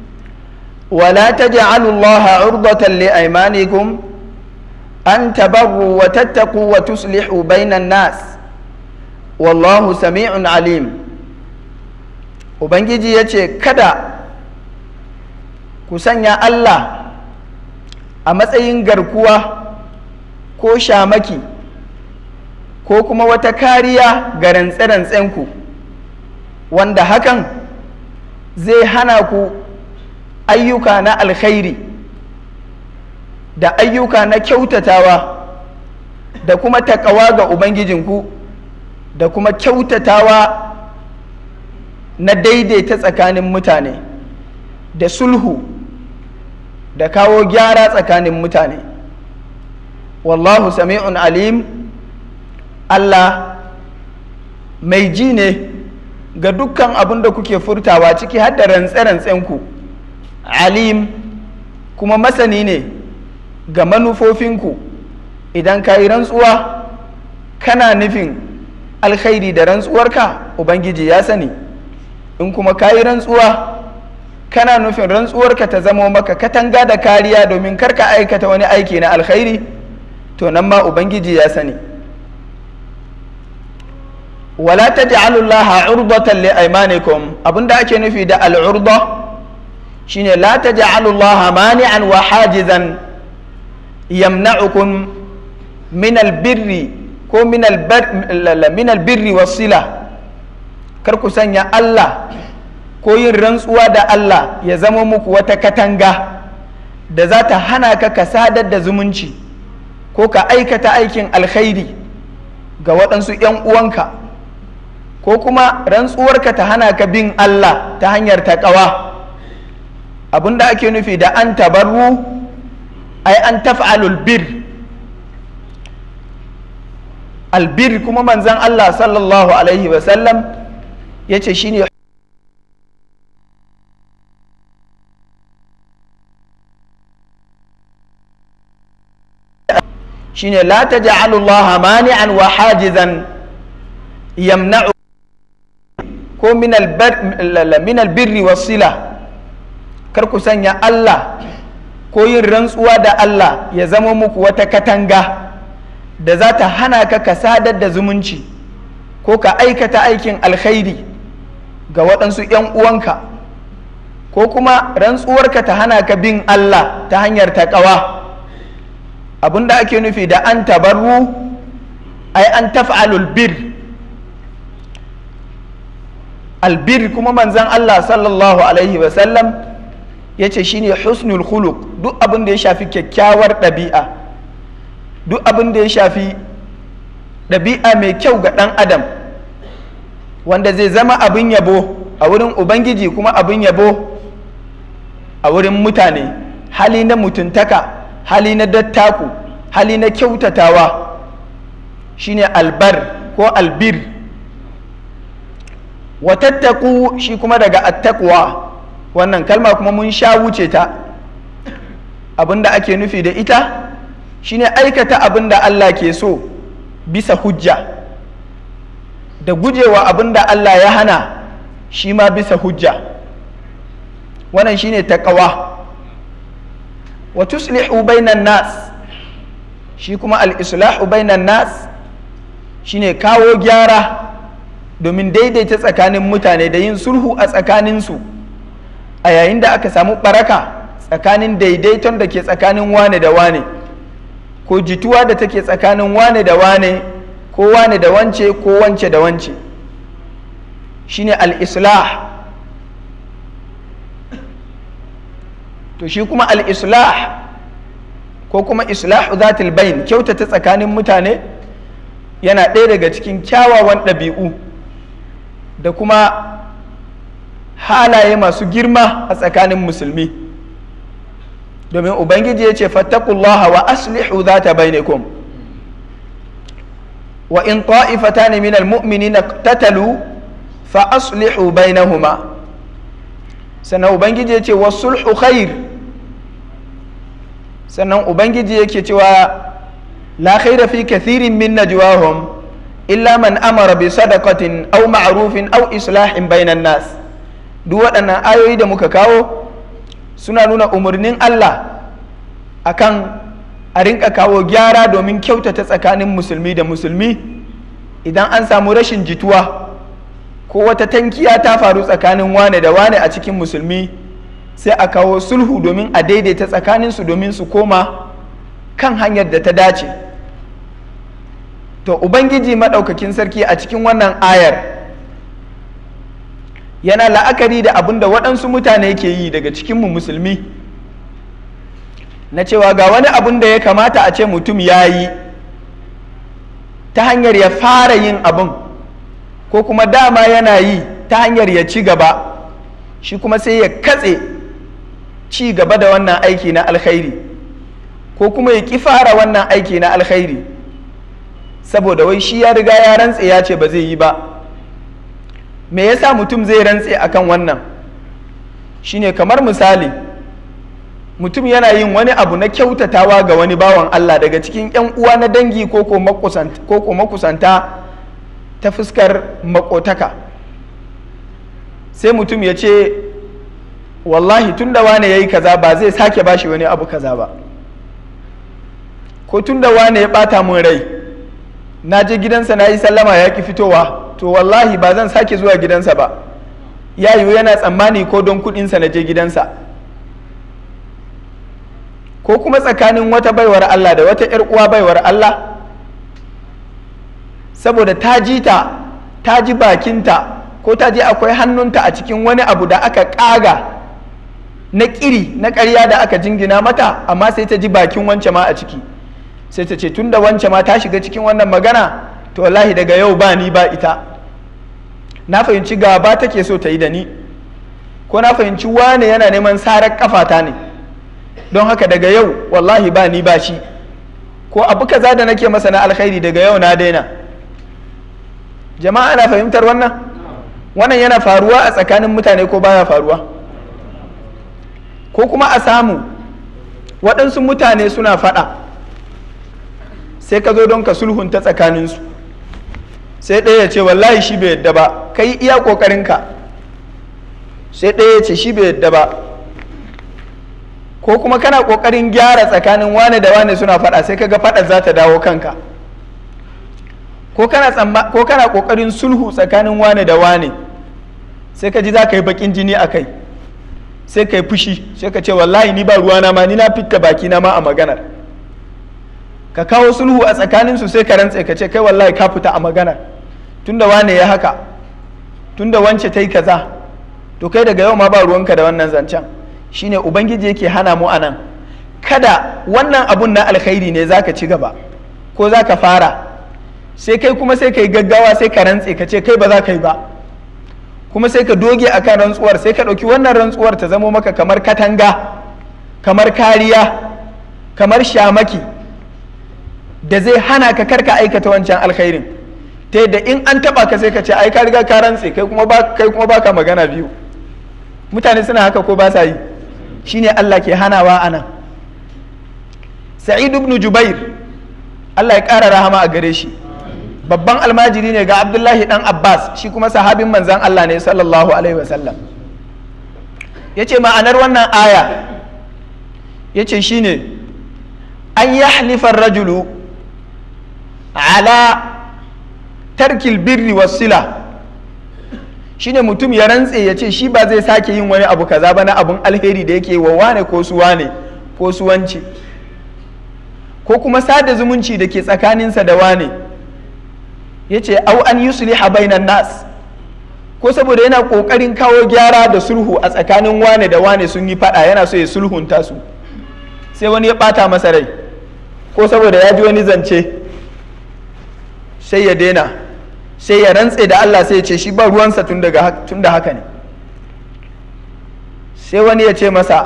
wala taj'alu allaha 'urdatan li aymanikum an tabarru wa tattaqu wa tuslihu bainan nas wallahu sami'un alim ubangiji ya ce kada ku sanya allah a matsayin garkuwa ko shamaki ko kuma wata kariya ga rantse-rantsenku wanda hakan zai hana ku ayyuka na alkhairi da ayyuka na kyautatawa da kuma takawa ga ubangijinku da kuma kyautatawa na daidaita tsakanin mutane da sulhu da kawo gyara tsakanin mutane wallahu sami'un alim allah mai ji ne ga dukkan abin da kuke furtawa ciki har da rantse-rantsenku alim kuma masani ne ga manufofinku idan ka yi rantsuwa kana nufin alkhairi da rantsuwarka ubangiji ya sani in kuma ka yi rantsuwa kana nufin rantsuwarka ta zamo maka katanga da kariya domin karka aikata wani aiki na alkhairi to nan ma ubangiji ya sani wala taj'alullaha urdatan li abun abinda ake nufi da al'urda shine la mani mani'an wa hajizan yamna'ukum min albirri ko min birri wasila kar ku sanya Allah ko yin rantsuwa da Allah ya zama muku wata katanga da za ta hana ka ka sadar da zumunci ko ka aikata aikin alkhairi ga waɗansu ‘yan uwanka ko kuma rantsuwarka ta hana ka bin Allah ta hanyar taƙawa abinda ake nufi da an tabarru ai an taf'alul bir albir kuma manzan Allah sallallahu alaihi wasallam ya ce shi ne shi ne la ta ja'alullaha mani'an wa hajizan yamna'u ko min albirri wasila kar ku sanya Allah ko yin rantsuwa da Allah ya zama muku wata katanga da za ta hana ka ka sadar da zumunci ko ka aikata aikin alkhairi ga waɗansu 'yan uwanka ko kuma rantsuwarka ta hana ka bin Allah ta hanyar taƙawa abin da ake nufi da an tabarru ai an taf'alul bir albir kuma manzan Allah sallallahu alaihi wasallam ya ce shi ne husnul khuluq duk abin da ya shafi kyakkyawar ɗabi'a duk abin da ya shafi ɗabi'a mai kyau ga ɗan adam wanda zai zama abin yabo a wurin ubangiji kuma abin yabo a wurin mutane hali na mutuntaka hali na dattaku hali na kyautatawa shine albar ko albir watattaku shi kuma daga attakuwa wannan kalma kuma mun sha wuce ta abinda ake nufi da ita Shi ne aikata abin da Allah ke so bisa hujja da gujewa abin da Allah ya hana shi ma bisa hujja wannan ta ƙawa. wa tuslihu bainan nas shi kuma al-islahu bainan nas ne kawo gyara domin daidaita tsakanin mutane da yin sulhu a tsakaninsu a yayin da aka samu ɓaraka tsakanin daidaiton da ke tsakanin wane da wane ko jituwa da take tsakanin wane da wane ko wane da wance ko wance da wance shine al-islah to shi kuma al-islah ko kuma islahu zatil bain kyautata tsakanin mutane yana ɗaya daga cikin kyawawan ɗabi'u da kuma halaye masu girma a tsakanin musulmi domin ubangiji ya ce fattakullaha wa aslihu zata kum wa in ta'ifatan min almu'minina tatalu fa aslihu bainahuma sannan ubangiji ya ce sulhu khair sannan ubangiji yake cewa la khaira fi kathirin min najwahum illa man amara bi sadaqatin aw ma'rufin aw islahin bainan nas duk waɗannan ayoyi da muka kawo suna nuna umarnin Allah akan a rinka kawo gyara domin kyautata tsakanin musulmi da musulmi idan an samu rashin jituwa ko wata tankiya ta faru tsakanin wane da wane a cikin musulmi sai a kawo sulhu domin a daidaita tsakaninsu domin su koma kan hanyar da ta dace to ubangiji maɗaukakin sarki a cikin wannan ayar yana la'akari da abin da waɗansu mutane ke yi daga cikinmu musulmi na cewa ga wani abin da ya kamata a ce mutum ya yi ta hanyar ya fara yin abin ko kuma dama yana yi ta hanyar ya ci gaba shi kuma sai ya katse ci gaba da wannan aiki na alkhairi ko kuma ya ki fara wannan aiki na alkhairi saboda wai shi ya riga ya rantse ya ce ba zai yi ba me yasa mutum zai rantse akan wannan shine kamar misali mutum yana yin wani abu na kyautatawa ga wani bawan Allah daga cikin 'yan uwa na dangi ko makusanta ta fuskar makotaka sai mutum ya ce wallahi tun da wane ya yi kaza ba zai sake bashi wani abu kaza ba ko tun da wane ya bata mun rai na je gidansa na yi sallama ya ki fitowa to wallahi ba zan sake zuwa gidansa ba ya yiwu yana tsammani ko don kudinsa na je gidansa ko kuma tsakanin wata baiwar Allah da wata ‘yar uwa baiwar Allah saboda ta ji ta ta ji bakinta ko ta ji akwai hannunta a cikin wani abu da aka ƙaga na ƙiri na ƙarya da aka jingina mata amma sai ta ji bakin wance ma a ciki sai ta ce tunda wance ma ta shiga cikin wannan magana to wallahi daga yau ba ni ba ita na fahimci gaba take so ta yi da ni ko na fahimci wane yana neman sarar kafata ne don haka daga yau wallahi ba ni ba shi ko abu kaza da nake masa na alkhairi daga yau na daina jama'a na fahimtar wannan wannan yana faruwa a tsakanin mutane ko baya faruwa ko kuma a samu waɗansu mutane suna faɗa sai ka zo don ka sulhunta tsakaninsu sai ɗaya ya ce wallahi shi bai yadda ba kai iya ka sai ɗaya ya ce shi bai yadda ba ko kuma kana ƙoƙarin gyara tsakanin wane da wane suna faɗa sai kaga faɗa za ta dawo kanka ko kana ƙoƙarin sulhu tsakanin wane da wane sai ka ji za ka yi baƙin jini a kai sai ka yi fushi sai ka ce wallahi ni ba ruwana ma ni na fitta baki na ma a maganar ka kawo sulhu a tsakanin su sai ka rantse ka ce kai wallahi ka fita a magana tunda wane ya haka tunda wance ta yi kaza to kai daga yau ma ba ruwanka da wannan zancen shine ubangiji yake hana mu anan kada wannan abun na alkhairi ne zaka ci gaba ko zaka fara sai kai kuma sai ka gaggawa sai ka rantse ka ce kai ba za ka yi ba kuma sai ka doge akan rantsuwar sai ka ɗauki wannan rantsuwar ta zamo maka kamar katanga kamar kariya kamar shamaki da zai hana ka karka aikata wancan alkhairin ta yadda in an taba ka sai ka ce ai ka riga ka rantse kai kuma ba kai kuma baka magana biyu mutane suna haka ko ba sa yi shine Allah ke hanawa anan Sa'id ibn Jubair Allah ya kara rahama a gare shi babban almajiri ne ga Abdullahi dan Abbas shi kuma sahabin manzan Allah ne sallallahu alaihi wasallam yace ma'anar wannan aya yace shine an yahlifar rajulu ala tarkil birri wasila shine mutum ya rantse ya ce shi ba zai sake yin wani abu kaza ba na abun alheri da yake wa wane ko su wane ko su wance. ko kuma sada zumunci da ke tsakaninsa da wane ya ce au an yi suliha bainan nas ko saboda yana kokarin kawo gyara da sulhu a tsakanin wane da wane sun yi fada yana so ya sulhunta su sai wani ya bata masa rai ko saboda ya ji wani zance sai ya daina sai ya rantse da Allah sai ya ce shi ba ruwansa tun da haka ne sai wani ya ce masa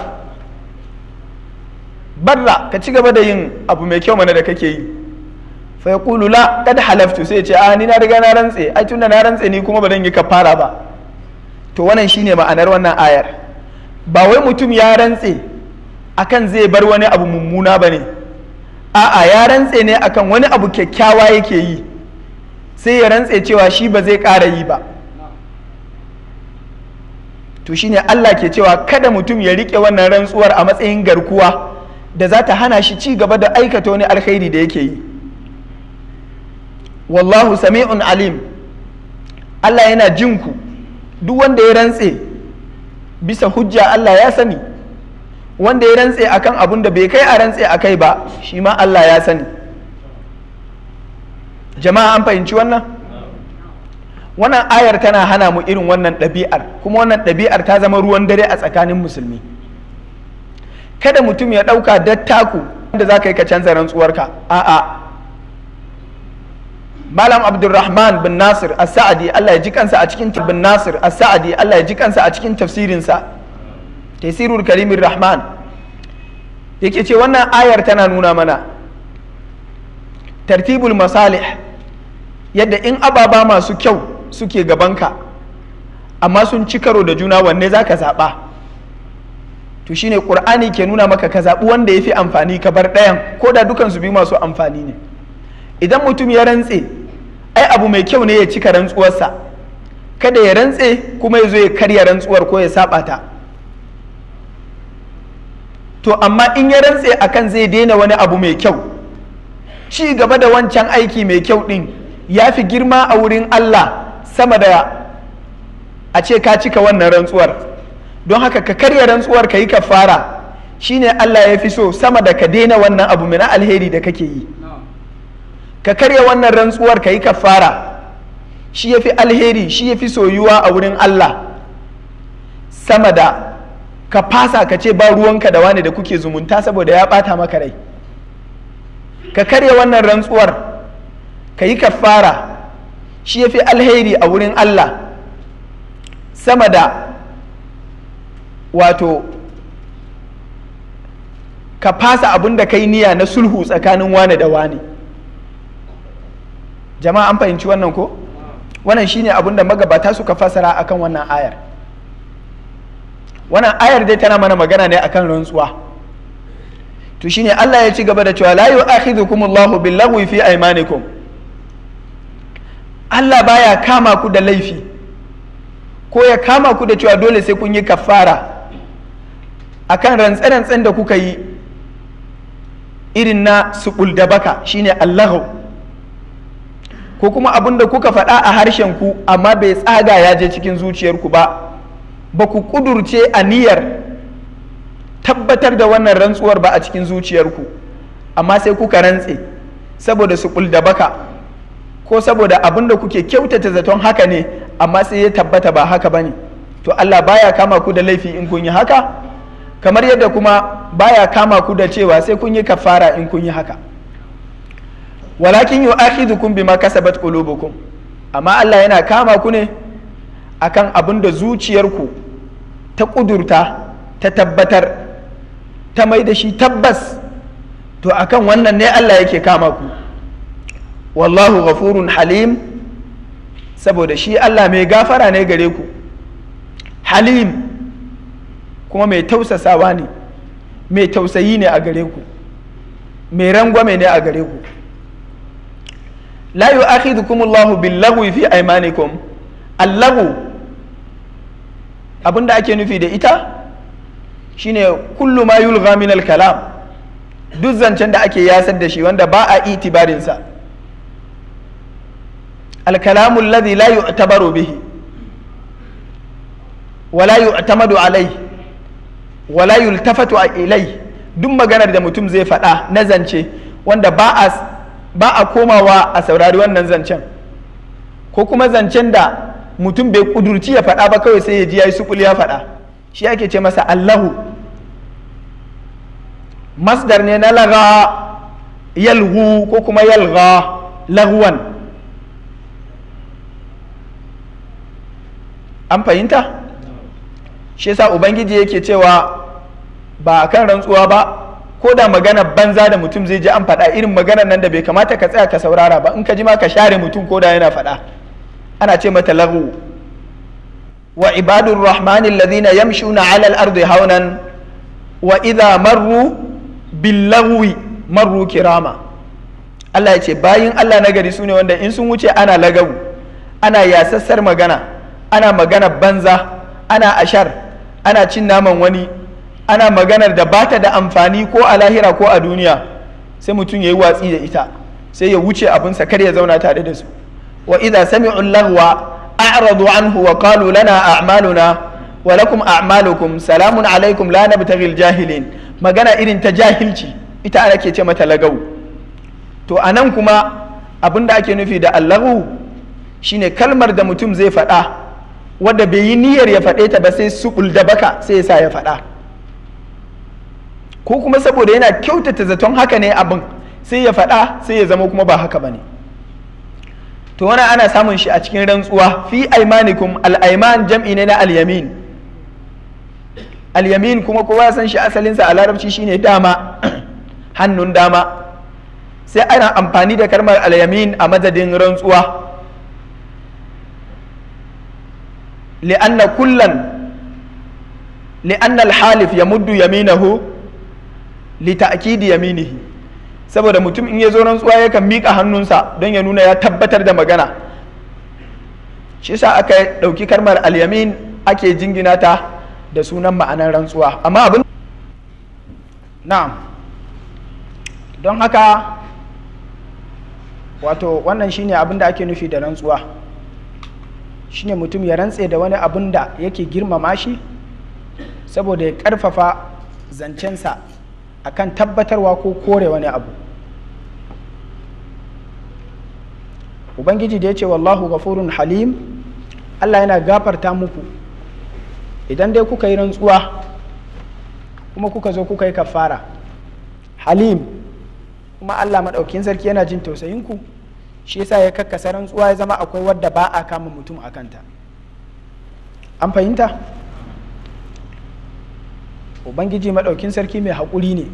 barra ka ci gaba da yin abu mai kyau mana da kake yi fa ya la kad halaftu sai ya ce a ah, ni na riga na rantse ai tunda na rantse ni kuma ba zan yi kafara ba to wannan shine ma'anar wannan ayar ba wai mutum ya rantse akan zai bar wani abu mummuna bane a'a ya rantse ne akan wani abu kyakkyawa yake yi sai ya rantse cewa shi ba zai ƙara yi ba to shine Allah ke cewa kada mutum ya rike wannan rantsuwar a matsayin garkuwa da za ta hana shi ci gaba da aikata wani alkhairi da yake yi wallahu sami'un alim Allah yana jinku duk wanda ya rantse bisa hujja Allah ya sani wanda ya rantse akan abun da bai kai a rantse a kai ba shi ma Allah ya sani jama'a an fahimci wannan wannan ayar tana hana mu irin wannan ɗabi'ar kuma wannan ɗabi'ar ta zama ruwan dare a tsakanin musulmi kada mutum ya ɗauka dattaku Wanda za ka yi ka canza rantsuwarka a'a malam abdulrahman bin nasir as-sa'adi Allah ya ji kansa a cikin bin nasir as-sa'adi Allah ya ji kansa a cikin tafsirinsa tafsirul karimin rahman yake ce wannan ayar tana nuna mana tartibul masalih yadda in ababa masu kyau suke gabanka amma sun ci karo da juna wanne za ka zaɓa to shine ƙur'ani ke nuna maka ka zaɓi wanda ya fi amfani ka bar ɗayan ko da dukansu biyu masu amfani ne idan mutum ya rantse ai abu mai kyau ne ya cika rantsuwarsa kada ya rantse kuma ya zo ya karya rantsuwar ko ya saɓa ta to amma in ya rantse akan zai daina wani abu mai kyau ci gaba da wancan aiki mai kyau ɗin ya fi girma a wurin Allah sama da a ce ka cika wannan rantsuwar don haka ka karya rantsuwar ka yi ka kafara shine Allah ya fi so sama da ka daina wannan abu mai na alheri da kake yi ka karya wannan rantsuwar ka yi ka fara shi ya fi alheri shi ya fi soyuwa a wurin Allah sama da ka fasa ka ce ba ruwanka da wani da kuke zumunta saboda ya ɓata maka rai ka karya wannan rantsuwar ka yi kafara shi ya fi alheri a wurin Allah sama da wato ka fasa abin da kai niyya na sulhu tsakanin wane da wane jama'a an fahimci wannan ko wannan shine abin da magabata suka fasara akan wannan ayar wannan ayar dai tana mana magana ne akan rantsuwa to shine Allah ya ci gaba da cewa la yu'akhidhukum Allahu bil lagwi fi aymanikum Allah baya kama ku da laifi ko ya kama ku da cewa dole sai kun yi kafara akan rantsen-rantsen da kuka yi irin na suɓul da baka shine Allahu ko kuma abin da kuka faɗa a harshen ku amma bai tsaga ya je cikin zuciyarku ba ba ku ƙudurce aniyar tabbatar da wannan rantsuwar ba a cikin zuciyarku amma sai kuka rantse saboda su kulda baka ko saboda abin da kuke kyautata zaton haka ne amma sai ya tabbata ba haka bane to Allah baya kama ku da laifi in kun yi haka kamar yadda kuma baya kama ku da cewa sai kun yi kafara in kun yi haka walakin yu'akhidukum bima kasabat qulubukum amma Allah yana kama ku ne akan abin da zuciyarku ta kudurta ta tabbatar ta mai da shi tabbas to akan wannan ne Allah yake kama ku wallahu ghafurun halim saboda shi Allah mai gafara ne gare ku halim kuma mai tausasawa ne mai tausayi ne a gare ku mai rangwame ne a gare ku la yu'akhidhukum Allahu billaghwi fi aymanikum allahu abinda ake nufi da ita shine kullu ma yulgha min al duk zancen da ake yasar da shi wanda ba a itibarin sa al-kalamu alladhi la yu'tabaru bihi wa la yu'tamadu alayhi wa la yultafatu ilayhi duk maganar da mutum zai faɗa na zance wanda ba a komawa a saurari wannan zancen ko kuma zancen da mutum bai kudurci ya faɗa ba kawai sai ya ji ya yi ya faɗa shi ake ce masa allahu masdar ne na laga yalhu ko kuma yalga laguwan an fahimta shi yasa ubangiji yake cewa ba a kan rantsuwa ba ko da magana banza da mutum zai ji an faɗa irin maganar nan da bai kamata ka tsaya ka saurara ba in ka ji ma ka share mutum ko da yana faɗa ana ce mata lagu wa ibadur rahmani alladhina yamshuna halal al hau nan wa idha marru billaghwi marru kirama Allah ya ce bayin Allah na gari sune wanda in sun wuce ana lagawu ana yasassar magana ana magana banza ana ashar ana cin naman wani ana maganar da bata da amfani ko a lahira ko a duniya sai mutum ya yi watsi da ita sai ya wuce abinsa kar ya zauna tare da su wa idza sami'u lahwa a'radu anhu wa qalu lana a'maluna wa lakum a'malukum salamun alaikum la nabtaghil jahilin magana irin ta jahilci ita ana ke ce mata lagau to anan kuma abin da ake nufi da allahu shine kalmar da mutum zai faɗa wadda bai yi niyyar ya faɗe ta ba sai suɓul da baka sai ya sa ya faɗa ko kuma saboda yana kyautata zaton haka ne abin sai ya faɗa sai ya zama kuma ba haka ba ne to wani ana samun shi a cikin rantsuwa fi aimanikum al'aiman jam'i ne na alyamin alyamin kuma kowa san shi asalinsa a larabci shine dama (clears throat) hannun dama sai ana amfani da kalmar alyamin a madadin rantsuwa li'anna kullan li'anna alhalif ya muddu yaminahu li ta'kidi yaminihi saboda mutum in ya zo rantsuwa yakan miƙa hannunsa don ya nuna ya tabbatar da magana shi sa aka ɗauki karmar alyamin ake jingina ta da sunan ma'anar rantsuwa amma abin na'am don haka wato wannan shine abin da ake nufi da rantsuwa shine mutum ya rantse da wani abin da yake girmama shi saboda ya karfafa zancensa akan tabbatarwa ko kore wani abu ubangiji da ya ce wallahu ghafurun halim Allah yana gafarta muku idan dai kuka yi rantsuwa kuma kuka zo kuka yi kafara halim kuma Allah maɗaukin sarki yana jin tausayinku shi yasa ya kakkasa rantsuwa ya zama akwai wadda ba a kama mutum a kanta an fahimta ubangiji maɗaukin sarki mai haƙuri ne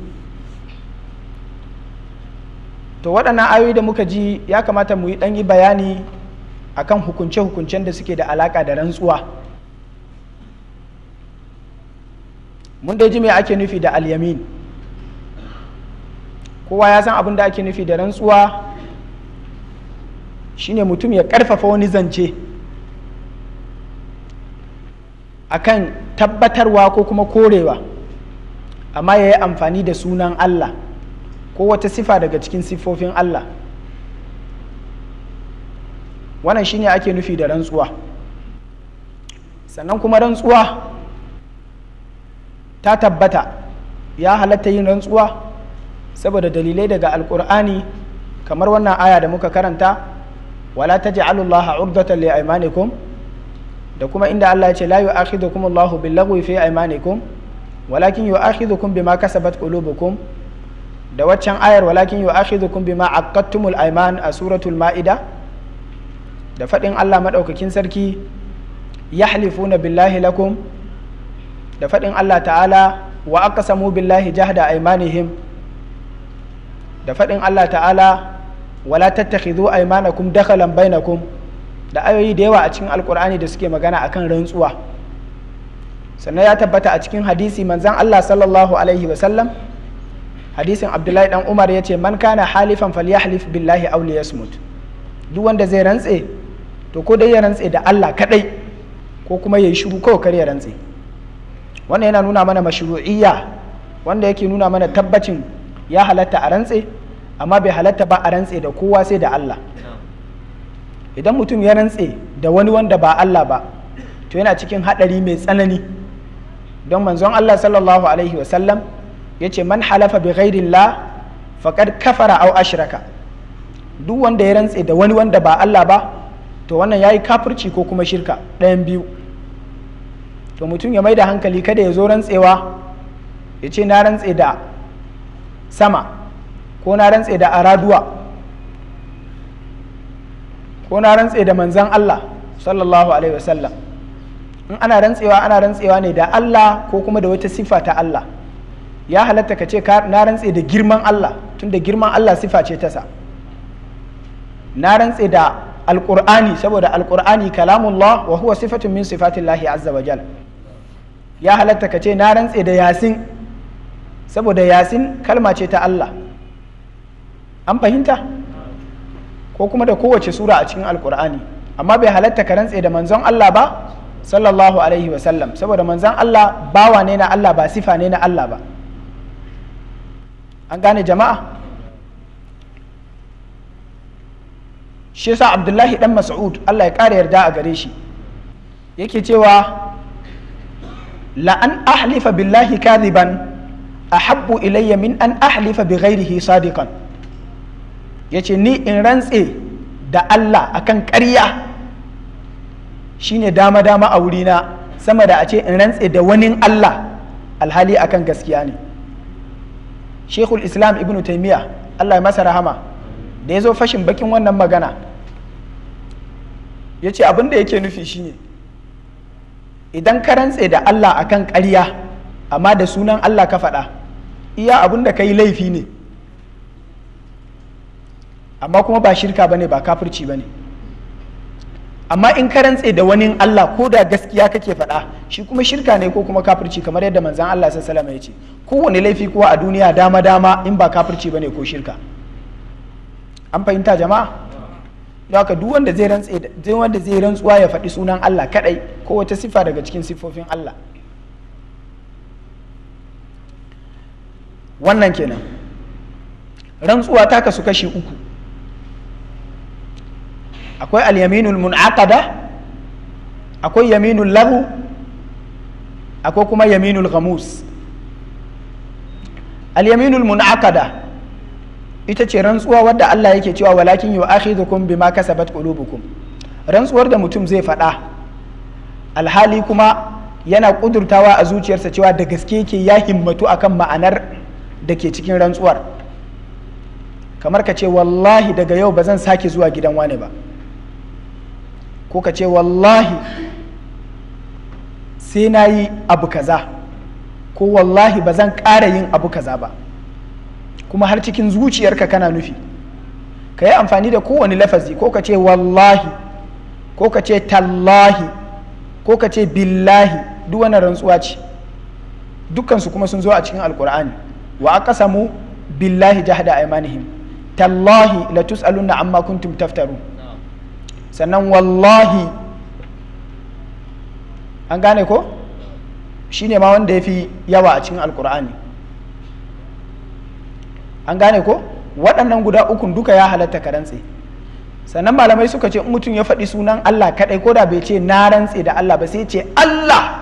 to waɗannan ayoyi da muka ji ya kamata mu yi ɗan yi bayani a kan hukunce-hukuncen da suke da alaƙa da rantsuwa mun dai ji me ake nufi da alyamin kowa ya san abin da ake nufi da rantsuwa shine mutum ya ƙarfafa wani zance akan tabbatarwa ko kuma korewa amma ya yi amfani da sunan allah ko wata sifa daga cikin sifofin Allah wannan shine ake nufi da rantsuwa sannan kuma rantsuwa ta tabbata ya halatta yin rantsuwa saboda dalilai daga alkur'ani kamar wannan aya da muka karanta wala taj'alu Allah urdatan li aymanikum da kuma inda Allah ya ce la yu'akhidukum Allahu bil laghwi fi aymanikum walakin yu'akhidukum bima kasabat qulubukum da waccan ayar walakin yu'akhidhukum bima aqadtumul ayman a suratul ma'ida da faɗin Allah maɗaukakin sarki yahlifuna billahi lakum da faɗin Allah ta'ala wa aqsamu billahi jahda aymanihim da faɗin Allah ta'ala wala tattakhidhu aymanakum dakhalan bainakum da ayoyi da yawa a cikin alkur'ani da suke magana akan rantsuwa sannan ya tabbata a cikin hadisi manzon Allah sallallahu alaihi wa sallam hadisin abdullahi dan umar ya ce man kana halifan halif billahi aw liyasmut duk wanda zai rantse to ko dai ya rantse da Allah kadai ko kuma yayi shiru kawai kar ya rantse wannan yana nuna mana mashru'iyya wanda yake nuna mana tabbacin ya halatta a rantse amma bai halatta ba a rantse da kowa sai da Allah idan mutum ya rantse da wani wanda ba Allah ba to yana cikin hadari mai tsanani don manzon Allah sallallahu alaihi sallam yace man halafa bi ghairillah faqad kafara au ashraka duk wanda ya rantse da wani wanda ba Allah ba to wannan yayi kafirci ko kuma shirka ɗayan biyu to mutum ya mai da hankali kada ya zo rantsewa ya ce na rantse da sama ko na rantse da araduwa ko na rantse da manzan Allah sallallahu alaihi wasallam in ana rantsewa ana rantsewa ne da Allah ko kuma da wata siffa ta Allah ya halatta ka ce na rantse da girman Allah tun da girman Allah sifa ce ta na rantse da alqur'ani saboda alqur'ani kalamullah wa huwa sifatun min sifatillahi azza wa jal ya halatta ka ce na rantse da yasin saboda yasin kalma ce ta Allah an fahimta ko kuma da kowace sura a cikin alkur'ani amma bai halatta ka rantse da manzon Allah ba sallallahu alaihi wa sallam saboda manzon Allah bawa ne na Allah ba sifa ne na Allah ba an gane jama'a shi yasa abdullahi dan mas'ud allah ya ƙara yarda a gare shi yake cewa la'an ahlifa billahi kadiban a habbu ilayya min an ahlifa bi ghairihi sadiqan yace ni in rantse da Allah akan ƙarya shine dama dama a wurina sama da a ce in rantse da wani Allah alhali akan gaskiya ne shekul islam ibn taimiyya allah ya masa rahama da ya zo fashin bakin wannan magana ya ce abin da yake nufi shine idan ka rantse da allah akan karya amma da sunan allah ka faɗa iya abun da ka yi laifi ne amma kuma ba shirka ba ne ba kafirci ba ne amma in ka rantse da wani Allah ko da gaskiya kake faɗa shi kuma shirka ne ko kuma kafirci kamar yadda manzan Allah sai salama ya ce kowane laifi kuwa a duniya dama dama in ba kafirci bane ko shirka an fahimta jama'a don haka duk wanda zai rantse duk wanda zai rantsuwa ya faɗi sunan Allah kadai ko wata sifa daga cikin sifofin Allah wannan kenan rantsuwa ta kasu kashi uku akwai alyaminul yaminul munaqada akwai yaminul lahu akwai kuma yaminul ghamus alyaminul yaminul munaqada ita ce rantsuwa wadda Allah yake cewa walakin yu'akhidhukum bima kasabat qulubukum rantsuwar da mutum zai faɗa alhali kuma yana kudurtawa a zuciyarsa cewa da gaske yake ya himmatu akan ma'anar da ke cikin rantsuwar kamar ka ce wallahi daga yau ba zan sake zuwa gidan wane ba ko ka ce wallahi sai na yi abu kaza ko wallahi ba zan ƙara yin abu kaza ba kuma har cikin zuciyarka kana nufi ka yi amfani da kowane lafazi ko ka ce wallahi ko ka ce tallahi ko ka ce billahi duk wani rantsuwa ce dukkansu kuma sun zo a cikin alkur'ani wa aka samu billahi jahda aimanihim tallahi la amma kuntum taftaru sannan wallahi an gane ko shi ne ma wanda ya fi yawa a cikin alkur'ani an gane ko waɗannan guda ukun duka ya halatta ka rantse sannan malamai suka ce in mutum ya faɗi sunan allah kaɗai ko da bai ce na rantse da allah ba sai ce allah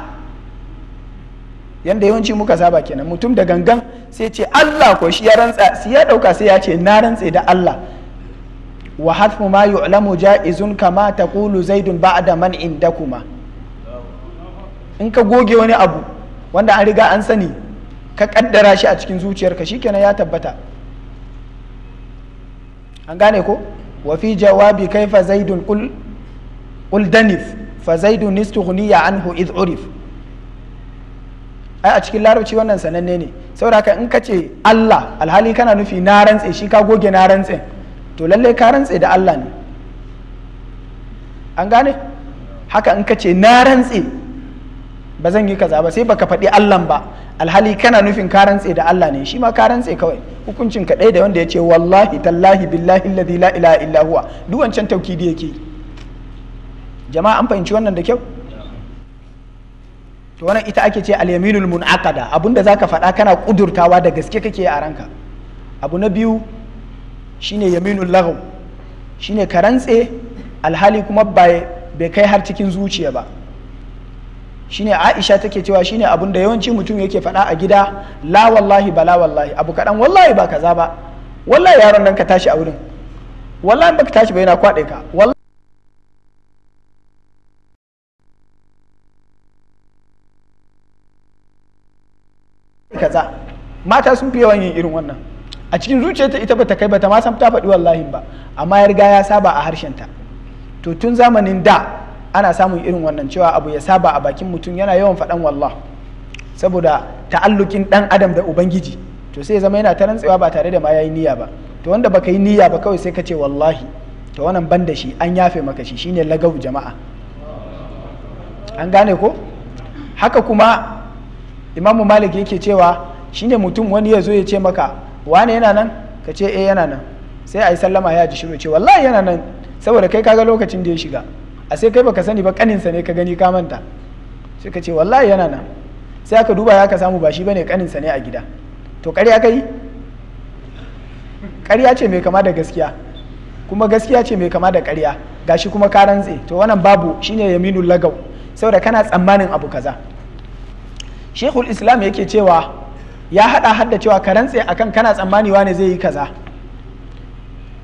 yanda yawanci muka saba kenan mutum da gangan sai ce allah ko shi ya rantsa sai ya ɗauka sai ya ce na rantse da allah wa hatfu ma ja'izun kama kulu zaidun da man kuma. in ka goge wani abu wanda an riga an sani ka kaddara shi a cikin zuciyarka shikenan ya tabbata an gane ko wa fi jawabi fa zaidun qul kul danif fa zaidun an anhu id urif ai a cikin larabci wannan sananne ne saboda ka in ka ce Allah alhali kana nufi na rantse shi ka goge na rantse to lallai ka rantse da Allah ne an gane haka in ka ce na rantse ba zan yi kaza ba sai baka faɗi Allah ba alhali kana nufin ka rantse da Allah ne shi ma ka rantse kawai hukuncin ka da wanda ya ce wallahi tallahi billahi alladhi la ilaha illa huwa duk wancan taukidi yake jama'a an fahimci wannan da kyau to wannan ita ake ce al-yaminul munaqada abinda zaka faɗa kana kudurtawa da gaske kake a ranka abu na biyu shine yaminul lagaw shine karantse alhali kuma bai kai har cikin zuciya ba shine aisha take cewa shine abun da yawanci mutum yake faɗa a gida la wallahi bala wallahi abu kaɗan wallahi ba kaza ba wallahi yaron nan ka tashi a wurin wallahi ka tashi ba yana kwade ka wallahi kaza mata sun fi yawan yin irin wannan a cikin zuciyarta ita bata kai bata ma san ta faɗi wallahi ba amma ya riga ya saba a harshenta to tun zamanin da ana samun irin wannan cewa abu ya saba a bakin mutum yana yawan faɗan wallah saboda ta'allukin ɗan adam da ubangiji to sai ya zama yana ta rantsewa ba tare da ma yayi niyya ba to wanda baka yi niyya ba kawai sai ka ce wallahi to wannan ban da shi an yafe maka shi shine lagau jama'a an gane ko haka kuma imamu malik yake cewa shine mutum wani ya zo ya ce maka wane yana nan ka ce eh yana nan sai a yi sallama ya ji shiru ce wallahi yana nan saboda kai kaga lokacin da ya shiga a sai kai baka sani ba kaninsa ne ka gani ka manta sai ka ce wallahi yana nan sai aka duba ya ka samu ba shi bane kaninsa ne a gida to ƙarya kai ƙarya ce mai kama da gaskiya kuma gaskiya ce mai kama da ƙarya gashi kuma ka rantse to wannan babu shine yaminul lagaw saboda kana tsammanin abu kaza shekul islam yake cewa ya hada hadda cewa ka rantse akan kana tsammani wane zai yi kaza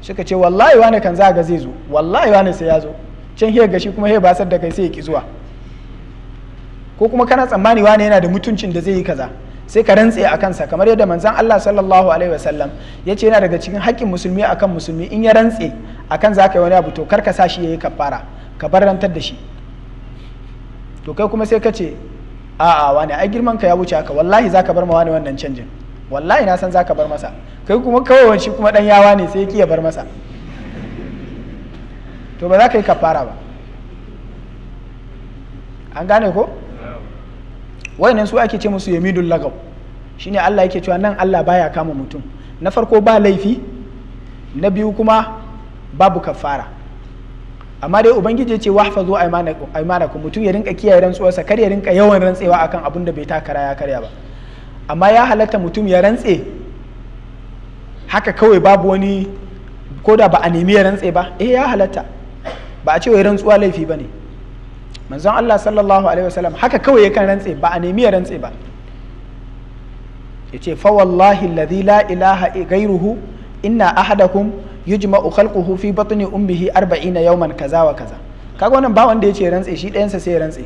suka ce wallahi wane kan za ga zai zo wallahi wane sai ya zo can hiyar gashi kuma hiyar basar da kai sai ya ki zuwa ko kuma kana tsammani wane yana da mutuncin da zai yi kaza sai ka rantse a kansa kamar yadda manzan Allah sallallahu alaihi wasallam ya ce yana daga cikin haƙƙin musulmi akan musulmi in ya rantse akan za ka yi wani abu to kar ka sa shi ya yi kafara ka bar rantar da shi to kai kuma sai ka ce a'a wani ai girman ka ya wuce haka wallahi zaka bar ma wani wannan canjin wallahi na san zaka bar masa kai kuma kawai shi kuma dan yawa ne sai ki ya bar masa to ba za ka yi kafara ba an gane ko wayannan su ake ce musu yamidul lagaw shine Allah yake cewa nan Allah baya kama mutum na farko ba laifi na biyu kuma babu kafara amma dai ubangiji ya ce wahfazu aymanakum mutum ya rinka kiyaye rantsuwarsa kar ya rinka yawan rantsewa akan abin da bai takara ya karya ba amma ya halatta mutum ya rantse haka kawai babu wani ko da ba a nemi ya rantse ba eh ya halatta ba a ce wai rantsuwa laifi ba ne manzon Allah sallallahu alaihi wasallam haka kawai ya kan rantse ba a nemi ya rantse ba yace fa wallahi alladhi la ilaha ghayruhu inna ahadakum yujma'u khalquhu fi batni ummihi 40 yawman kaza wa kaza kaga wannan ba wanda yace rantse shi ɗayansa sai rantse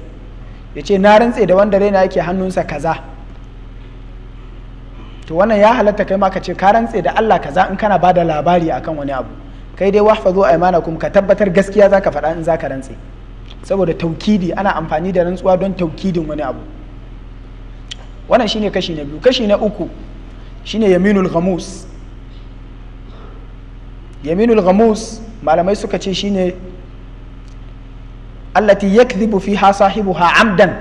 yace na rantse da wanda raina yake hannunsa kaza to wannan ya halatta kai ma ka ce ka rantse da Allah kaza in kana bada labari akan wani abu kai dai wahfazu aymanakum ka tabbatar gaskiya zaka faɗa in za ka rantse saboda taukidi ana amfani da rantsuwa don taukidin wani abu wannan shine kashi na biyu kashi na uku shine yaminul ghamus yaminul gamus malamai suka ce shine allati yakdhibu fiha sahibuha amdan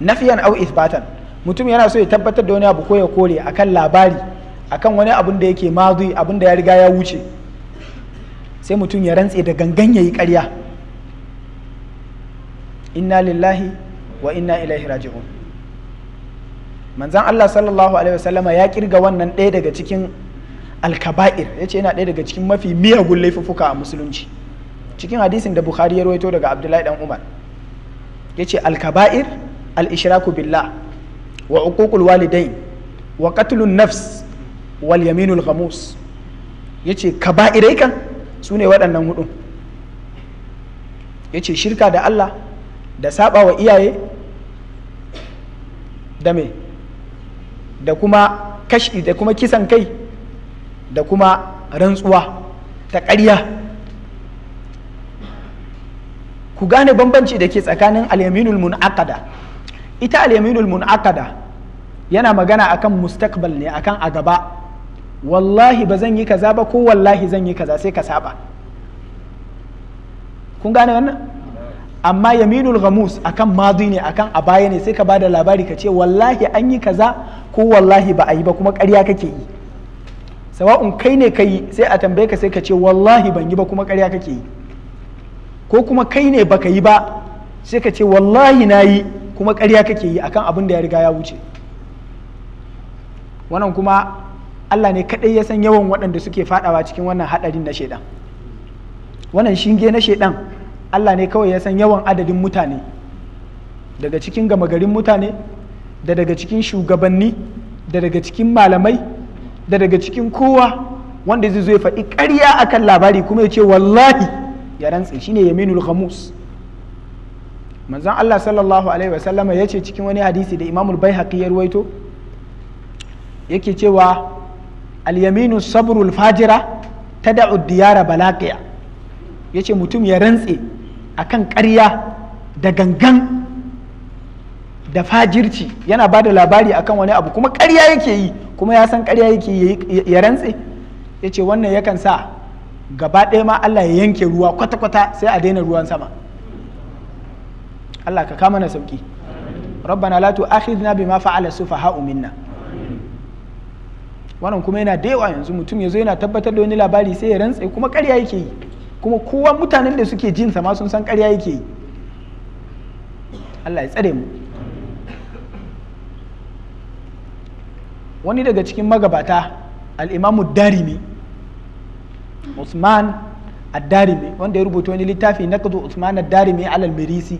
nafiyan aw ithbatan mutum yana so ya tabbatar da wani abu ko ya kore akan labari akan wani abun da yake mazi abun da ya riga ya wuce sai mutum ya rantse da gangan yayi karya inna lillahi wa inna ilaihi raji'un manzan Allah sallallahu alaihi wasallama ya kirga wannan ɗaya daga cikin alkaba'ir ya ce yana ɗaya daga cikin mafi miyagun laifuffuka a musulunci cikin hadisin da bukhari ya rawaito daga abdullahi dan umar ya ce alkaba'ir al-ishraku billah wa uququl walidain wa qatlun nafs wal yaminul ghamus ya ce kaba'irai kan su ne waɗannan hudu ya ce shirka da allah da saba wa iyaye da me da kuma kashi da kuma kisan kai da kuma rantsuwa ta ƙarya ku gane bambanci da ke tsakanin alyaminul munakada ita alyaminul munakada yana magana akan mustakbal ne akan a gaba wallahi ba zan yi kaza ba ko wallahi zan yi kaza sai ka saba kun gane wannan amma yaminul ghamus akan madi ne akan a baya ne sai ka bada labari ka ce wallahi an yi kaza ko wallahi ba a yi ba kuma ƙarya kake yi sawa'un kai ne kai sai a tambaye ka sai ka ce wallahi ban yi ba kuma ƙarya kake yi ko kuma kai ne baka yi ba sai ka ce wallahi na yi kuma karya kake yi akan abin da ya riga ya wuce wannan kuma Allah ne kaɗai ya san yawan waɗanda suke faɗawa cikin wannan haɗarin na shaidan wannan shinge na shaidan Allah ne kawai ya san yawan adadin mutane daga cikin gama garin mutane da daga cikin shugabanni da daga cikin malamai da daga cikin kowa wanda zai zo ya faɗi ƙarya akan labari kuma ya ce wallahi ya rantse shine minul khamus manzon Allah sallallahu alaihi wasallama ya ce cikin wani hadisi da imamul haƙi ya ruwaito yake cewa al-yaminu sabrul fajira tada'u diyara balaqiya yace mutum ya rantse akan ƙarya da gangan da fajirci yana ba da labari akan wani abu kuma karya yake yi kuma ya san ƙarya yake yi ya rantse ya ce wannan yakan sa gaba ɗaya ma Allah ya yanke ruwa kwata-kwata sai a daina ruwan sama Allah ka kama na sauki rabbana la tu'akhidna bima fa'ala sufaha'u minna wannan kuma yana da yawa yanzu mutum ya zo yana tabbatar da wani labari sai ya rantse kuma ƙarya yake yi kuma kowa mutanen da suke jin sama sun san ƙarya yake yi Allah ya tsare mu wani daga cikin magabata al'imamu darimi usman ad-darimi wanda ya rubuta wani littafi na kazo usman ad-darimi alal mirisi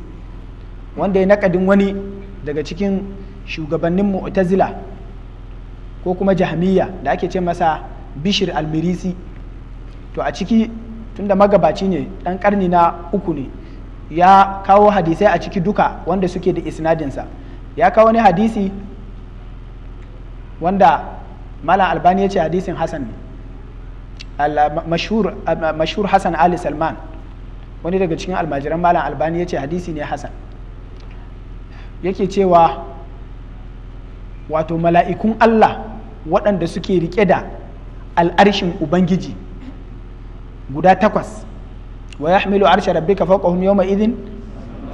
wanda ya nakadin wani daga cikin shugabannin mu'tazila ko kuma jahmiya da ake ce masa bishir al-mirisi to a ciki tunda magabaci ne dan karni na uku ne ya kawo hadisai a ciki duka wanda suke da isnadinsa ya kawo ne hadisi wanda malam albani ya ce hadisin Hassan ne mashhur Hassan ali salman wani daga cikin almajiran malam albani ya ce hadisi ne hassan yake cewa wato mala'ikun allah waɗanda suke rike da al'arshin ubangiji guda takwas wa ya hamilu arshe rabbi ka fauƙahun yau idin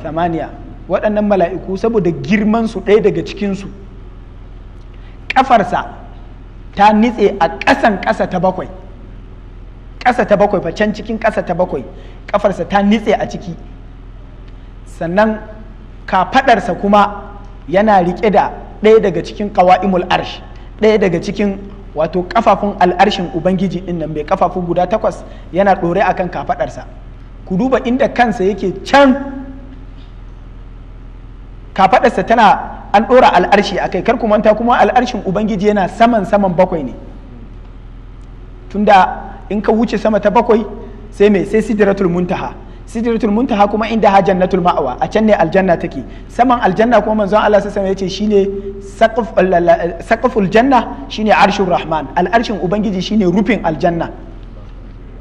samaniya waɗannan mala'iku saboda girmansu ɗaya daga cikinsu kafarsa ta nitse a ƙasan ƙasa ta bakwai ƙasa ta bakwai fa can cikin ƙasa ta bakwai kafarsa ta nitse a ciki sannan kafaɗarsa kuma yana riƙe da ɗaya daga cikin ƙawa'imul arsh ɗaya daga cikin wato kafafun al'arshin ubangiji ɗin nan mai kafafu guda takwas yana ɗore akan kafaɗarsa ku duba inda kansa yake can kafadarsa tana an dora al'arshi a kai ku manta kuma al'arshin ubangiji yana saman saman bakwai ne tunda in ka wuce sama ta bakwai sai mai sai sidratul muntaha sidratul muntaha kuma inda ha jannatul ma'awa a can ne aljanna take saman aljanna kuma manzon Allah sai ya ce shine saqful janna shine arshur rahman al'arshin ubangiji shine rufin aljanna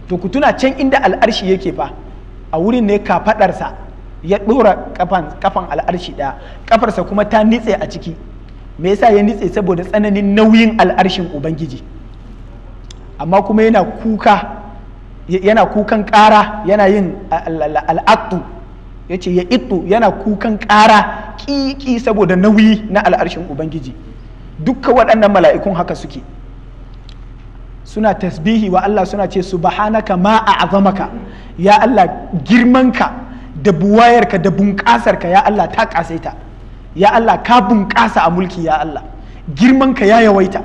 to ku tuna can inda al'arshi yake fa a wurin ne kafadarsa ya ɗora kafan kafan al'arshi ɗaya kafarsa kuma ta nitse a ciki me yasa ya nitse saboda tsananin nauyin al'arshin ubangiji amma kuma yana kuka yana kukan ƙara yana yin al'aktu ya ce ya ittu yana kukan ƙara ƙiƙi saboda nauyi na al'arshin ubangiji dukkan waɗannan mala'ikun haka suke suna tasbihi wa Allah suna ce subhanaka ma a azamaka ya Allah girmanka da buwayarka da bunƙasarka ya Allah ta ƙasaita ya Allah ka bunƙasa a mulki ya Allah girmanka ya yawaita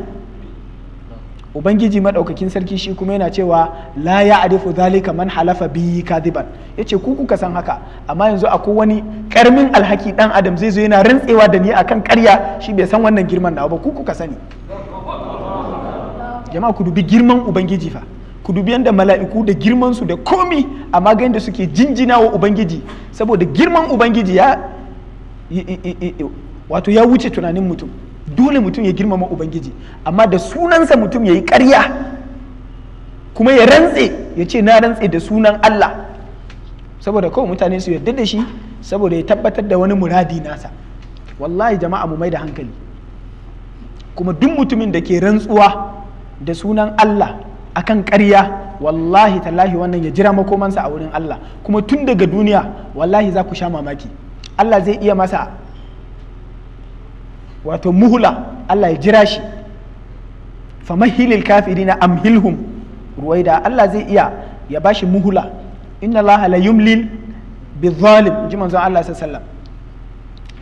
ubangiji maɗaukakin sarki shi kuma yana cewa la ya arifu zalika man halafa bi kadiban yace ku kuka san haka amma yanzu akwai wani ƙaramin alhaki dan adam zai zo yana rantsewa da ni akan karya shi bai san wannan girman nawa ba ku kuka sani jama'a ku dubi girman ubangiji fa ku dubi yadda mala'iku da girman su da komi a ga da suke jinjina wa ubangiji saboda girman ubangiji ya wato ya wuce tunanin mutum dole mutum ya girmama ubangiji amma da sunansa mutum ya yi karya kuma ya rantse ya ce na rantse da sunan Allah saboda kawai mutane su yarda da shi saboda ya tabbatar da wani muradi nasa wallahi jama'a mu mai da hankali kuma duk mutumin da ke rantsuwa da sunan Allah akan karya wallahi tallahi wannan ya jira makomansa a wurin Allah kuma tun daga duniya wallahi za ku sha mamaki Allah zai iya masa wato muhula Allah ya jira shi famahilil kafirina amhilhum ruwaida Allah zai iya ya ba shi muhula inna Allah la yumlil bizalim ji manzon Allah sallallahu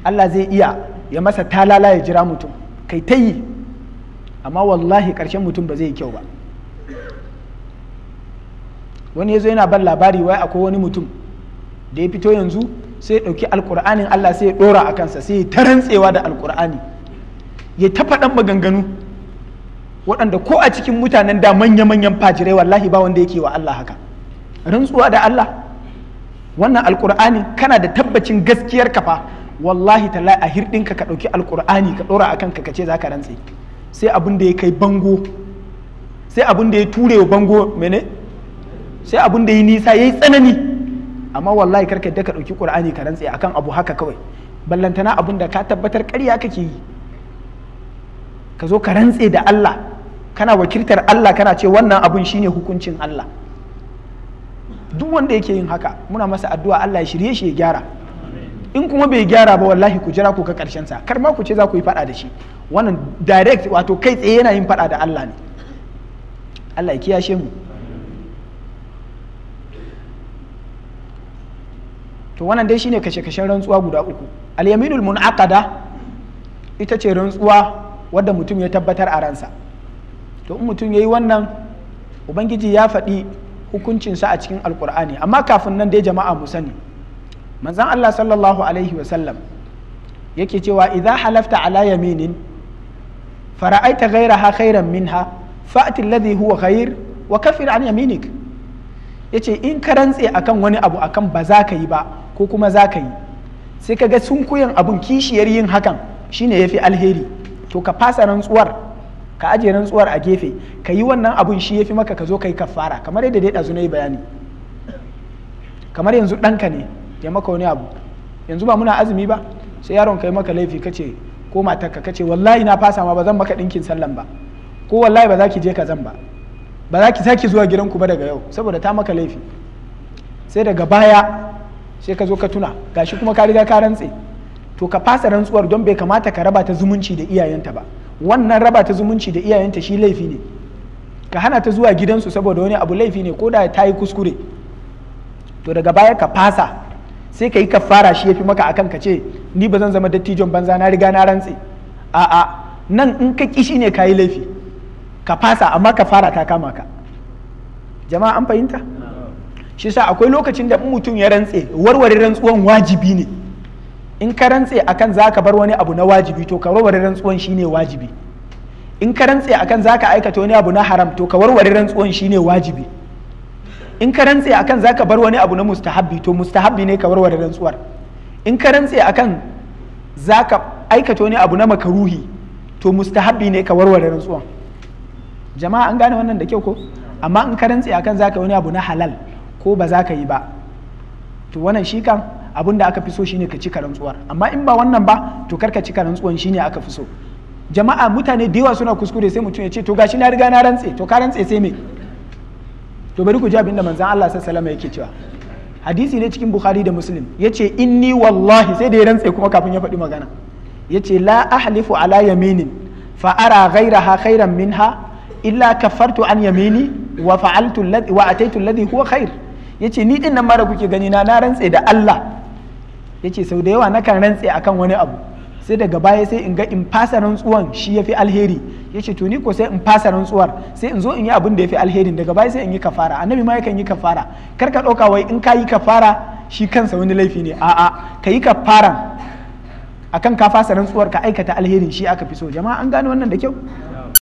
Allah zai iya ya masa talala ya jira mutum kai tayi amma wallahi ƙarshen mutum ba zai yi kyau ba wani ya zo yana ban labari wai akwai wani mutum da ya fito yanzu sai ya ɗauki alƙur'anin Allah sai ya ɗora a kansa sai ya tarantsewa da alƙur'ani ya tafa ɗan maganganu waɗanda ko a cikin mutanen da manya-manyan fajirai wallahi ba wanda yake wa Allah haka rantsuwa da Allah wannan alƙur'ani kana da tabbacin gaskiyar kafa wallahi ta a hirɗinka ka ɗauki alƙur'ani ka ɗora a kanka ka ce za ka rantse sai abin da ya kai bango sai abin da ya ture wa bango mene sai abun da yi nisa ya yi tsanani amma wallahi karka da ka ɗauki ƙura'ani ka rantse akan abu haka kawai ballantana abun da ka tabbatar ƙarya kake yi ka zo ka rantse da Allah kana wakiltar Allah kana ce wannan abun shine hukuncin Allah duk wanda yake yin haka muna masa addu'a Allah ya shirye shi ya gyara in kuma bai gyara ba wallahi ku jira ku ga karshen sa kar ma ku ce za ku yi fada da shi wannan direct wato kai tsaye yana yin fada da Allah ne Allah ya kiyashe mu to wannan dai shine kashe-kashen rantsuwa guda uku al-yaminul munaqada ita ce rantsuwa wadda mutum ya tabbatar a ransa to in mutum yayi wannan ubangiji ya faɗi hukuncinsa a cikin alkur'ani amma kafin nan dai jama'a mu sani manzon Allah sallallahu alaihi wa sallam yake cewa idza halafta ala yaminin fara'aita ghayraha khairan minha fa'ti alladhi huwa khair wa kafir an yaminik yace in ka rantse akan wani abu akan ba za ka yi ba ko kuma za ka yi sai ka ga sunkuyan abun kishiyar yin hakan shine ya fi alheri to ka fasa rantsuwar ka ajiye rantsuwar a gefe ka yi wannan abun shi ya fi maka ka zo ka yi kafara kamar yadda dai ɗazu na yi bayani kamar yanzu ɗanka ne ya maka wani abu yanzu ba muna azumi ba sai yaron ka yi maka laifi ka ce ko matarka ka ce wallahi na fasa ma ba zan maka ɗinkin sallan ba ko wallahi ba za ki je ka zan ba ba za ki sake zuwa gidanku ba daga yau saboda ta maka laifi sai daga baya sai ka zo ka tuna gashi kuma ka riga ka rantse to ka fasa rantsuwar don bai kamata ka raba ta zumunci da iyayenta ba wannan raba ta zumunci da iyayenta shi laifi ne ka hana ta zuwa gidansu saboda wani abu laifi ne ko da ta yi kuskure to daga baya ka fasa sai ka yi kafara shi yafi maka akan ka ce ni ba zan zama dattijon banza na riga na rantse a'a nan in ka kishi ne ka yi laifi ka fasa amma ka fara ta kama ka jama'a an fahimta shi sa akwai lokacin da mutum ya rantse warware rantsuwan wajibi ne in ka rantse akan zaka bar wani abu na wajibi to ka warware rantsuwan shine wajibi in ka rantse akan zaka aikata wani abu na haram to ka warware rantsuwan shine wajibi in ka rantse akan zaka bar wani abu na mustahabbi to mustahabbi ne ka warware rantsuwar in ka rantse akan zaka aikata wani abu na makaruhi to mustahabbi ne ka warware rantsuwan jama'a an gane wannan da kyau ko amma in ka rantse akan zaka wani abu na halal ko ba za ka yi ba to wannan shi kan abin da aka fi so shine ka cika karantsuwar, amma in ba wannan ba to karka cika rantsuwan shine aka fi so jama'a mutane da yawa suna kuskure sai mutum ya ce to gashi na riga na rantse to ka rantse sai me to bari ku ji abin da manzon Allah sallallahu alaihi wasallam yake cewa hadisi ne cikin bukhari da muslim yace inni wallahi sai da ya rantse kuma kafin ya faɗi magana ya ce la ahlifu ala yaminin ara ghairaha khairan minha illa kafartu an yamini wa fa'altu wa ataitu alladhi huwa khair yace ni din nan mara kuke gani na na rantse da Allah yace sau da yawa na kan rantse akan wani abu sai daga baya sai in ga in fasa rantsuwan shi yafi alheri yace to ni ko sai in fasa rantsuwar sai in zo in yi abin da yafi alherin daga baya sai in yi kafara annabi ma yakan yi kafara kar ka ɗauka wai in ka yi kafara shi kansa wani laifi ne a'a ka yi kafaran akan ka fasa rantsuwar ka aikata alherin shi aka fi so jama'a an gane wannan da kyau